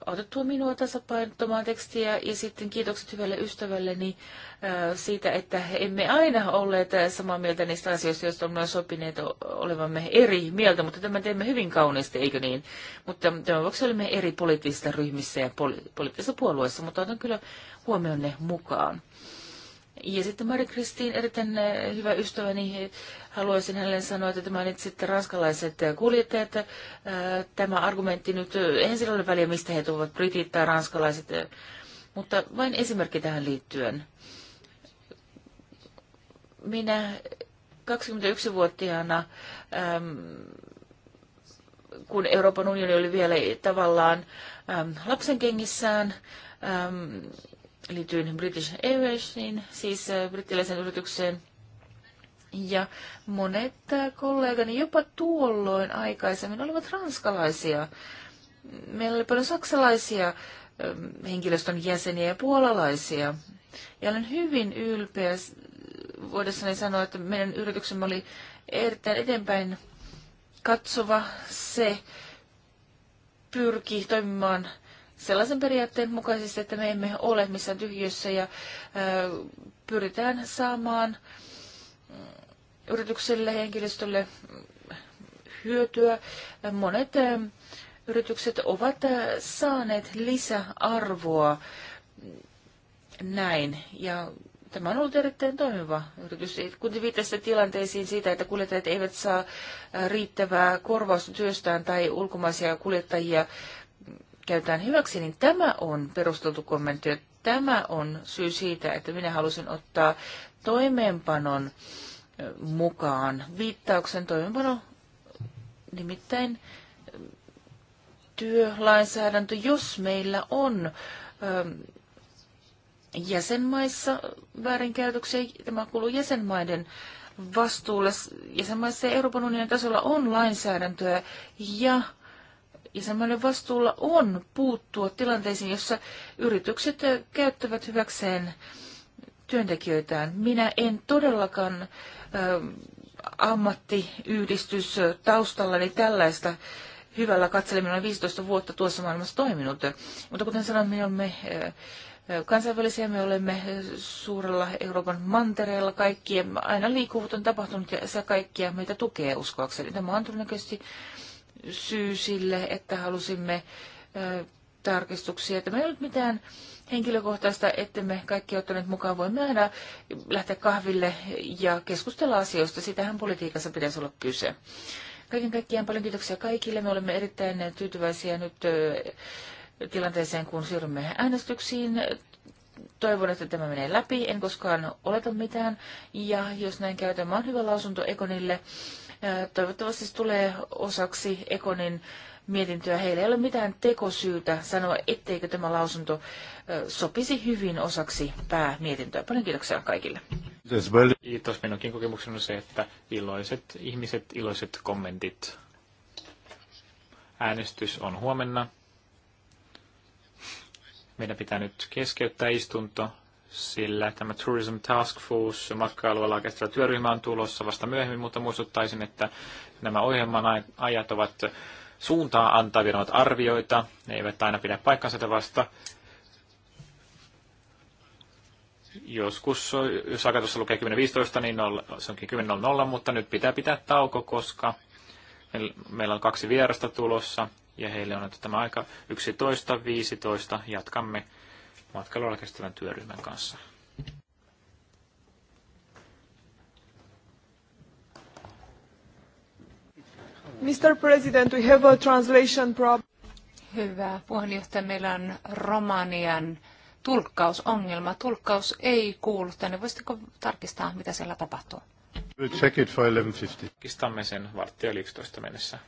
otettua minua tasapainottamaan tekstiä ja sitten kiitokset hyvälle ystävälleni äh, siitä, että emme aina olleet samaa mieltä niistä asioista, joista olemme sopineet olevamme eri mieltä, mutta tämän teemme hyvin kauniisti, eikö niin? Mutta tämän vuoksi olemme eri poliittisissa ryhmissä ja poli- poliittisissa puolueissa, mutta otan kyllä huomionne mukaan. Ja sitten Mari Kristiin, erittäin eh, hyvä ystäväni, haluaisin hänelle sanoa, että sitten ranskalaiset kuljettajat. Eh, tämä argumentti nyt, eh, eihän sillä ole väliä, mistä he tuovat, britit tai ranskalaiset, mutta vain esimerkki tähän liittyen. Minä 21-vuotiaana, ähm, kun Euroopan unioni oli vielä tavallaan ähm, lapsen kengissään, ähm, liityin British Airwaysiin, siis äh, brittiläiseen yritykseen. Ja monet äh, kollegani jopa tuolloin aikaisemmin olivat ranskalaisia. Meillä oli paljon saksalaisia ähm, henkilöstön jäseniä ja puolalaisia. Ja olen hyvin ylpeä voidessani sanoa, että meidän yrityksemme oli erittäin eteenpäin katsova. Se pyrki toimimaan sellaisen periaatteen mukaisesti, että me emme ole missään tyhjössä ja pyritään saamaan mm, yritykselle ja henkilöstölle mm, hyötyä. Monet yritykset ovat saaneet lisäarvoa mm, näin ja tämä on ollut erittäin toimiva yritys. Kun te viittasitte tilanteisiin siitä, että kuljettajat eivät saa riittävää korvausta työstään tai ulkomaisia kuljettajia käytetään hyväksi, niin tämä on perusteltu kommentti. tämä on syy siitä, että minä halusin ottaa toimeenpanon mukaan viittauksen toimeenpano, nimittäin työlainsäädäntö, jos meillä on jäsenmaissa väärinkäytöksiä, tämä kuuluu jäsenmaiden vastuulle. Jäsenmaissa ja Euroopan unionin tasolla on lainsäädäntöä ja jäsenmaiden vastuulla on puuttua tilanteisiin, jossa yritykset käyttävät hyväkseen työntekijöitään. Minä en todellakaan äh, ammattiyhdistys taustallani tällaista hyvällä katselemina on 15 vuotta tuossa maailmassa toiminut. Mutta kuten sanoin, me olemme kansainvälisiä, me olemme suurella Euroopan mantereella kaikki Aina liikkuvuutta on tapahtunut ja se kaikkia meitä tukee uskoakseni. Tämä on todennäköisesti syy sille, että halusimme tarkistuksia. Tämä ei ollut mitään henkilökohtaista, että me kaikki ottaneet mukaan. Voimme aina lähteä kahville ja keskustella asioista. Sitähän politiikassa pitäisi olla kyse. Kaiken kaikkiaan paljon kiitoksia kaikille. Me olemme erittäin tyytyväisiä nyt tilanteeseen, kun siirrymme äänestyksiin. Toivon, että tämä menee läpi. En koskaan oleta mitään. Ja jos näin käy, tämä on hyvä lausunto Ekonille. Toivottavasti se tulee osaksi Ekonin mietintöä. Heillä ei ole mitään tekosyytä sanoa, etteikö tämä lausunto sopisi hyvin osaksi päämietintöä. Paljon kiitoksia kaikille. Kiitos. Minunkin kokemukseni on se, että iloiset ihmiset, iloiset kommentit. Äänestys on huomenna. Meidän pitää nyt keskeyttää istunto sillä tämä Tourism Task Force matkailualaa kestävä työryhmä on tulossa vasta myöhemmin, mutta muistuttaisin, että nämä ohjelman ajat ovat suuntaa antavia, ovat arvioita, ne eivät aina pidä paikkansa vasta. Joskus, jos aikataulussa lukee 10.15, niin se onkin 10.00, mutta nyt pitää pitää tauko, koska meillä on kaksi vierasta tulossa ja heille on annettu tämä aika 11.15. Jatkamme matkailualla kestävän työryhmän kanssa. Mr. President, we have a translation problem. Hyvä puheenjohtaja, meillä on Romanian tulkkausongelma. Tulkkaus ei kuulu tänne. Voisitteko tarkistaa, mitä siellä tapahtuu? We'll check it for 11.50. Tarkistamme sen varttia 11 mennessä.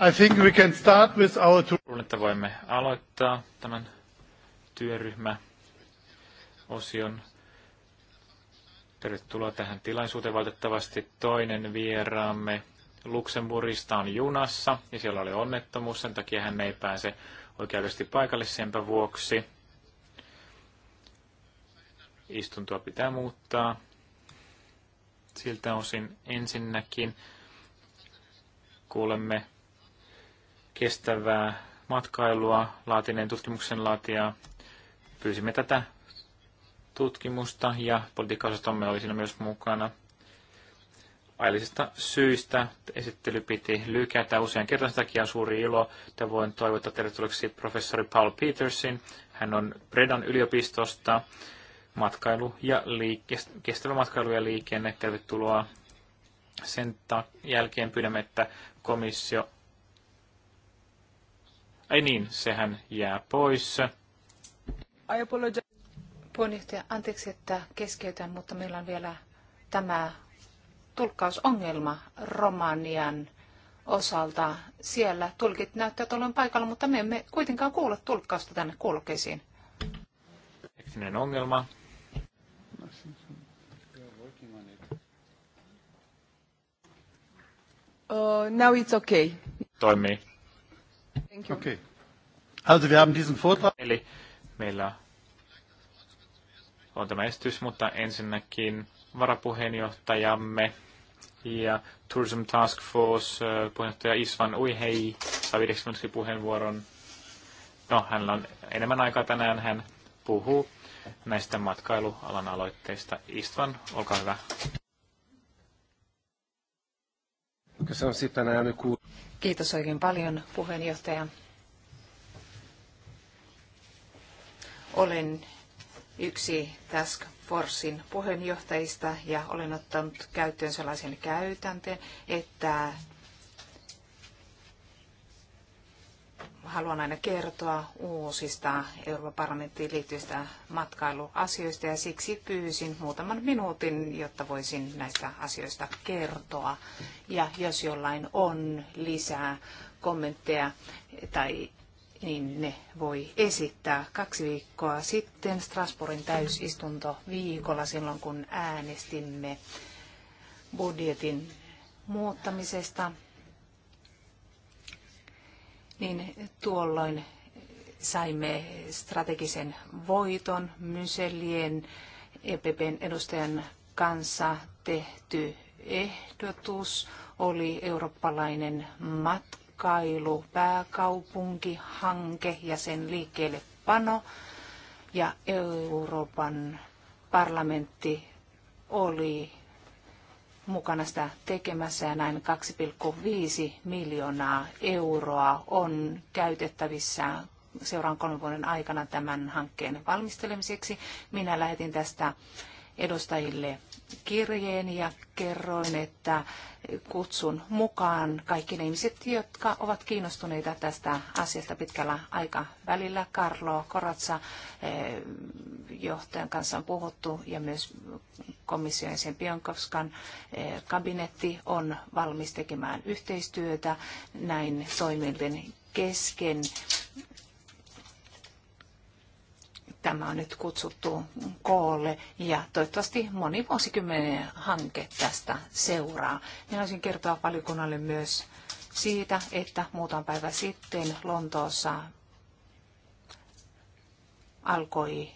I think we can start with our... Luulen, että voimme aloittaa tämän työryhmäosion. Tervetuloa tähän tilaisuuteen. Valitettavasti toinen vieraamme Luxemburgista on junassa ja siellä oli onnettomuus. Sen takia hän ei pääse oikeudellisesti paikalle senpä vuoksi. Istuntoa pitää muuttaa. Siltä osin ensinnäkin kuulemme kestävää matkailua laatineen tutkimuksen laatia. Pyysimme tätä tutkimusta ja politiikkaosastomme oli siinä myös mukana. Ailisista syistä esittely piti lykätä usean kerran, sen takia on suuri ilo, että voin toivottaa tervetulleeksi professori Paul Petersin. Hän on Bredan yliopistosta matkailu ja liike, kestävä matkailu ja liikenne. Tervetuloa. Sen jälkeen pyydämme, että komissio Ai niin, sehän jää pois. I apologize. Puheenjohtaja, anteeksi, että keskeytän, mutta meillä on vielä tämä tulkkausongelma Romanian osalta. Siellä tulkit näyttävät olevan paikalla, mutta me emme kuitenkaan kuule tulkkausta tänne kulkeisiin. Tekninen ongelma. Uh, now it's okay. Toimii. Okay. Also wir haben diesen Vortrag. Eli meillä on tämä esitys, mutta ensinnäkin varapuheenjohtajamme ja Tourism Task Force puheenjohtaja Isvan Uihei saa 50 puheenvuoron. No, hänellä on enemmän aikaa tänään. Hän puhuu näistä matkailualan aloitteista. Istvan, olkaa hyvä. Kiitos oikein paljon puheenjohtaja. Olen yksi Task Forcein puheenjohtajista ja olen ottanut käyttöön sellaisen käytänteen, että haluan aina kertoa uusista Euroopan parlamenttiin liittyvistä matkailuasioista ja siksi pyysin muutaman minuutin, jotta voisin näistä asioista kertoa. Ja jos jollain on lisää kommentteja tai niin ne voi esittää. Kaksi viikkoa sitten Strasbourgin täysistunto viikolla silloin, kun äänestimme budjetin muuttamisesta niin tuolloin saimme strategisen voiton Myselien EPPn edustajan kanssa tehty ehdotus oli eurooppalainen matkailu, pääkaupunkihanke ja sen liikkeelle pano. Ja Euroopan parlamentti oli mukana sitä tekemässä ja näin 2,5 miljoonaa euroa on käytettävissä seuraan kolmen vuoden aikana tämän hankkeen valmistelemiseksi. Minä lähetin tästä edustajille kirjeen ja kerroin, että kutsun mukaan kaikki ne ihmiset, jotka ovat kiinnostuneita tästä asiasta pitkällä aikavälillä. Karlo Koratsa eh, johtajan kanssa on puhuttu ja myös komission sen Pionkovskan eh, kabinetti on valmis tekemään yhteistyötä näin toimivien kesken Tämä on nyt kutsuttu koolle ja toivottavasti moni vuosikymmenen hanke tästä seuraa. Minä haluaisin kertoa valiokunnalle myös siitä, että muutama päivä sitten Lontoossa alkoi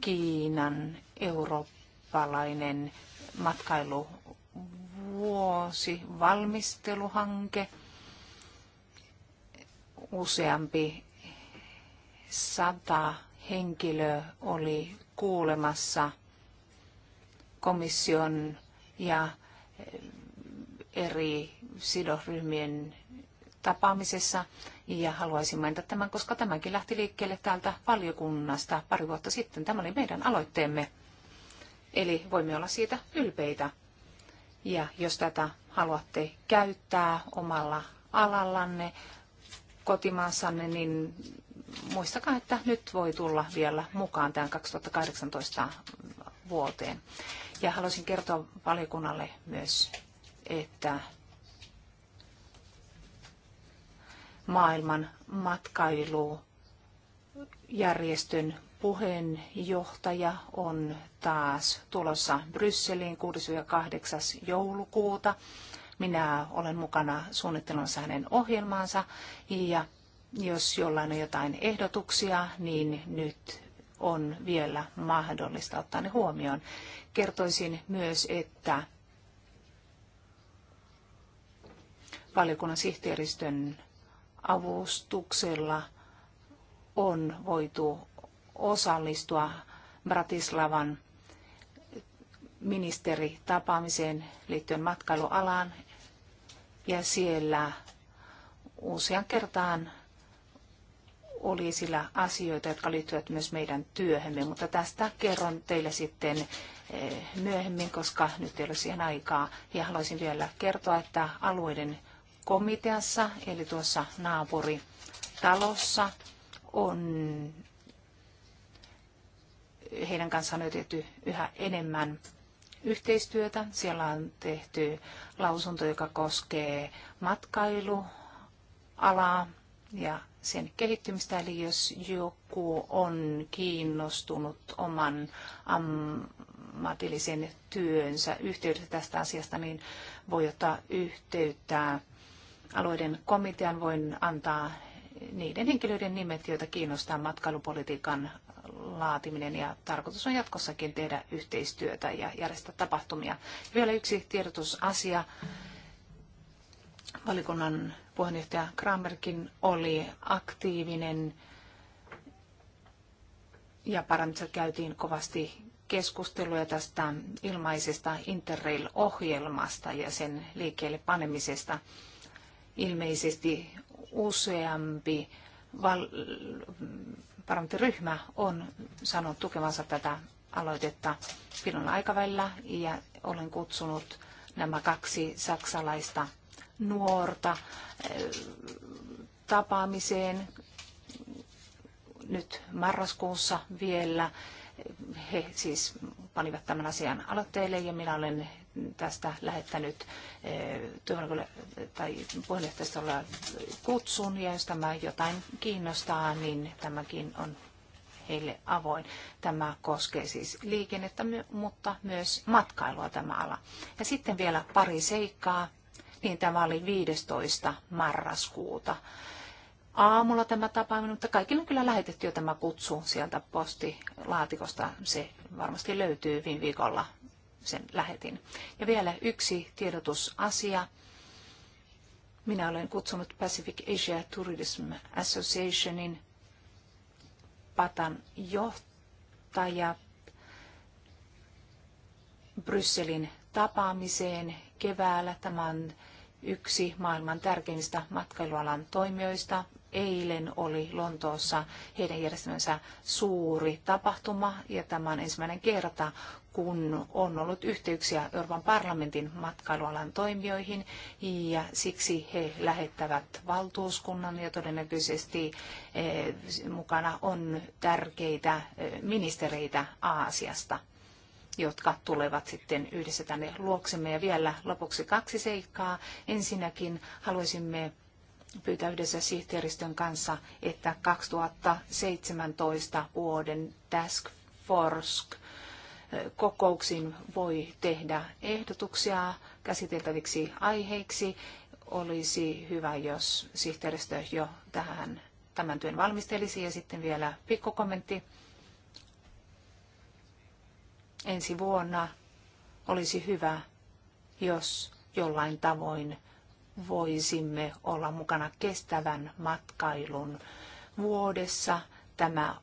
Kiinan eurooppalainen matkailuvuosi valmisteluhanke. Useampi sata henkilö oli kuulemassa komission ja eh, eri sidosryhmien tapaamisessa. Ja haluaisin mainita tämän, koska tämäkin lähti liikkeelle täältä valiokunnasta pari vuotta sitten. Tämä oli meidän aloitteemme. Eli voimme olla siitä ylpeitä. Ja jos tätä haluatte käyttää omalla alallanne, kotimaassanne, niin muistakaa, että nyt voi tulla vielä mukaan tämän 2018 vuoteen. Ja haluaisin kertoa valiokunnalle myös, että maailman matkailujärjestön puheenjohtaja on taas tulossa Brysseliin 6. ja 8. joulukuuta. Minä olen mukana suunnittelemassa hänen ohjelmaansa ja jos jollain on jotain ehdotuksia, niin nyt on vielä mahdollista ottaa ne huomioon. Kertoisin myös, että valiokunnan sihteeristön avustuksella on voitu osallistua Bratislavan ministeritapaamiseen liittyen matkailualaan. Ja siellä usean kertaan oli sillä asioita, jotka liittyvät myös meidän työhömme, mutta tästä kerron teille sitten eh, myöhemmin, koska nyt ei ole siihen aikaa. Ja haluaisin vielä kertoa, että alueiden komiteassa, eli tuossa naapuritalossa, on heidän kanssaan on tehty yhä enemmän yhteistyötä. Siellä on tehty lausunto, joka koskee matkailualaa ja sen kehittymistä. Eli jos joku on kiinnostunut oman ammatillisen työnsä yhteydessä tästä asiasta, niin voi ottaa yhteyttä alueiden komitean. Voin antaa niiden henkilöiden nimet, joita kiinnostaa matkailupolitiikan laatiminen ja tarkoitus on jatkossakin tehdä yhteistyötä ja järjestää tapahtumia. Vielä yksi tiedotusasia. Valikunnan puheenjohtaja Kramerkin oli aktiivinen ja parantissa käytiin kovasti keskusteluja tästä ilmaisesta Interrail-ohjelmasta ja sen liikkeelle panemisesta. Ilmeisesti useampi val- parlamenttiryhmä on sanonut tukevansa tätä aloitetta pidon aikavälillä ja olen kutsunut nämä kaksi saksalaista nuorta eh, tapaamiseen nyt marraskuussa vielä. He siis panivat tämän asian aloitteelle ja minä olen tästä lähettänyt eh, tai puheenjohtajistolla kutsun ja jos tämä jotain kiinnostaa, niin tämäkin on heille avoin. Tämä koskee siis liikennettä, mutta myös matkailua tämä ala. Ja sitten vielä pari seikkaa, niin tämä oli 15. marraskuuta. Aamulla tämä tapaaminen, mutta kaikille kyllä lähetetty jo tämä kutsu sieltä postilaatikosta. Se varmasti löytyy viime viikolla sen lähetin. Ja vielä yksi tiedotusasia. Minä olen kutsunut Pacific Asia Tourism Associationin patan johtaja Brysselin tapaamiseen keväällä. Tämä on yksi maailman tärkeimmistä matkailualan toimijoista. Eilen oli Lontoossa heidän järjestämänsä suuri tapahtuma ja tämä on ensimmäinen kerta, kun on ollut yhteyksiä Euroopan parlamentin matkailualan toimijoihin ja siksi he lähettävät valtuuskunnan ja todennäköisesti eh, mukana on tärkeitä eh, ministereitä Aasiasta jotka tulevat sitten yhdessä tänne luoksemme. Ja vielä lopuksi kaksi seikkaa. Ensinnäkin haluaisimme pyytää yhdessä sihteeristön kanssa, että 2017 vuoden Task Force kokouksiin voi tehdä ehdotuksia käsiteltäviksi aiheiksi. Olisi hyvä, jos sihteeristö jo tähän tämän työn valmistelisi. Ja sitten vielä pikkukommentti ensi vuonna olisi hyvä, jos jollain tavoin voisimme olla mukana kestävän matkailun vuodessa. Tämä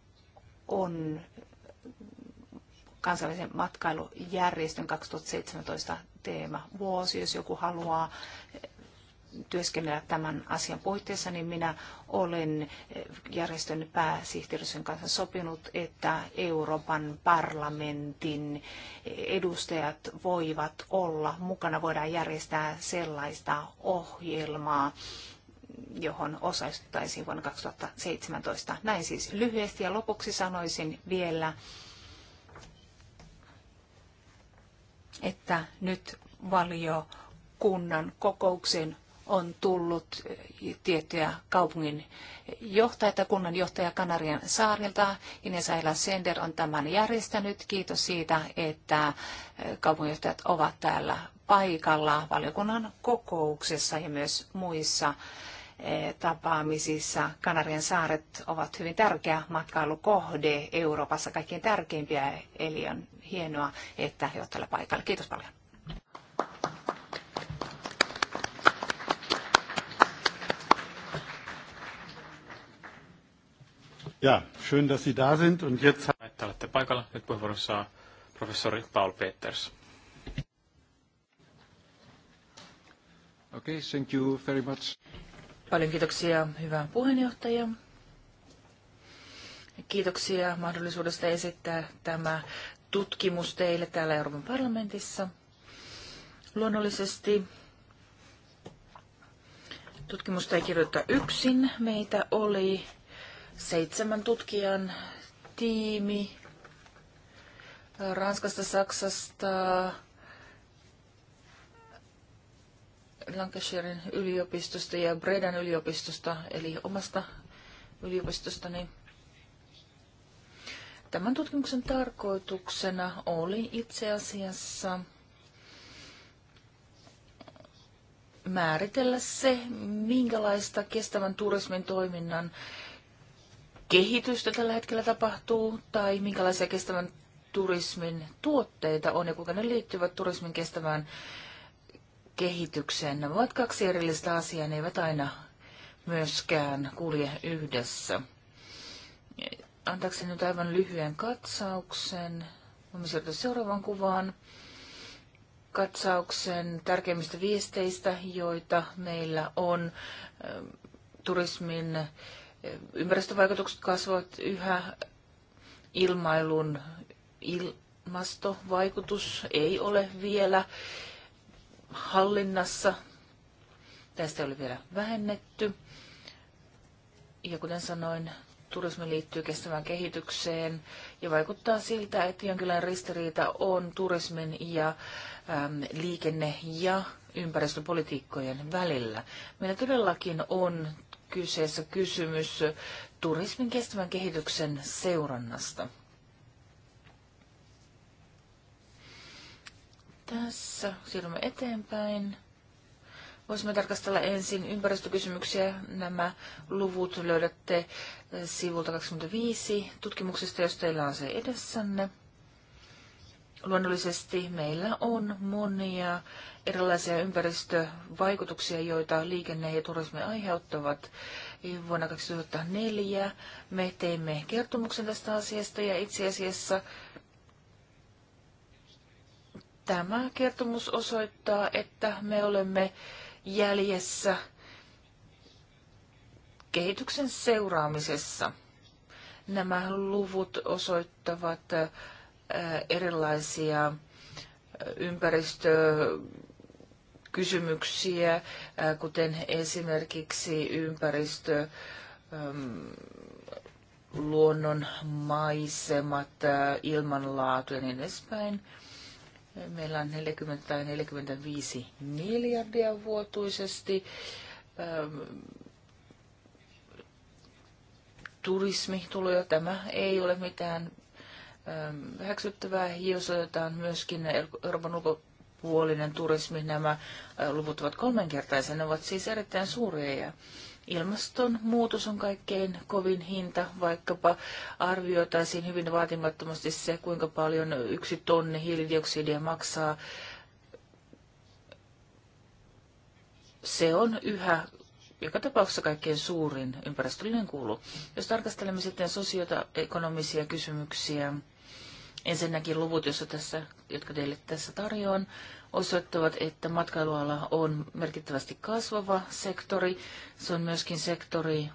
on kansallisen matkailujärjestön 2017 teema vuosi, jos joku haluaa työskennellä tämän asian puitteissa, niin minä olen eh, järjestön pääsihteeristön kanssa sopinut, että Euroopan parlamentin edustajat voivat olla mukana. Voidaan järjestää sellaista ohjelmaa, johon osallistuttaisiin vuonna 2017. Näin siis lyhyesti ja lopuksi sanoisin vielä, että nyt valiokunnan kokouksen on tullut tiettyjä kaupungin johtajia, kunnanjohtaja Kanarian saarilta. Ines Aila Sender on tämän järjestänyt. Kiitos siitä, että äh, kaupunginjohtajat ovat täällä paikalla valiokunnan kokouksessa ja myös muissa äh, tapaamisissa. Kanarian saaret ovat hyvin tärkeä matkailukohde Euroopassa, kaikkein tärkeimpiä, eli on hienoa, että he ovat täällä paikalla. Kiitos paljon. Ja, schön, dass Sie da sind. Und jetzt... olette paikalla. Nyt professori Paul Peters. Okay, thank you very much. Paljon kiitoksia, hyvä puheenjohtaja. Kiitoksia mahdollisuudesta esittää tämä tutkimus teille täällä Euroopan parlamentissa. Luonnollisesti tutkimusta ei kirjoita yksin. Meitä oli seitsemän tutkijan tiimi Ranskasta, Saksasta, Lancashiren yliopistosta ja Bredan yliopistosta, eli omasta yliopistostani. Tämän tutkimuksen tarkoituksena oli itse asiassa määritellä se, minkälaista kestävän turismin toiminnan äh, kehitystä tällä hetkellä tapahtuu tai minkälaisia kestävän turismin tuotteita on ja kuinka ne liittyvät turismin kestävään kehitykseen. Nämä ovat kaksi erillistä asiaa, ne eivät aina myöskään kulje yhdessä. Antaakseni nyt aivan lyhyen katsauksen. Voimme siirtyä seuraavaan kuvaan. Katsauksen tärkeimmistä viesteistä, joita meillä on eh, turismin Ympäristövaikutukset kasvavat yhä, ilmailun ilmastovaikutus ei ole vielä hallinnassa. Tästä oli vielä vähennetty. Ja kuten sanoin, turismi liittyy kestävään kehitykseen ja vaikuttaa siltä, että jonkinlainen ristiriita on turismin ja äm, liikenne- ja ympäristöpolitiikkojen välillä. Meillä todellakin on kyseessä kysymys turismin kestävän kehityksen seurannasta. Tässä siirrymme eteenpäin. Voisimme tarkastella ensin ympäristökysymyksiä. Nämä luvut löydätte sivulta 25 tutkimuksesta, jos teillä on se edessänne. Luonnollisesti meillä on monia erilaisia ympäristövaikutuksia, joita liikenne ja turismi aiheuttavat. Vuonna 2004 me teimme kertomuksen tästä asiasta ja itse asiassa tämä kertomus osoittaa, että me olemme jäljessä kehityksen seuraamisessa. Nämä luvut osoittavat erilaisia ympäristökysymyksiä, kuten esimerkiksi ympäristö, luonnon maisemat, ilmanlaatu ja niin edespäin. Meillä on 40 tai 45 miljardia vuotuisesti. Turismituloja tämä ei ole mitään häksyttävää. Jos otetaan myöskin Euroopan ulkopuolinen turismi, nämä luvut ovat kolmenkertaisia. Ne ovat siis erittäin suuria ja ilmastonmuutos on kaikkein kovin hinta, vaikkapa arvioitaisiin hyvin vaatimattomasti se, kuinka paljon yksi tonni hiilidioksidia maksaa. Se on yhä joka tapauksessa kaikkein suurin ympäristöllinen kulu. Jos tarkastelemme sitten sosioekonomisia kysymyksiä, ensinnäkin luvut, jossa tässä, jotka teille tässä tarjoan, osoittavat, että matkailuala on merkittävästi kasvava sektori. Se on myöskin sektori,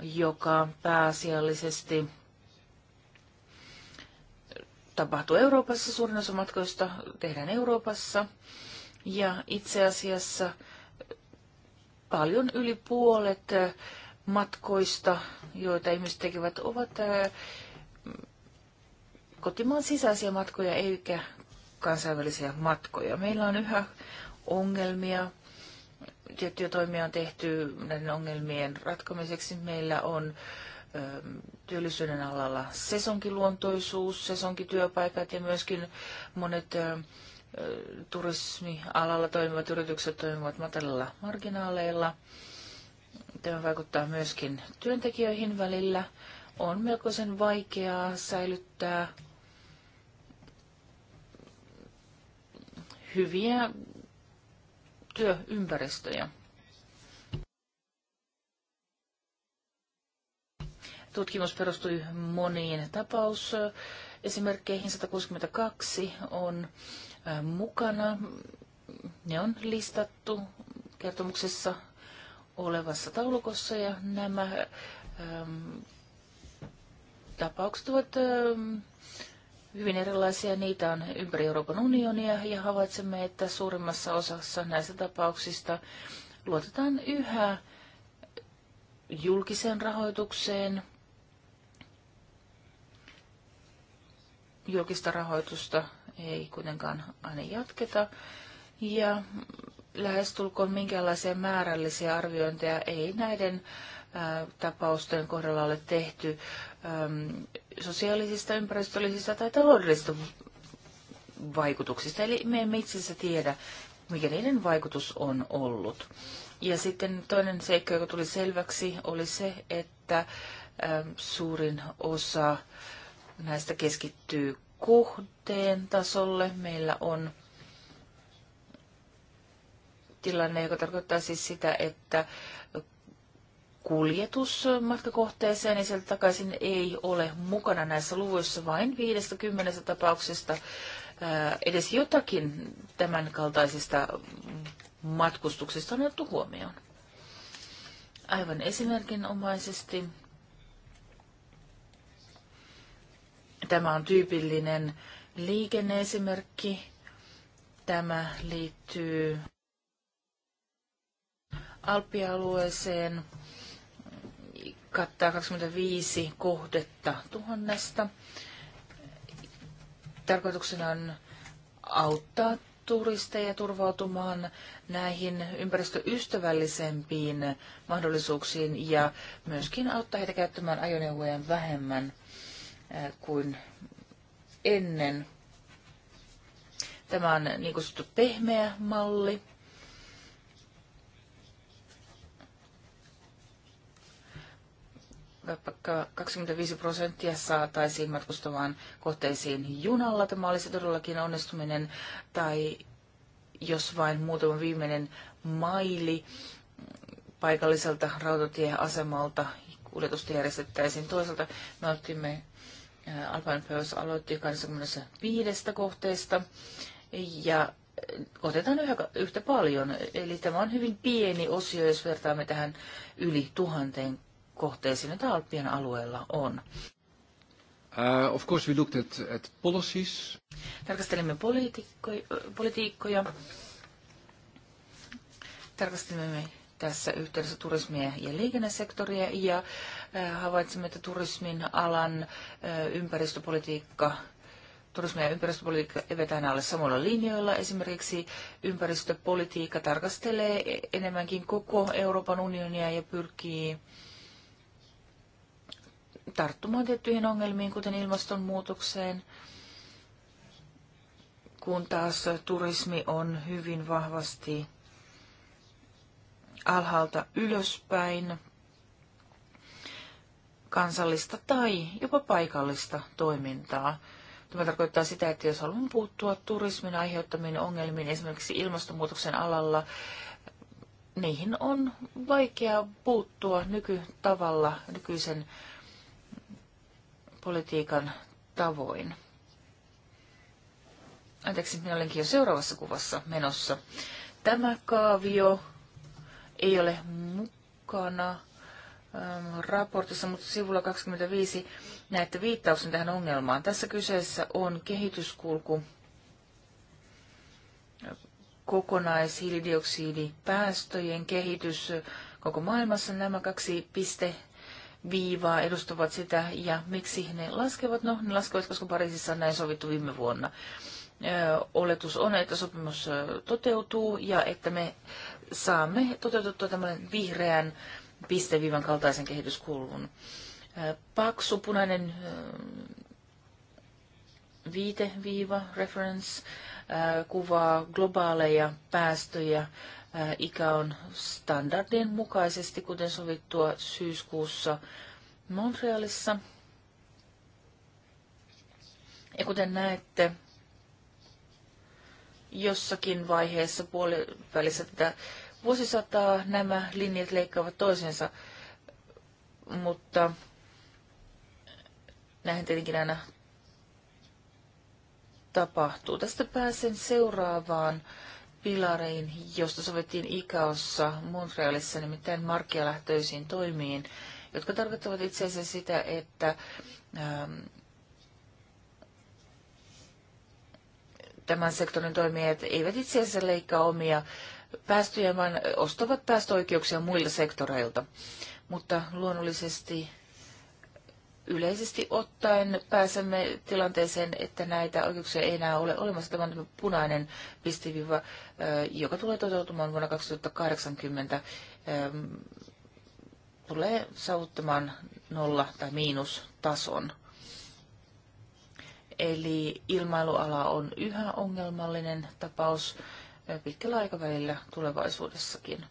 joka pääasiallisesti tapahtuu Euroopassa. Suurin osa matkoista tehdään Euroopassa. Ja itse asiassa paljon yli puolet matkoista, joita ihmiset tekevät, ovat kotimaan sisäisiä matkoja eikä kansainvälisiä matkoja. Meillä on yhä ongelmia. Tiettyjä toimia on tehty näiden ongelmien ratkomiseksi. Meillä on työllisyyden alalla sesonkiluontoisuus, sesonkityöpaikat ja myöskin monet turismialalla toimivat yritykset toimivat matalilla marginaaleilla. Tämä vaikuttaa myöskin työntekijöihin välillä. On melkoisen vaikeaa säilyttää hyviä työympäristöjä. Tutkimus perustui moniin tapausesimerkkeihin. 162 on mukana. Ne on listattu kertomuksessa olevassa taulukossa ja nämä äm, tapaukset ovat äm, hyvin erilaisia. Niitä on ympäri Euroopan unionia ja havaitsemme, että suurimmassa osassa näistä tapauksista luotetaan yhä julkiseen rahoitukseen, julkista rahoitusta ei kuitenkaan aina jatketa. Ja lähestulkoon minkäänlaisia määrällisiä arviointeja ei näiden tapausten kohdalla ole tehty sosiaalisista, ympäristöllisistä tai taloudellisista vaikutuksista. Eli me emme itse asiassa tiedä, mikä niiden vaikutus on ollut. Ja sitten toinen seikka, joka tuli selväksi, oli se, että suurin osa näistä keskittyy kuhteen tasolle. Meillä on tilanne, joka tarkoittaa siis sitä, että kuljetus matkakohteeseen ja sieltä takaisin ei ole mukana näissä luvuissa vain 50 tapauksesta edes jotakin tämän kaltaisista matkustuksista on otettu huomioon. Aivan esimerkinomaisesti Tämä on tyypillinen liikenneesimerkki. Tämä liittyy Alppialueeseen, kattaa 25 kohdetta tuhannesta. Tarkoituksena on auttaa turisteja turvautumaan näihin ympäristöystävällisempiin mahdollisuuksiin ja myöskin auttaa heitä käyttämään ajoneuvojen vähemmän. Äh, kuin ennen. Tämä on niin kutsuttu pehmeä malli. vaikka 25 prosenttia saataisiin matkustamaan kohteisiin junalla. Tämä olisi todellakin onnistuminen, tai jos vain muutama viimeinen maili paikalliselta rautatieasemalta kuljetusta järjestettäisiin. Toisaalta me otimme Alpan Pöys aloitti 25 kohteesta ja otetaan yhä, yhtä paljon. Eli tämä on hyvin pieni osio, jos vertaamme tähän yli tuhanteen kohteeseen, jota Alppien alueella on. Uh, of course we looked at, at policies. Tarkastelimme politiikkoja, politiikkoja. Tarkastelimme tässä yhteydessä turismia ja liikennesektoria ja Äh, havaitsemme, että turismin alan äh, ympäristöpolitiikka turismi- ja ympäristöpolitiikka vetään alle samoilla linjoilla. Esimerkiksi ympäristöpolitiikka tarkastelee e- enemmänkin koko Euroopan unionia ja pyrkii tarttumaan tiettyihin ongelmiin, kuten ilmastonmuutokseen, kun taas turismi on hyvin vahvasti alhaalta ylöspäin kansallista tai jopa paikallista toimintaa. Tämä tarkoittaa sitä, että jos haluamme puuttua turismin aiheuttamiin ongelmiin esimerkiksi ilmastonmuutoksen alalla, niihin on vaikea puuttua nykytavalla, nykyisen politiikan tavoin. Anteeksi, minä olenkin jo seuraavassa kuvassa menossa. Tämä kaavio ei ole mukana Ähm, raportissa, mutta sivulla 25 näette viittauksen tähän ongelmaan. Tässä kyseessä on kehityskulku kokonaishiilidioksidipäästöjen kehitys koko maailmassa. Nämä kaksi piste viivaa edustavat sitä ja miksi ne laskevat? No, ne laskevat, koska Pariisissa on näin sovittu viime vuonna. Oletus on, että sopimus toteutuu ja että me saamme toteutettua tämän vihreän pisteviivan kaltaisen kehityskulun. Paksu punainen viiteviiva, reference, kuvaa globaaleja päästöjä Ikä on standardien mukaisesti, kuten sovittua syyskuussa Montrealissa. Ja kuten näette, jossakin vaiheessa puolivälissä tätä vuosisataa nämä linjat leikkaavat toisensa, mutta näin tietenkin aina tapahtuu. Tästä pääsen seuraavaan pilariin, josta sovittiin ikaossa Montrealissa, nimittäin markkialähtöisiin toimiin, jotka tarkoittavat itse asiassa sitä, että ähm, tämän sektorin toimijat eivät itse asiassa leikkaa omia päästöjä, vaan ostavat päästöoikeuksia muilta sektoreilta. Mutta luonnollisesti yleisesti ottaen pääsemme tilanteeseen, että näitä oikeuksia ei enää ole olemassa. Tämä on tämä punainen pistiviiva, joka tulee toteutumaan vuonna 2080, tulee saavuttamaan nolla- tai miinus tason. Eli ilmailuala on yhä ongelmallinen tapaus pitkällä aikavälillä tulevaisuudessakin.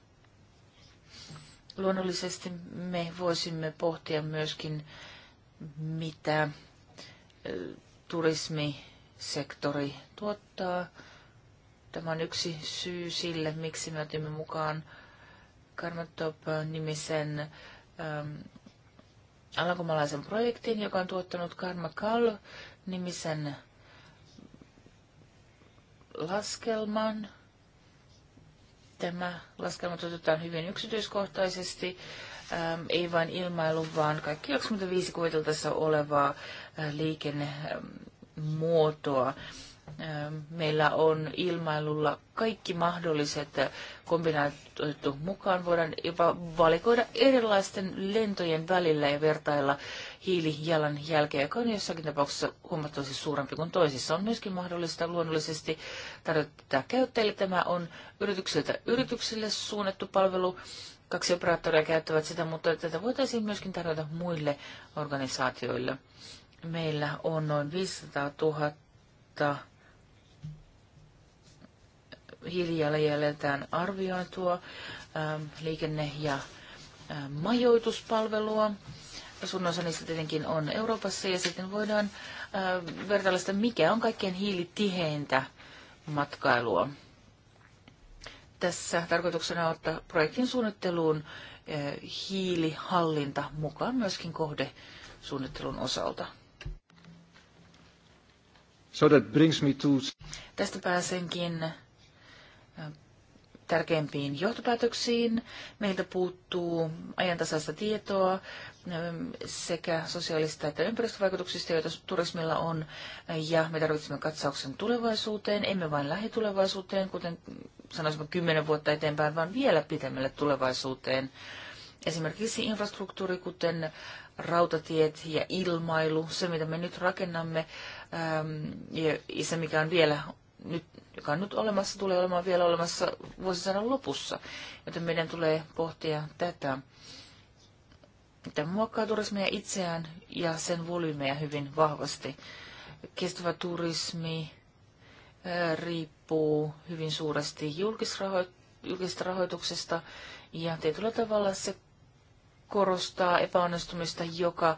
Luonnollisesti me voisimme pohtia myöskin, mitä turismisektori tuottaa. Tämä on yksi syy sille, miksi me otimme mukaan Karmatop-nimisen ähm, alankomalaisen projektin, joka on tuottanut Karma Kall-nimisen laskelman, Tämä laskelma toteutetaan hyvin yksityiskohtaisesti, ähm, ei vain ilmailu, vaan kaikki 25 kuviteltaessa olevaa äh, liikennemuotoa. Ähm, meillä on ilmailulla kaikki mahdolliset äh, kombinaatiot mukaan. Voidaan jopa valikoida erilaisten lentojen välillä ja vertailla hiilijalanjälkeä, joka on jossakin tapauksessa huomattavasti suurempi kuin toisissa. On myöskin mahdollista luonnollisesti tarjota käyttäjille. Tämä on yrityksiltä yrityksille suunnattu palvelu. Kaksi operaattoria käyttävät sitä, mutta tätä voitaisiin myöskin tarjota muille organisaatioille. Meillä on noin 500 000 hiilijalanjäljeltään arvioitua ähm, liikenne- ja ähm, majoituspalvelua. Suurin osa niistä tietenkin on Euroopassa ja sitten voidaan vertailla sitä, mikä on kaikkein hiilitiheintä matkailua. Tässä tarkoituksena on ottaa projektin suunnitteluun hiilihallinta mukaan myöskin kohdesuunnittelun osalta. So that brings me to... Tästä pääsenkin tärkeimpiin johtopäätöksiin. Meiltä puuttuu ajantasaista tietoa sekä sosiaalista että ympäristövaikutuksista, joita turismilla on, ja me tarvitsemme katsauksen tulevaisuuteen, emme vain lähitulevaisuuteen, kuten sanoisimme kymmenen vuotta eteenpäin, vaan vielä pitemmälle tulevaisuuteen. Esimerkiksi infrastruktuuri, kuten rautatiet ja ilmailu, se mitä me nyt rakennamme, ja se mikä on vielä nyt, joka on nyt olemassa, tulee olemaan vielä olemassa vuosisadan lopussa. Joten meidän tulee pohtia tätä. Tämä muokkaa turismia itseään ja sen volyymeja hyvin vahvasti. Kestävä turismi riippuu hyvin suuresti julkisesta rahoituksesta ja tietyllä tavalla se korostaa epäonnistumista, joka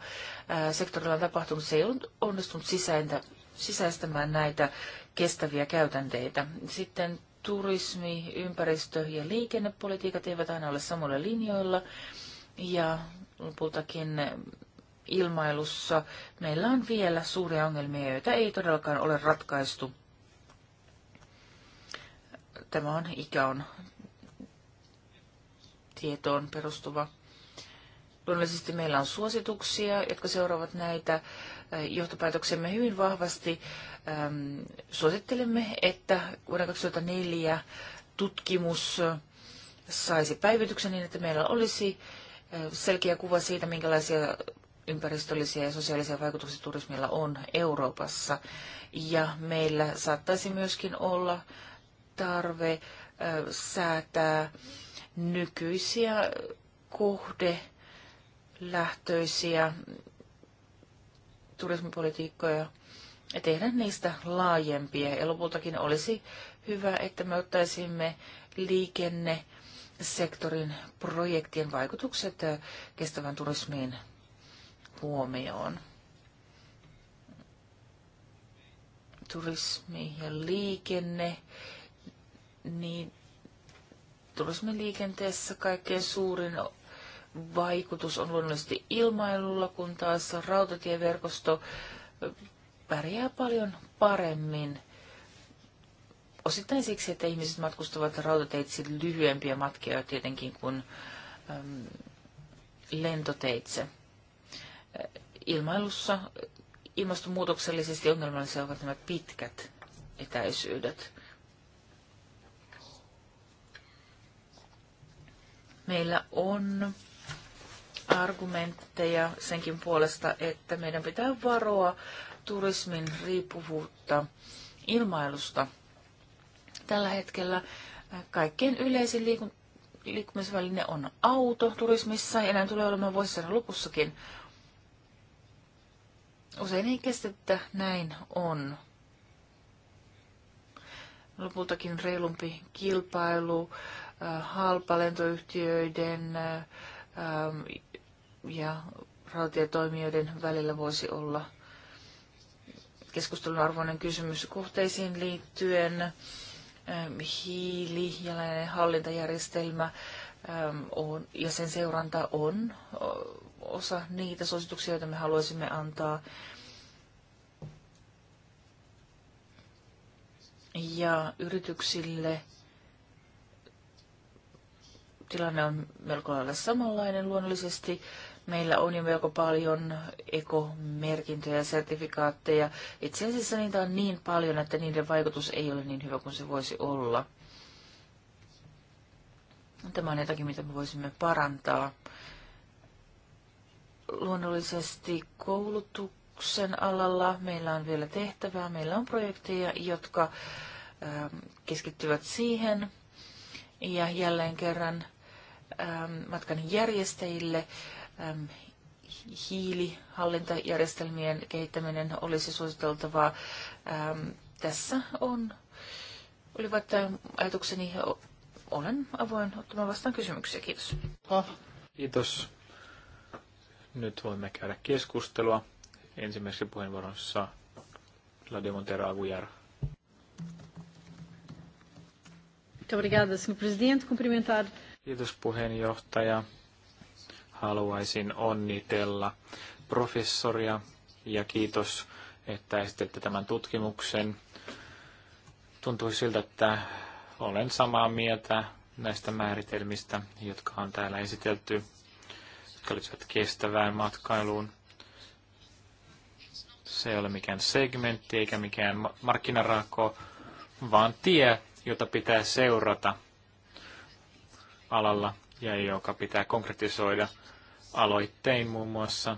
sektorilla on tapahtunut. Se ei ollut onnistunut sisäintä, sisäistämään näitä kestäviä käytänteitä. Sitten turismi, ympäristö ja liikennepolitiikat eivät aina ole samoilla linjoilla. Ja lopultakin ilmailussa meillä on vielä suuria ongelmia, joita ei todellakaan ole ratkaistu. Tämä on ikä on tietoon perustuva. Luonnollisesti meillä on suosituksia, jotka seuraavat näitä johtopäätöksemme hyvin vahvasti. Suosittelemme, että vuoden 2004 tutkimus saisi päivityksen niin, että meillä olisi selkeä kuva siitä, minkälaisia ympäristöllisiä ja sosiaalisia vaikutuksia turismilla on Euroopassa. Ja meillä saattaisi myöskin olla tarve säätää nykyisiä kohdelähtöisiä turismipolitiikkoja ja tehdä niistä laajempia. Ja lopultakin olisi hyvä, että me ottaisimme liikenne- sektorin projektien vaikutukset kestävän turismiin huomioon. Turismi ja liikenne, niin turismin liikenteessä kaikkein suurin vaikutus on luonnollisesti ilmailulla, kun taas rautatieverkosto pärjää paljon paremmin – Osittain siksi, että ihmiset matkustavat rautateitse lyhyempiä matkia tietenkin kuin äm, lentoteitse. Ilmailussa ilmastonmuutoksellisesti ongelmallisia ovat nämä pitkät etäisyydet. Meillä on argumentteja senkin puolesta, että meidän pitää varoa turismin riippuvuutta ilmailusta – tällä hetkellä äh, kaikkein yleisin liikun, liikkumisväline on auto turismissa ja näin tulee olemaan vuosisadan lopussakin. Usein ei kestä, että näin on. Lopultakin reilumpi kilpailu äh, halpalentoyhtiöiden äh, ja rautatietoimijoiden välillä voisi olla keskustelun arvoinen kysymys kohteisiin liittyen hiilijalanjäljen hallintajärjestelmä on, ja sen seuranta on osa niitä suosituksia, joita me haluaisimme antaa. Ja yrityksille tilanne on melko lailla samanlainen luonnollisesti. Meillä on jo melko paljon ekomerkintöjä ja sertifikaatteja. Itse asiassa niitä on niin paljon, että niiden vaikutus ei ole niin hyvä kuin se voisi olla. Tämä on jotakin, mitä me voisimme parantaa. Luonnollisesti koulutuksen alalla meillä on vielä tehtävää. Meillä on projekteja, jotka ähm, keskittyvät siihen. Ja jälleen kerran ähm, matkan järjestäjille hiilihallintajärjestelmien kehittäminen olisi suositeltavaa. Äm, tässä on, Oli vaikka ajatukseni, olen avoin ottamaan vastaan kysymyksiä. Kiitos. Ah. Kiitos. Nyt voimme käydä keskustelua. Ensimmäisessä puheenvuorossa Claudia Montero Aguiar. Kiitos puheenjohtaja haluaisin onnitella professoria ja kiitos, että esitette tämän tutkimuksen. Tuntui siltä, että olen samaa mieltä näistä määritelmistä, jotka on täällä esitelty, jotka liittyvät kestävään matkailuun. Se ei ole mikään segmentti eikä mikään markkinaraako, vaan tie, jota pitää seurata alalla, ja joka pitää konkretisoida aloittein muun muassa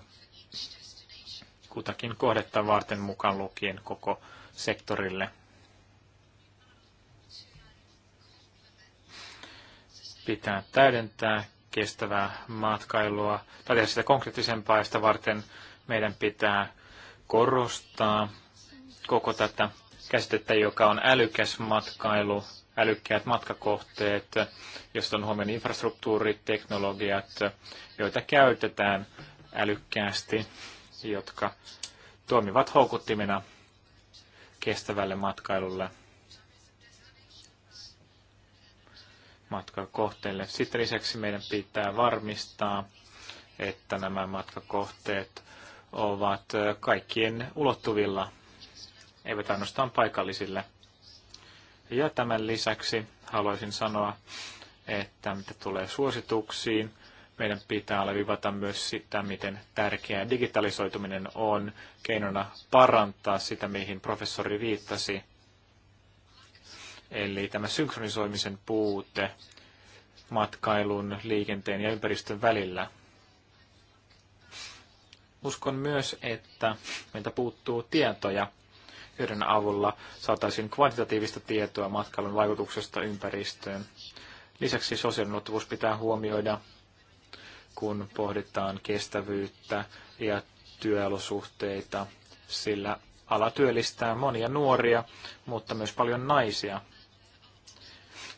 kutakin kohdetta varten mukaan lukien koko sektorille. Pitää täydentää kestävää matkailua tai tehdä sitä konkreettisempaa, ja sitä varten meidän pitää korostaa koko tätä käsitettä, joka on älykäs matkailu – älykkäät matkakohteet, josta on huomioon infrastruktuurit, teknologiat, joita käytetään älykkäästi, jotka toimivat houkuttimina kestävälle matkailulle matkakohteille. Sitten lisäksi meidän pitää varmistaa, että nämä matkakohteet ovat kaikkien ulottuvilla, eivät ainoastaan paikallisille – ja tämän lisäksi haluaisin sanoa, että mitä tulee suosituksiin, meidän pitää alleviivata myös sitä, miten tärkeää digitalisoituminen on keinona parantaa sitä, mihin professori viittasi. Eli tämä synkronisoimisen puute matkailun, liikenteen ja ympäristön välillä. Uskon myös, että meiltä puuttuu tietoja joiden avulla saataisiin kvantitatiivista tietoa matkailun vaikutuksesta ympäristöön. Lisäksi sosiaalinen ulottuvuus pitää huomioida, kun pohditaan kestävyyttä ja työolosuhteita, sillä ala työllistää monia nuoria, mutta myös paljon naisia.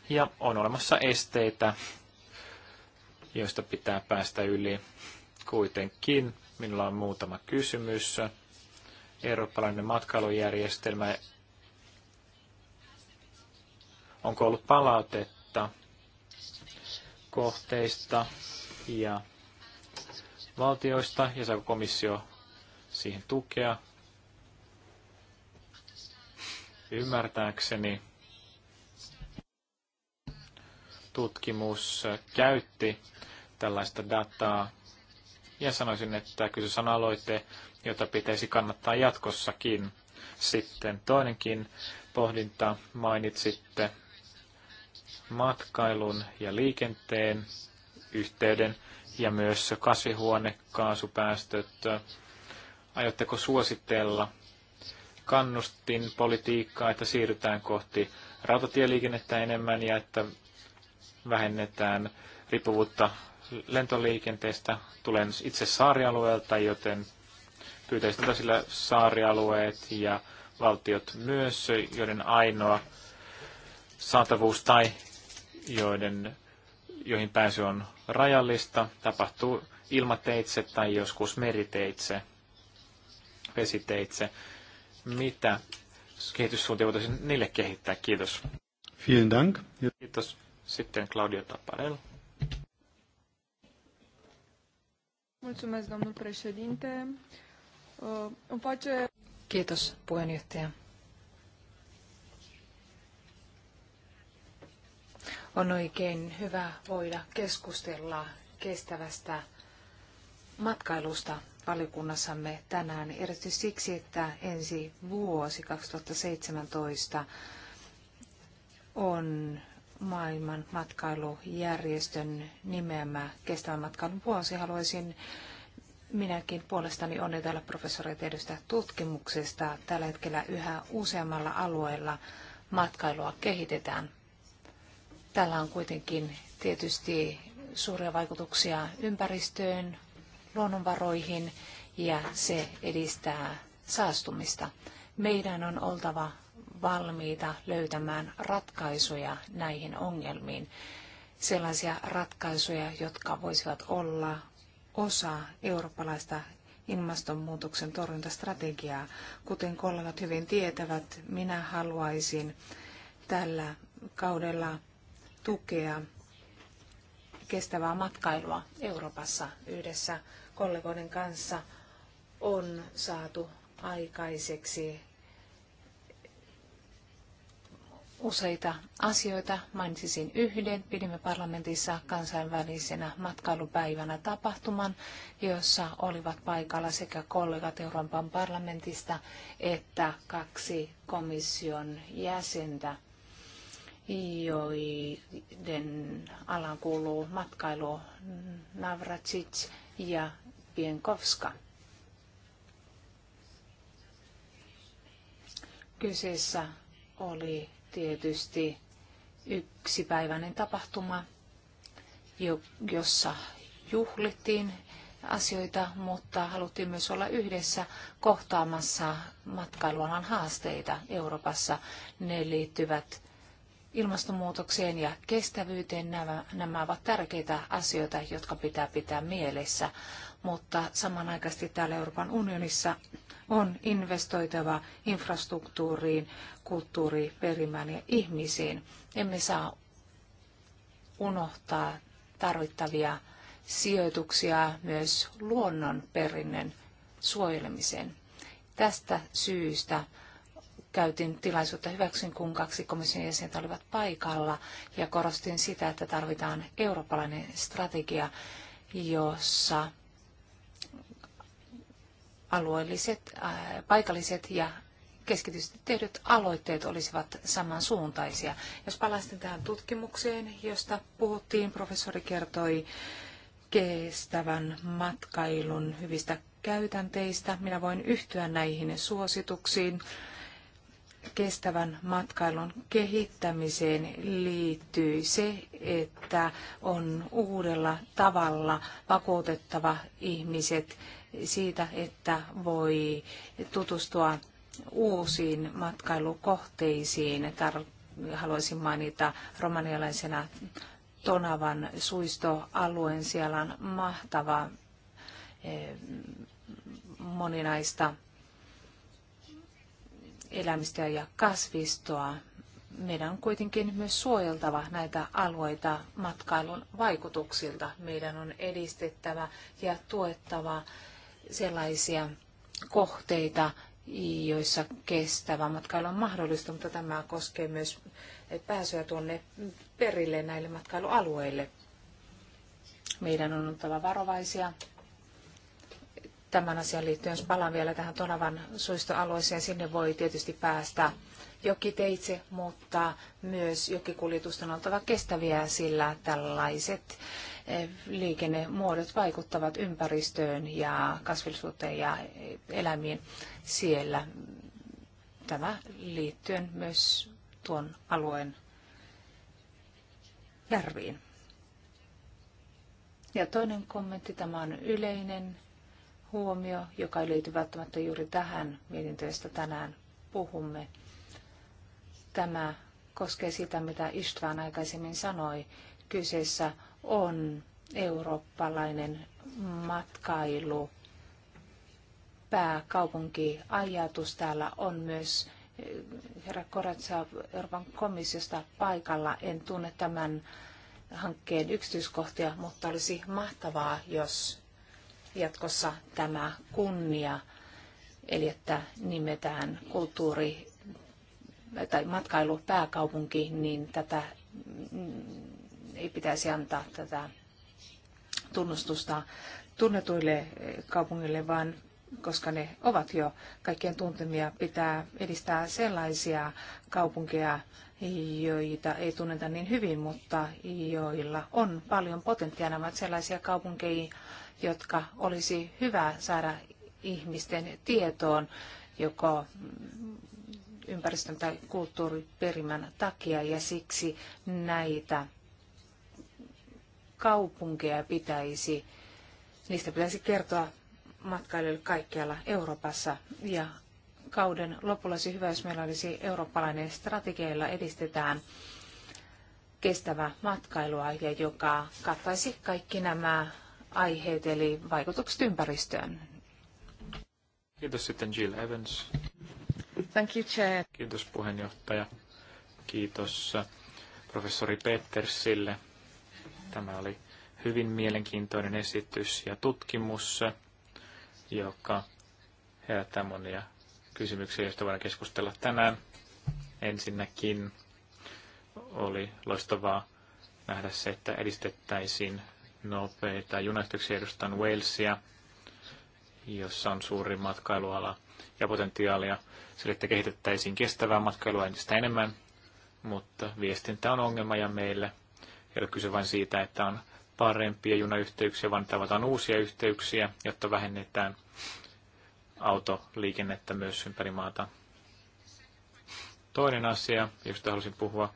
Ja on olemassa esteitä, joista pitää päästä yli. Kuitenkin minulla on muutama kysymys eurooppalainen matkailujärjestelmä. Onko ollut palautetta kohteista ja valtioista ja saako komissio siihen tukea? Ymmärtääkseni tutkimus käytti tällaista dataa ja sanoisin, että kyseessä on aloite, jota pitäisi kannattaa jatkossakin. Sitten toinenkin pohdinta mainitsitte matkailun ja liikenteen yhteyden ja myös kasvihuonekaasupäästöt. Aiotteko suositella kannustinpolitiikkaa, että siirrytään kohti rautatieliikennettä enemmän ja että vähennetään riippuvuutta lentoliikenteestä. Tulen itse saarialueelta, joten pyytäisivät sillä saarialueet ja valtiot myös, joiden ainoa saatavuus tai joiden, joihin pääsy on rajallista, tapahtuu ilmateitse tai joskus meriteitse, vesiteitse. Mitä kehityssuuntia voitaisiin niille kehittää? Kiitos. Vielen Dank. Kiitos. Sitten Claudio Taparel. Mulțumesc, domnul președinte. Uh, Kiitos puheenjohtaja. On oikein hyvä voida keskustella kestävästä matkailusta valiokunnassamme tänään, erityisesti siksi, että ensi vuosi 2017 on maailman matkailujärjestön nimeämä kestävän matkailun vuosi. Haluaisin Minäkin puolestani onnitella professoreita edustaa tutkimuksesta. Tällä hetkellä yhä useammalla alueella matkailua kehitetään. Tällä on kuitenkin tietysti suuria vaikutuksia ympäristöön, luonnonvaroihin ja se edistää saastumista. Meidän on oltava valmiita löytämään ratkaisuja näihin ongelmiin. Sellaisia ratkaisuja, jotka voisivat olla osa eurooppalaista ilmastonmuutoksen torjuntastrategiaa. Kuten kollegat hyvin tietävät, minä haluaisin tällä kaudella tukea kestävää matkailua Euroopassa yhdessä kollegoiden kanssa on saatu aikaiseksi useita asioita. Mainitsisin yhden. Pidimme parlamentissa kansainvälisenä matkailupäivänä tapahtuman, jossa olivat paikalla sekä kollegat Euroopan parlamentista että kaksi komission jäsentä joiden alan kuuluu matkailu Navracic ja Pienkovska. Kyseessä oli tietysti yksipäiväinen tapahtuma, jossa juhlittiin asioita, mutta haluttiin myös olla yhdessä kohtaamassa matkailualan haasteita Euroopassa. Ne liittyvät ilmastonmuutokseen ja kestävyyteen. Nämä, nämä ovat tärkeitä asioita, jotka pitää pitää mielessä mutta samanaikaisesti täällä Euroopan unionissa on investoitava infrastruktuuriin, kulttuuriperimään ja ihmisiin. Emme saa unohtaa tarvittavia sijoituksia myös luonnonperinnön suojelemiseen. Tästä syystä käytin tilaisuutta hyväksyn, kun kaksi komission jäsentä olivat paikalla ja korostin sitä, että tarvitaan eurooppalainen strategia, jossa alueelliset, äh, paikalliset ja keskitysti tehdyt aloitteet olisivat samansuuntaisia. Jos palastin tähän tutkimukseen, josta puhuttiin, professori kertoi kestävän matkailun hyvistä käytänteistä. Minä voin yhtyä näihin suosituksiin. Kestävän matkailun kehittämiseen liittyy se, että on uudella tavalla vakuutettava ihmiset siitä, että voi tutustua uusiin matkailukohteisiin. Tar- haluaisin mainita romanialaisena Tonavan suistoalueen. Siellä on mahtava eh, moninaista elämistä ja kasvistoa. Meidän on kuitenkin myös suojeltava näitä alueita matkailun vaikutuksilta. Meidän on edistettävä ja tuettava sellaisia kohteita, joissa kestävä matkailu on mahdollista, mutta tämä koskee myös pääsyä tuonne perille näille matkailualueille. Meidän on oltava varovaisia tämän asian liittyen, jos palaan vielä tähän Tonavan suistoalueeseen, sinne voi tietysti päästä jokiteitse, mutta myös jokikuljetusten on oltava kestäviä, sillä tällaiset liikennemuodot vaikuttavat ympäristöön ja kasvillisuuteen ja eläimiin siellä. Tämä liittyen myös tuon alueen järviin. Ja toinen kommentti, tämä on yleinen huomio, joka ei liity välttämättä juuri tähän mietintöön, tänään puhumme. Tämä koskee sitä, mitä Istvan aikaisemmin sanoi. Kyseessä on eurooppalainen matkailu pääkaupunkiajatus. Täällä on myös eh, herra Koratsa Euroopan komissiosta paikalla. En tunne tämän hankkeen yksityiskohtia, mutta olisi mahtavaa, jos jatkossa tämä kunnia, eli että nimetään kulttuuri tai matkailu niin tätä mm, ei pitäisi antaa tätä tunnustusta tunnetuille kaupungille, vaan koska ne ovat jo kaikkien tuntemia, pitää edistää sellaisia kaupunkeja, joita ei tunneta niin hyvin, mutta joilla on paljon potentiaalia. ovat sellaisia kaupunkeja, jotka olisi hyvä saada ihmisten tietoon joko ympäristön tai kulttuuriperimän takia ja siksi näitä kaupunkeja pitäisi, niistä pitäisi kertoa matkailijoille kaikkialla Euroopassa. Ja kauden lopulla olisi hyvä, jos meillä olisi eurooppalainen strategia, jolla edistetään kestävää matkailua ja joka kattaisi kaikki nämä aiheet, eli vaikutukset ympäristöön. Kiitos sitten Jill Evans. Thank you, Chair. Kiitos puheenjohtaja. Kiitos äh, professori Petersille Tämä oli hyvin mielenkiintoinen esitys ja tutkimus, joka herättää monia kysymyksiä, joista voidaan keskustella tänään. Ensinnäkin oli loistavaa nähdä se, että edistettäisiin nopeita junayhteyksiä edustan Walesia, jossa on suuri matkailuala ja potentiaalia sille, että kehitettäisiin kestävää matkailua entistä enemmän, mutta viestintä on ongelma ja meille ei ole kyse vain siitä, että on parempia junayhteyksiä, vaan tavataan uusia yhteyksiä, jotta vähennetään autoliikennettä myös ympäri maata. Toinen asia, josta halusin puhua,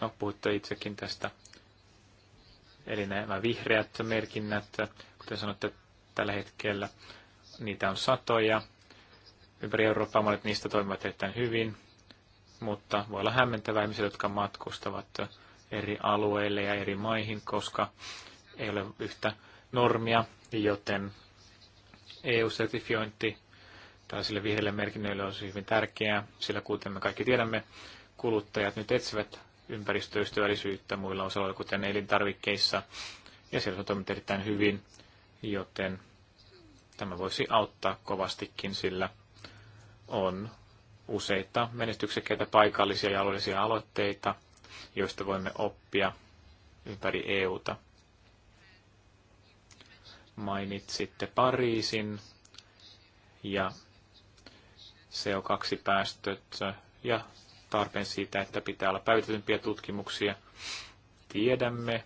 no puhutte itsekin tästä, eli nämä vihreät merkinnät, kuten sanotte tällä hetkellä, niitä on satoja. Ympäri Eurooppaa monet niistä toimivat erittäin hyvin, mutta voi olla hämmentävää ihmisiä, jotka matkustavat eri alueille ja eri maihin, koska ei ole yhtä normia, joten EU-sertifiointi tällaisille vihreille merkinnöille olisi hyvin tärkeää, sillä kuten me kaikki tiedämme, kuluttajat nyt etsivät ympäristöystävällisyyttä muilla osalla, kuten elintarvikkeissa, ja siellä on toiminut erittäin hyvin, joten tämä voisi auttaa kovastikin, sillä on useita menestyksekkäitä paikallisia ja alueellisia aloitteita, joista voimme oppia ympäri EUta. Mainitsitte Pariisin ja CO2-päästöt ja tarpeen siitä, että pitää olla päivitetympiä tutkimuksia. Tiedämme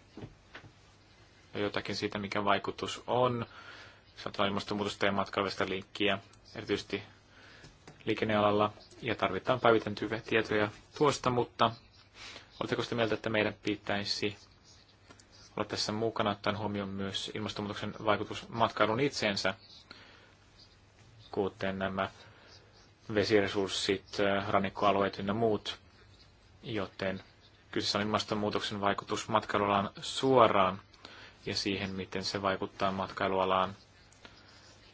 jotakin siitä, mikä vaikutus on. Sanotaan ilmastonmuutosta ja matkailevasta linkkiä, erityisesti liikennealalla, ja tarvitaan päivitettyjä tietoja tuosta, mutta Oletteko sitä mieltä, että meidän pitäisi olla tässä mukana, ottaen huomioon myös ilmastonmuutoksen vaikutus matkailun itseensä, kuten nämä vesiresurssit, äh, rannikkoalueet ja muut, joten kyseessä on ilmastonmuutoksen vaikutus matkailualaan suoraan ja siihen, miten se vaikuttaa matkailualaan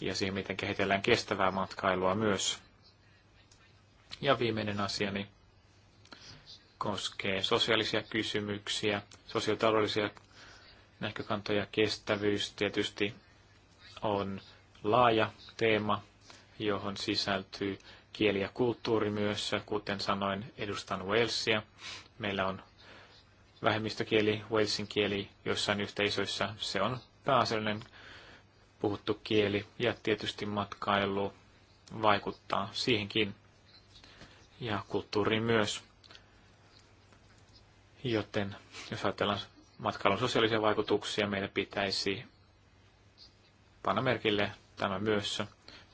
ja siihen, miten kehitellään kestävää matkailua myös. Ja viimeinen asiani. Niin koskee sosiaalisia kysymyksiä, sosiaalitaloudellisia näkökantoja, kestävyys tietysti on laaja teema, johon sisältyy kieli ja kulttuuri myös. Kuten sanoin, edustan Walesia. Meillä on vähemmistökieli, Walesin kieli joissain yhteisöissä. Se on pääasiallinen puhuttu kieli ja tietysti matkailu vaikuttaa siihenkin ja kulttuuriin myös. Joten jos ajatellaan matkailun sosiaalisia vaikutuksia, meidän pitäisi panna merkille tämä myös,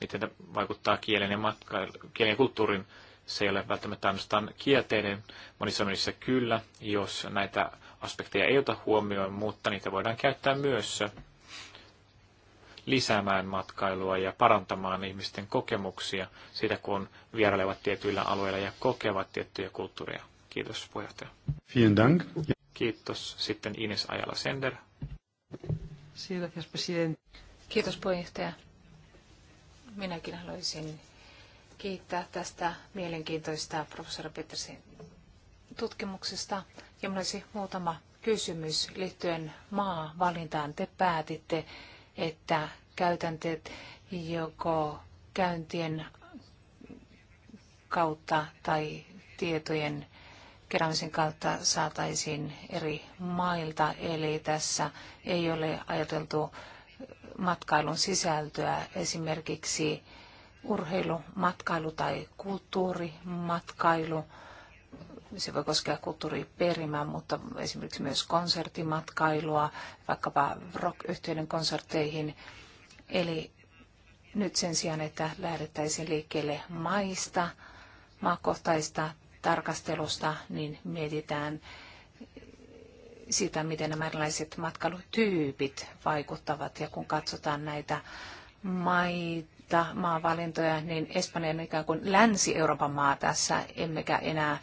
miten tämä vaikuttaa kielen ja, matka- kielen ja kulttuurin. Se ei ole välttämättä ainoastaan kielteinen. Monissa mielissä kyllä, jos näitä aspekteja ei ota huomioon, mutta niitä voidaan käyttää myös lisäämään matkailua ja parantamaan ihmisten kokemuksia siitä, kun vierailevat tietyillä alueilla ja kokevat tiettyjä kulttuureja. Kiitos puheenjohtaja. Vielen dank. Kiitos. Sitten Ines Ajala-Sender. Kiitos puheenjohtaja. Minäkin haluaisin kiittää tästä mielenkiintoista professori Petersin tutkimuksesta. Ja minulla olisi muutama kysymys liittyen maavalintaan. Te päätitte, että käytänteet joko käyntien kautta tai tietojen keräämisen kautta saataisiin eri mailta. Eli tässä ei ole ajateltu matkailun sisältöä esimerkiksi urheilumatkailu tai kulttuurimatkailu. Se voi koskea kulttuuriperimää, mutta esimerkiksi myös konsertimatkailua, vaikkapa rock konserteihin. Eli nyt sen sijaan, että lähdettäisiin liikkeelle maista, maakohtaista tarkastelusta, niin mietitään sitä, miten nämä erilaiset matkailutyypit vaikuttavat. Ja kun katsotaan näitä maita, maavalintoja, niin Espanja on ikään kuin Länsi-Euroopan maa tässä, emmekä enää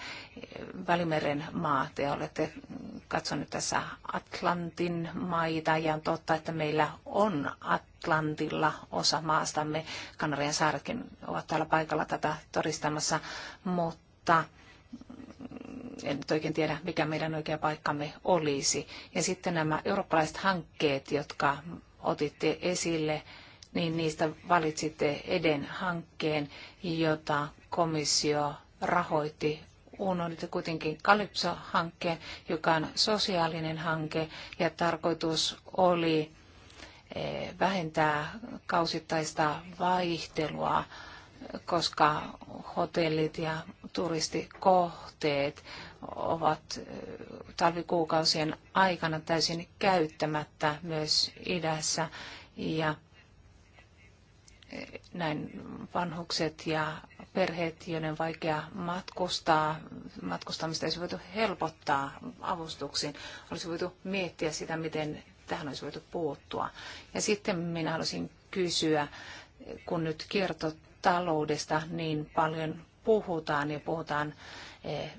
Välimeren maa. Te olette katsoneet tässä Atlantin maita ja on totta, että meillä on Atlantilla osa maastamme. Kanarian saaretkin ovat täällä paikalla tätä todistamassa, mutta en nyt oikein tiedä, mikä meidän oikea paikkamme olisi. Ja sitten nämä eurooppalaiset hankkeet, jotka otitte esille, niin niistä valitsitte eden hankkeen, jota komissio rahoitti unohditte kuitenkin Kalypso-hankkeen, joka on sosiaalinen hanke ja tarkoitus oli eh, vähentää kausittaista vaihtelua koska hotellit ja turistikohteet ovat talvikuukausien aikana täysin käyttämättä myös idässä ja näin vanhukset ja perheet, joiden vaikea matkustaa, matkustamista olisi voitu helpottaa avustuksiin. Olisi voitu miettiä sitä, miten tähän olisi voitu puuttua. Ja sitten minä haluaisin kysyä, kun nyt kiertot taloudesta niin paljon puhutaan ja puhutaan eh,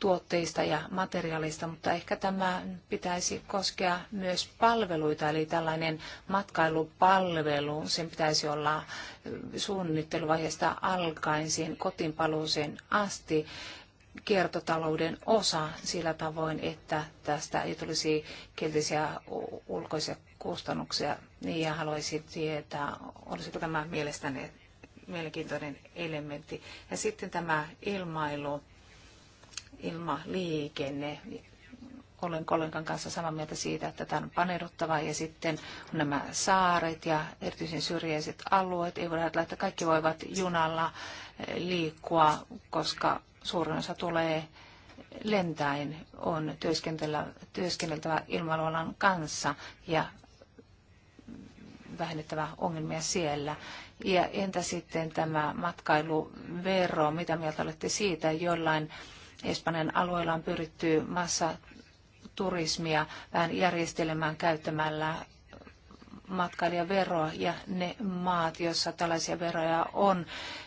tuotteista ja materiaalista, mutta ehkä tämä pitäisi koskea myös palveluita, eli tällainen matkailupalvelu, sen pitäisi olla eh, suunnitteluvaiheesta alkaen siihen kotiinpaluuseen asti kiertotalouden osa sillä tavoin, että tästä ei tulisi kielteisiä ulkoisia kustannuksia. Niin ja haluaisin tietää, olisiko tämä mielestäni mielenkiintoinen elementti. Ja sitten tämä ilmailu, ilmaliikenne. Olen kollegan kanssa samaa mieltä siitä, että tämä on paneuduttava. Ja sitten on nämä saaret ja erityisen syrjäiset alueet. Ei voida ajatella, että kaikki voivat junalla eh, liikkua, koska suurin osa tulee lentäen on työskenneltävä ilmailualan kanssa ja vähennettävä ongelmia siellä. Ja entä sitten tämä matkailuvero, mitä mieltä olette siitä? Jollain Espanjan alueella on pyritty massaturismia vähän järjestelemään käyttämällä matkailijaveroa ja ne maat, joissa tällaisia veroja on,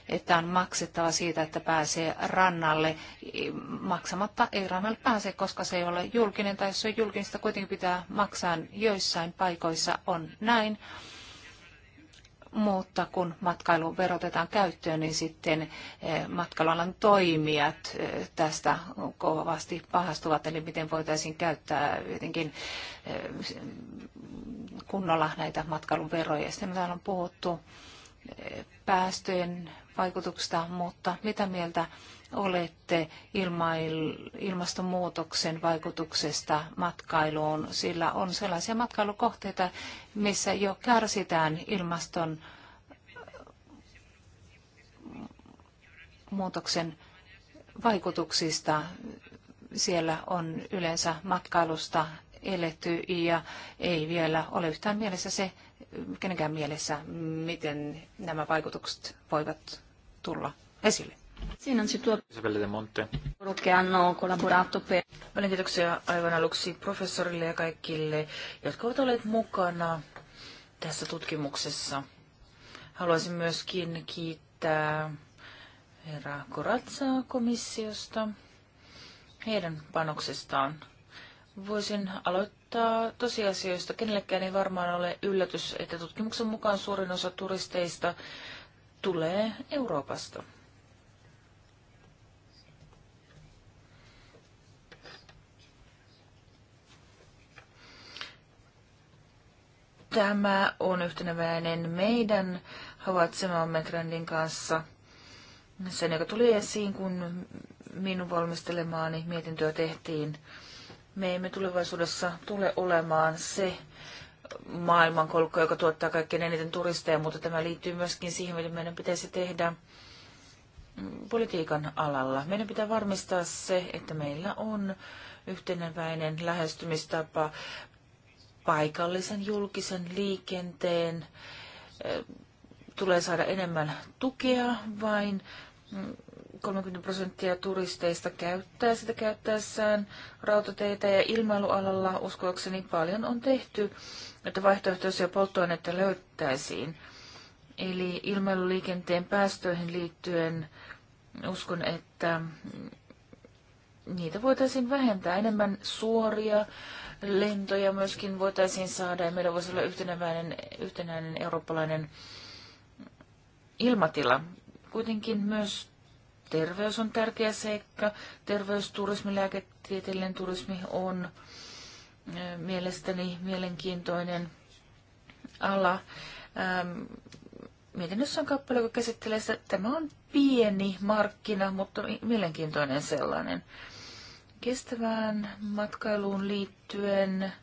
että on maksettava siitä, että pääsee rannalle. Maksamatta ei rannalle pääse, koska se ei ole julkinen tai se on julkista, kuitenkin pitää maksaa. Joissain paikoissa on näin mutta kun matkailu verotetaan käyttöön, niin sitten eh, matkailualan toimijat eh, tästä kovasti pahastuvat, eli miten voitaisiin käyttää jotenkin eh, kunnolla näitä matkailun veroja. Sitten täällä on puhuttu päästöjen vaikutuksesta, mutta mitä mieltä olette ilmail, ilmastonmuutoksen vaikutuksesta matkailuun, sillä on sellaisia matkailukohteita, missä jo kärsitään ilmaston muutoksen vaikutuksista. Siellä on yleensä matkailusta eletty ja ei vielä ole yhtään mielessä se, kenenkään mielessä, miten nämä vaikutukset voivat tulla esille. Siinä on tuo... Isabelle de Monte. Paljon kiitoksia aivan aluksi professorille ja kaikille, jotka ovat olleet mukana tässä tutkimuksessa. Haluaisin myöskin kiittää herra Koratsaa komissiosta heidän panoksestaan. Voisin aloittaa tosiasioista. Kenellekään ei varmaan ole yllätys, että tutkimuksen mukaan suurin osa turisteista tulee Euroopasta. Tämä on yhteneväinen meidän havaitsemamme trendin kanssa. Sen, joka tuli esiin, kun minun valmistelemaani mietintöä tehtiin. Me emme tulevaisuudessa tule olemaan se maailmankolkko, joka tuottaa kaikkein eniten turisteja, mutta tämä liittyy myöskin siihen, mitä meidän pitäisi tehdä politiikan alalla. Meidän pitää varmistaa se, että meillä on yhteneväinen lähestymistapa paikallisen julkisen liikenteen tulee saada enemmän tukea, vain 30 mm, prosenttia turisteista käyttää sitä käyttäessään rautateitä ja ilmailualalla uskoakseni paljon on tehty, että vaihtoehtoisia polttoaineita löytäisiin. Eli ilmailuliikenteen päästöihin liittyen uskon, että mm, niitä voitaisiin vähentää enemmän suoria lentoja myöskin voitaisiin saada ja meillä voisi olla yhtenäinen, yhtenäinen eurooppalainen ilmatila. Kuitenkin myös terveys on tärkeä seikka. Terveysturismi, lääketieteellinen turismi on mielestäni mielenkiintoinen ala. Ähm, mietinnössä on kappale, joka käsittelee sitä, tämä on pieni markkina, mutta mielenkiintoinen sellainen kestävään matkailuun liittyen.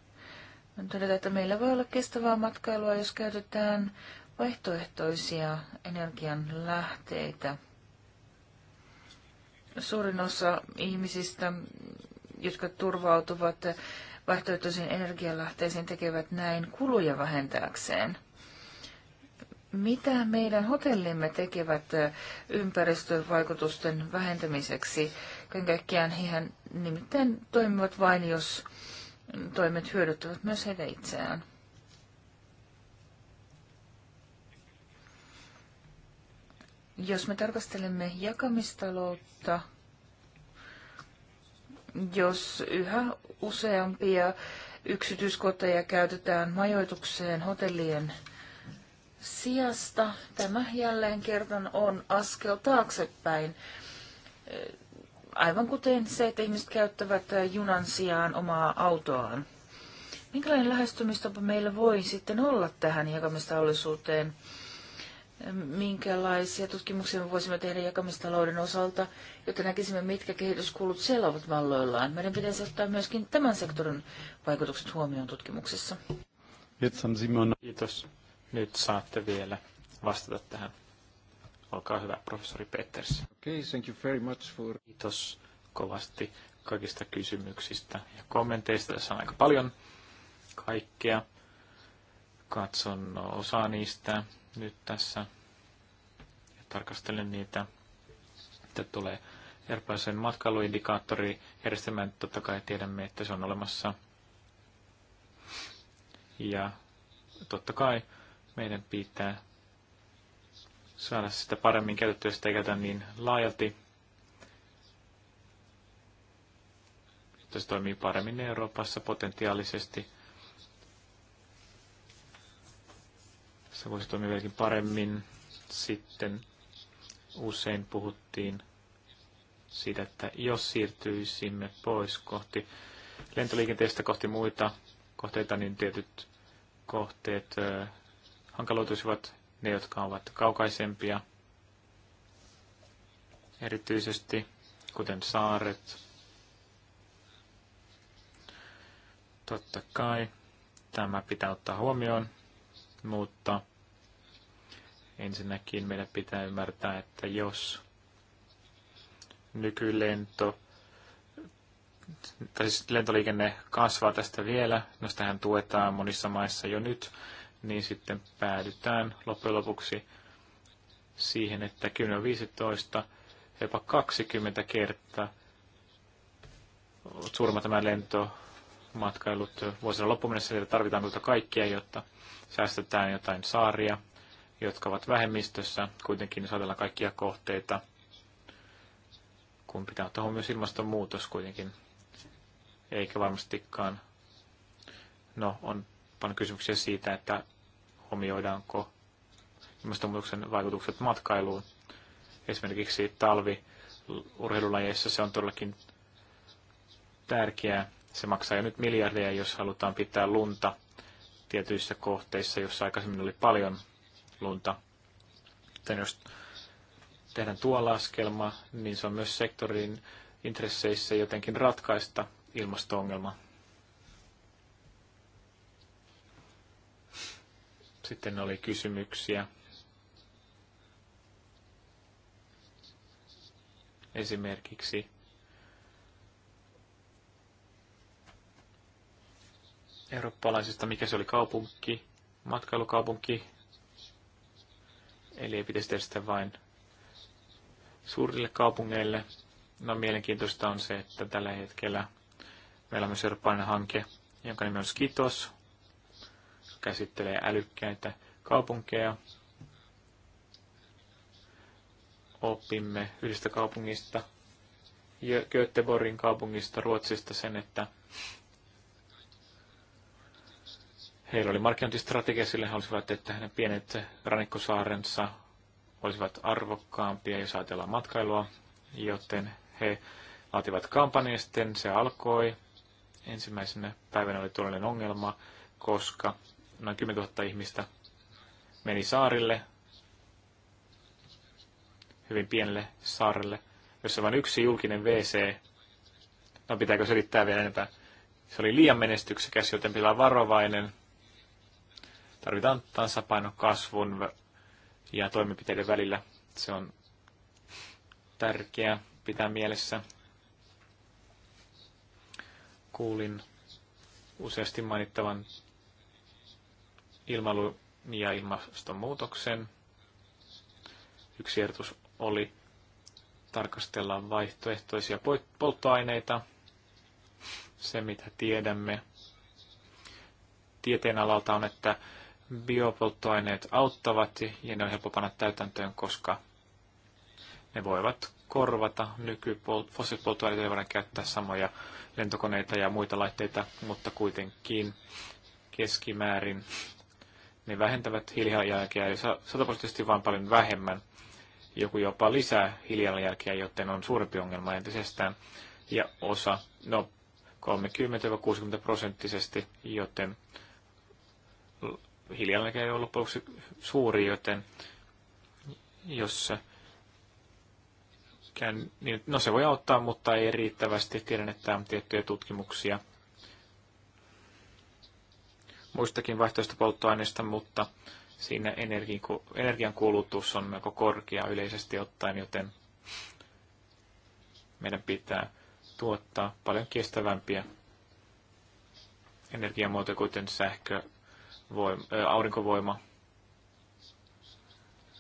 On todeta, että meillä voi olla kestävää matkailua, jos käytetään vaihtoehtoisia energian lähteitä. Suurin osa ihmisistä, jotka turvautuvat vaihtoehtoisiin energialähteisiin, tekevät näin kuluja vähentääkseen. Mitä meidän hotellimme tekevät ympäristövaikutusten vähentämiseksi? kaiken kaikkiaan hehän nimittäin toimivat vain, jos toimet hyödyttävät myös heitä itseään. Jos me tarkastelemme jakamistaloutta, jos yhä useampia yksityiskoteja käytetään majoitukseen hotellien sijasta, tämä jälleen kerran on askel taaksepäin Aivan kuten se, että ihmiset käyttävät äh, junan sijaan omaa autoaan. Minkälainen lähestymistapa meillä voi sitten olla tähän jakamistaollisuuteen? Minkälaisia tutkimuksia me voisimme tehdä jakamistalouden osalta, jotta näkisimme, mitkä kehityskulut siellä ovat valloillaan? Meidän pitäisi ottaa myöskin tämän sektorin vaikutukset huomioon tutkimuksessa. Kiitos. Nyt saatte vielä vastata tähän. Olkaa hyvä, professori Peters. Okay, thank you very much for... Kiitos kovasti kaikista kysymyksistä ja kommenteista. Tässä on aika paljon kaikkea. Katson osaa niistä nyt tässä ja tarkastelen niitä. Sitten tulee eurooppalaisen matkailuindikaattori järjestelmän. Niin totta kai tiedämme, että se on olemassa. Ja totta kai meidän pitää saada sitä paremmin käytettyä, sitä ei käytä niin laajalti. Että se toimii paremmin Euroopassa potentiaalisesti. Se voisi toimia vieläkin paremmin. Sitten usein puhuttiin siitä, että jos siirtyisimme pois kohti lentoliikenteestä kohti muita kohteita, niin tietyt kohteet hankaloituisivat ne, jotka ovat kaukaisempia, erityisesti kuten saaret. Totta kai tämä pitää ottaa huomioon, mutta ensinnäkin meidän pitää ymmärtää, että jos nykylento, tai siis lentoliikenne kasvaa tästä vielä, no sitähän tuetaan monissa maissa jo nyt, niin sitten päädytään loppujen lopuksi siihen, että 10-15, jopa 20 kertaa tämä lento matkailut vuosina loppuminen, niitä tarvitaan noita kaikkia, jotta säästetään jotain saaria, jotka ovat vähemmistössä, kuitenkin saatellaan kaikkia kohteita, kun pitää ottaa myös ilmastonmuutos kuitenkin, eikä varmastikaan. No, on paljon kysymyksiä siitä, että huomioidaanko ilmastonmuutoksen vaikutukset matkailuun. Esimerkiksi talvi urheilulajeissa se on todellakin tärkeää. Se maksaa jo nyt miljardeja, jos halutaan pitää lunta tietyissä kohteissa, jossa aikaisemmin oli paljon lunta. Joten jos tehdään tuo laskelma, niin se on myös sektorin intresseissä jotenkin ratkaista ilmasto-ongelma. Sitten oli kysymyksiä. Esimerkiksi eurooppalaisista, mikä se oli kaupunki, matkailukaupunki. Eli ei pitäisi tehdä sitä vain suurille kaupungeille. No mielenkiintoista on se, että tällä hetkellä meillä on myös eurooppalainen hanke, jonka nimi on Skitos käsittelee älykkäitä kaupunkeja. Opimme yhdestä kaupungista, Göteborgin kaupungista Ruotsista sen, että heillä oli markkinointistrategia, sillä he olisivat, että hänen pienet rannikkosaarensa olisivat arvokkaampia, jos ajatellaan matkailua, joten he laativat kampanjan, sitten se alkoi. Ensimmäisenä päivänä oli tuollainen ongelma, koska noin 10 000 ihmistä meni saarille, hyvin pienelle saarelle, jossa vain yksi julkinen WC. No pitääkö selittää vielä enempää? Se oli liian menestyksekäs, joten pitää varovainen. Tarvitaan tasapaino kasvun ja toimenpiteiden välillä. Se on tärkeää pitää mielessä. Kuulin useasti mainittavan ilmailu- ja ilmastonmuutoksen. Yksi ehdotus oli tarkastella vaihtoehtoisia polttoaineita, se mitä tiedämme tieteen alalta on, että biopolttoaineet auttavat ja ne on helppo panna täytäntöön, koska ne voivat korvata nykyfossiilipolttoaineita, ei voida käyttää samoja lentokoneita ja muita laitteita, mutta kuitenkin keskimäärin ne niin vähentävät hiilijalanjälkeä ja sataprosenttisesti vaan paljon vähemmän. Joku jopa lisää hiilijalanjälkeä, joten on suurempi ongelma entisestään. Ja osa, no 30-60 prosenttisesti, joten hiilijalanjälki on loppujen lopuksi suuri, joten jos niin, no se voi auttaa, mutta ei riittävästi. Tiedän, että on tiettyjä tutkimuksia – muistakin vaihtoista polttoaineista, mutta siinä energiankulutus on melko korkea yleisesti ottaen, joten meidän pitää tuottaa paljon kestävämpiä energiamuotoja, kuten sähkö, voima, aurinkovoima,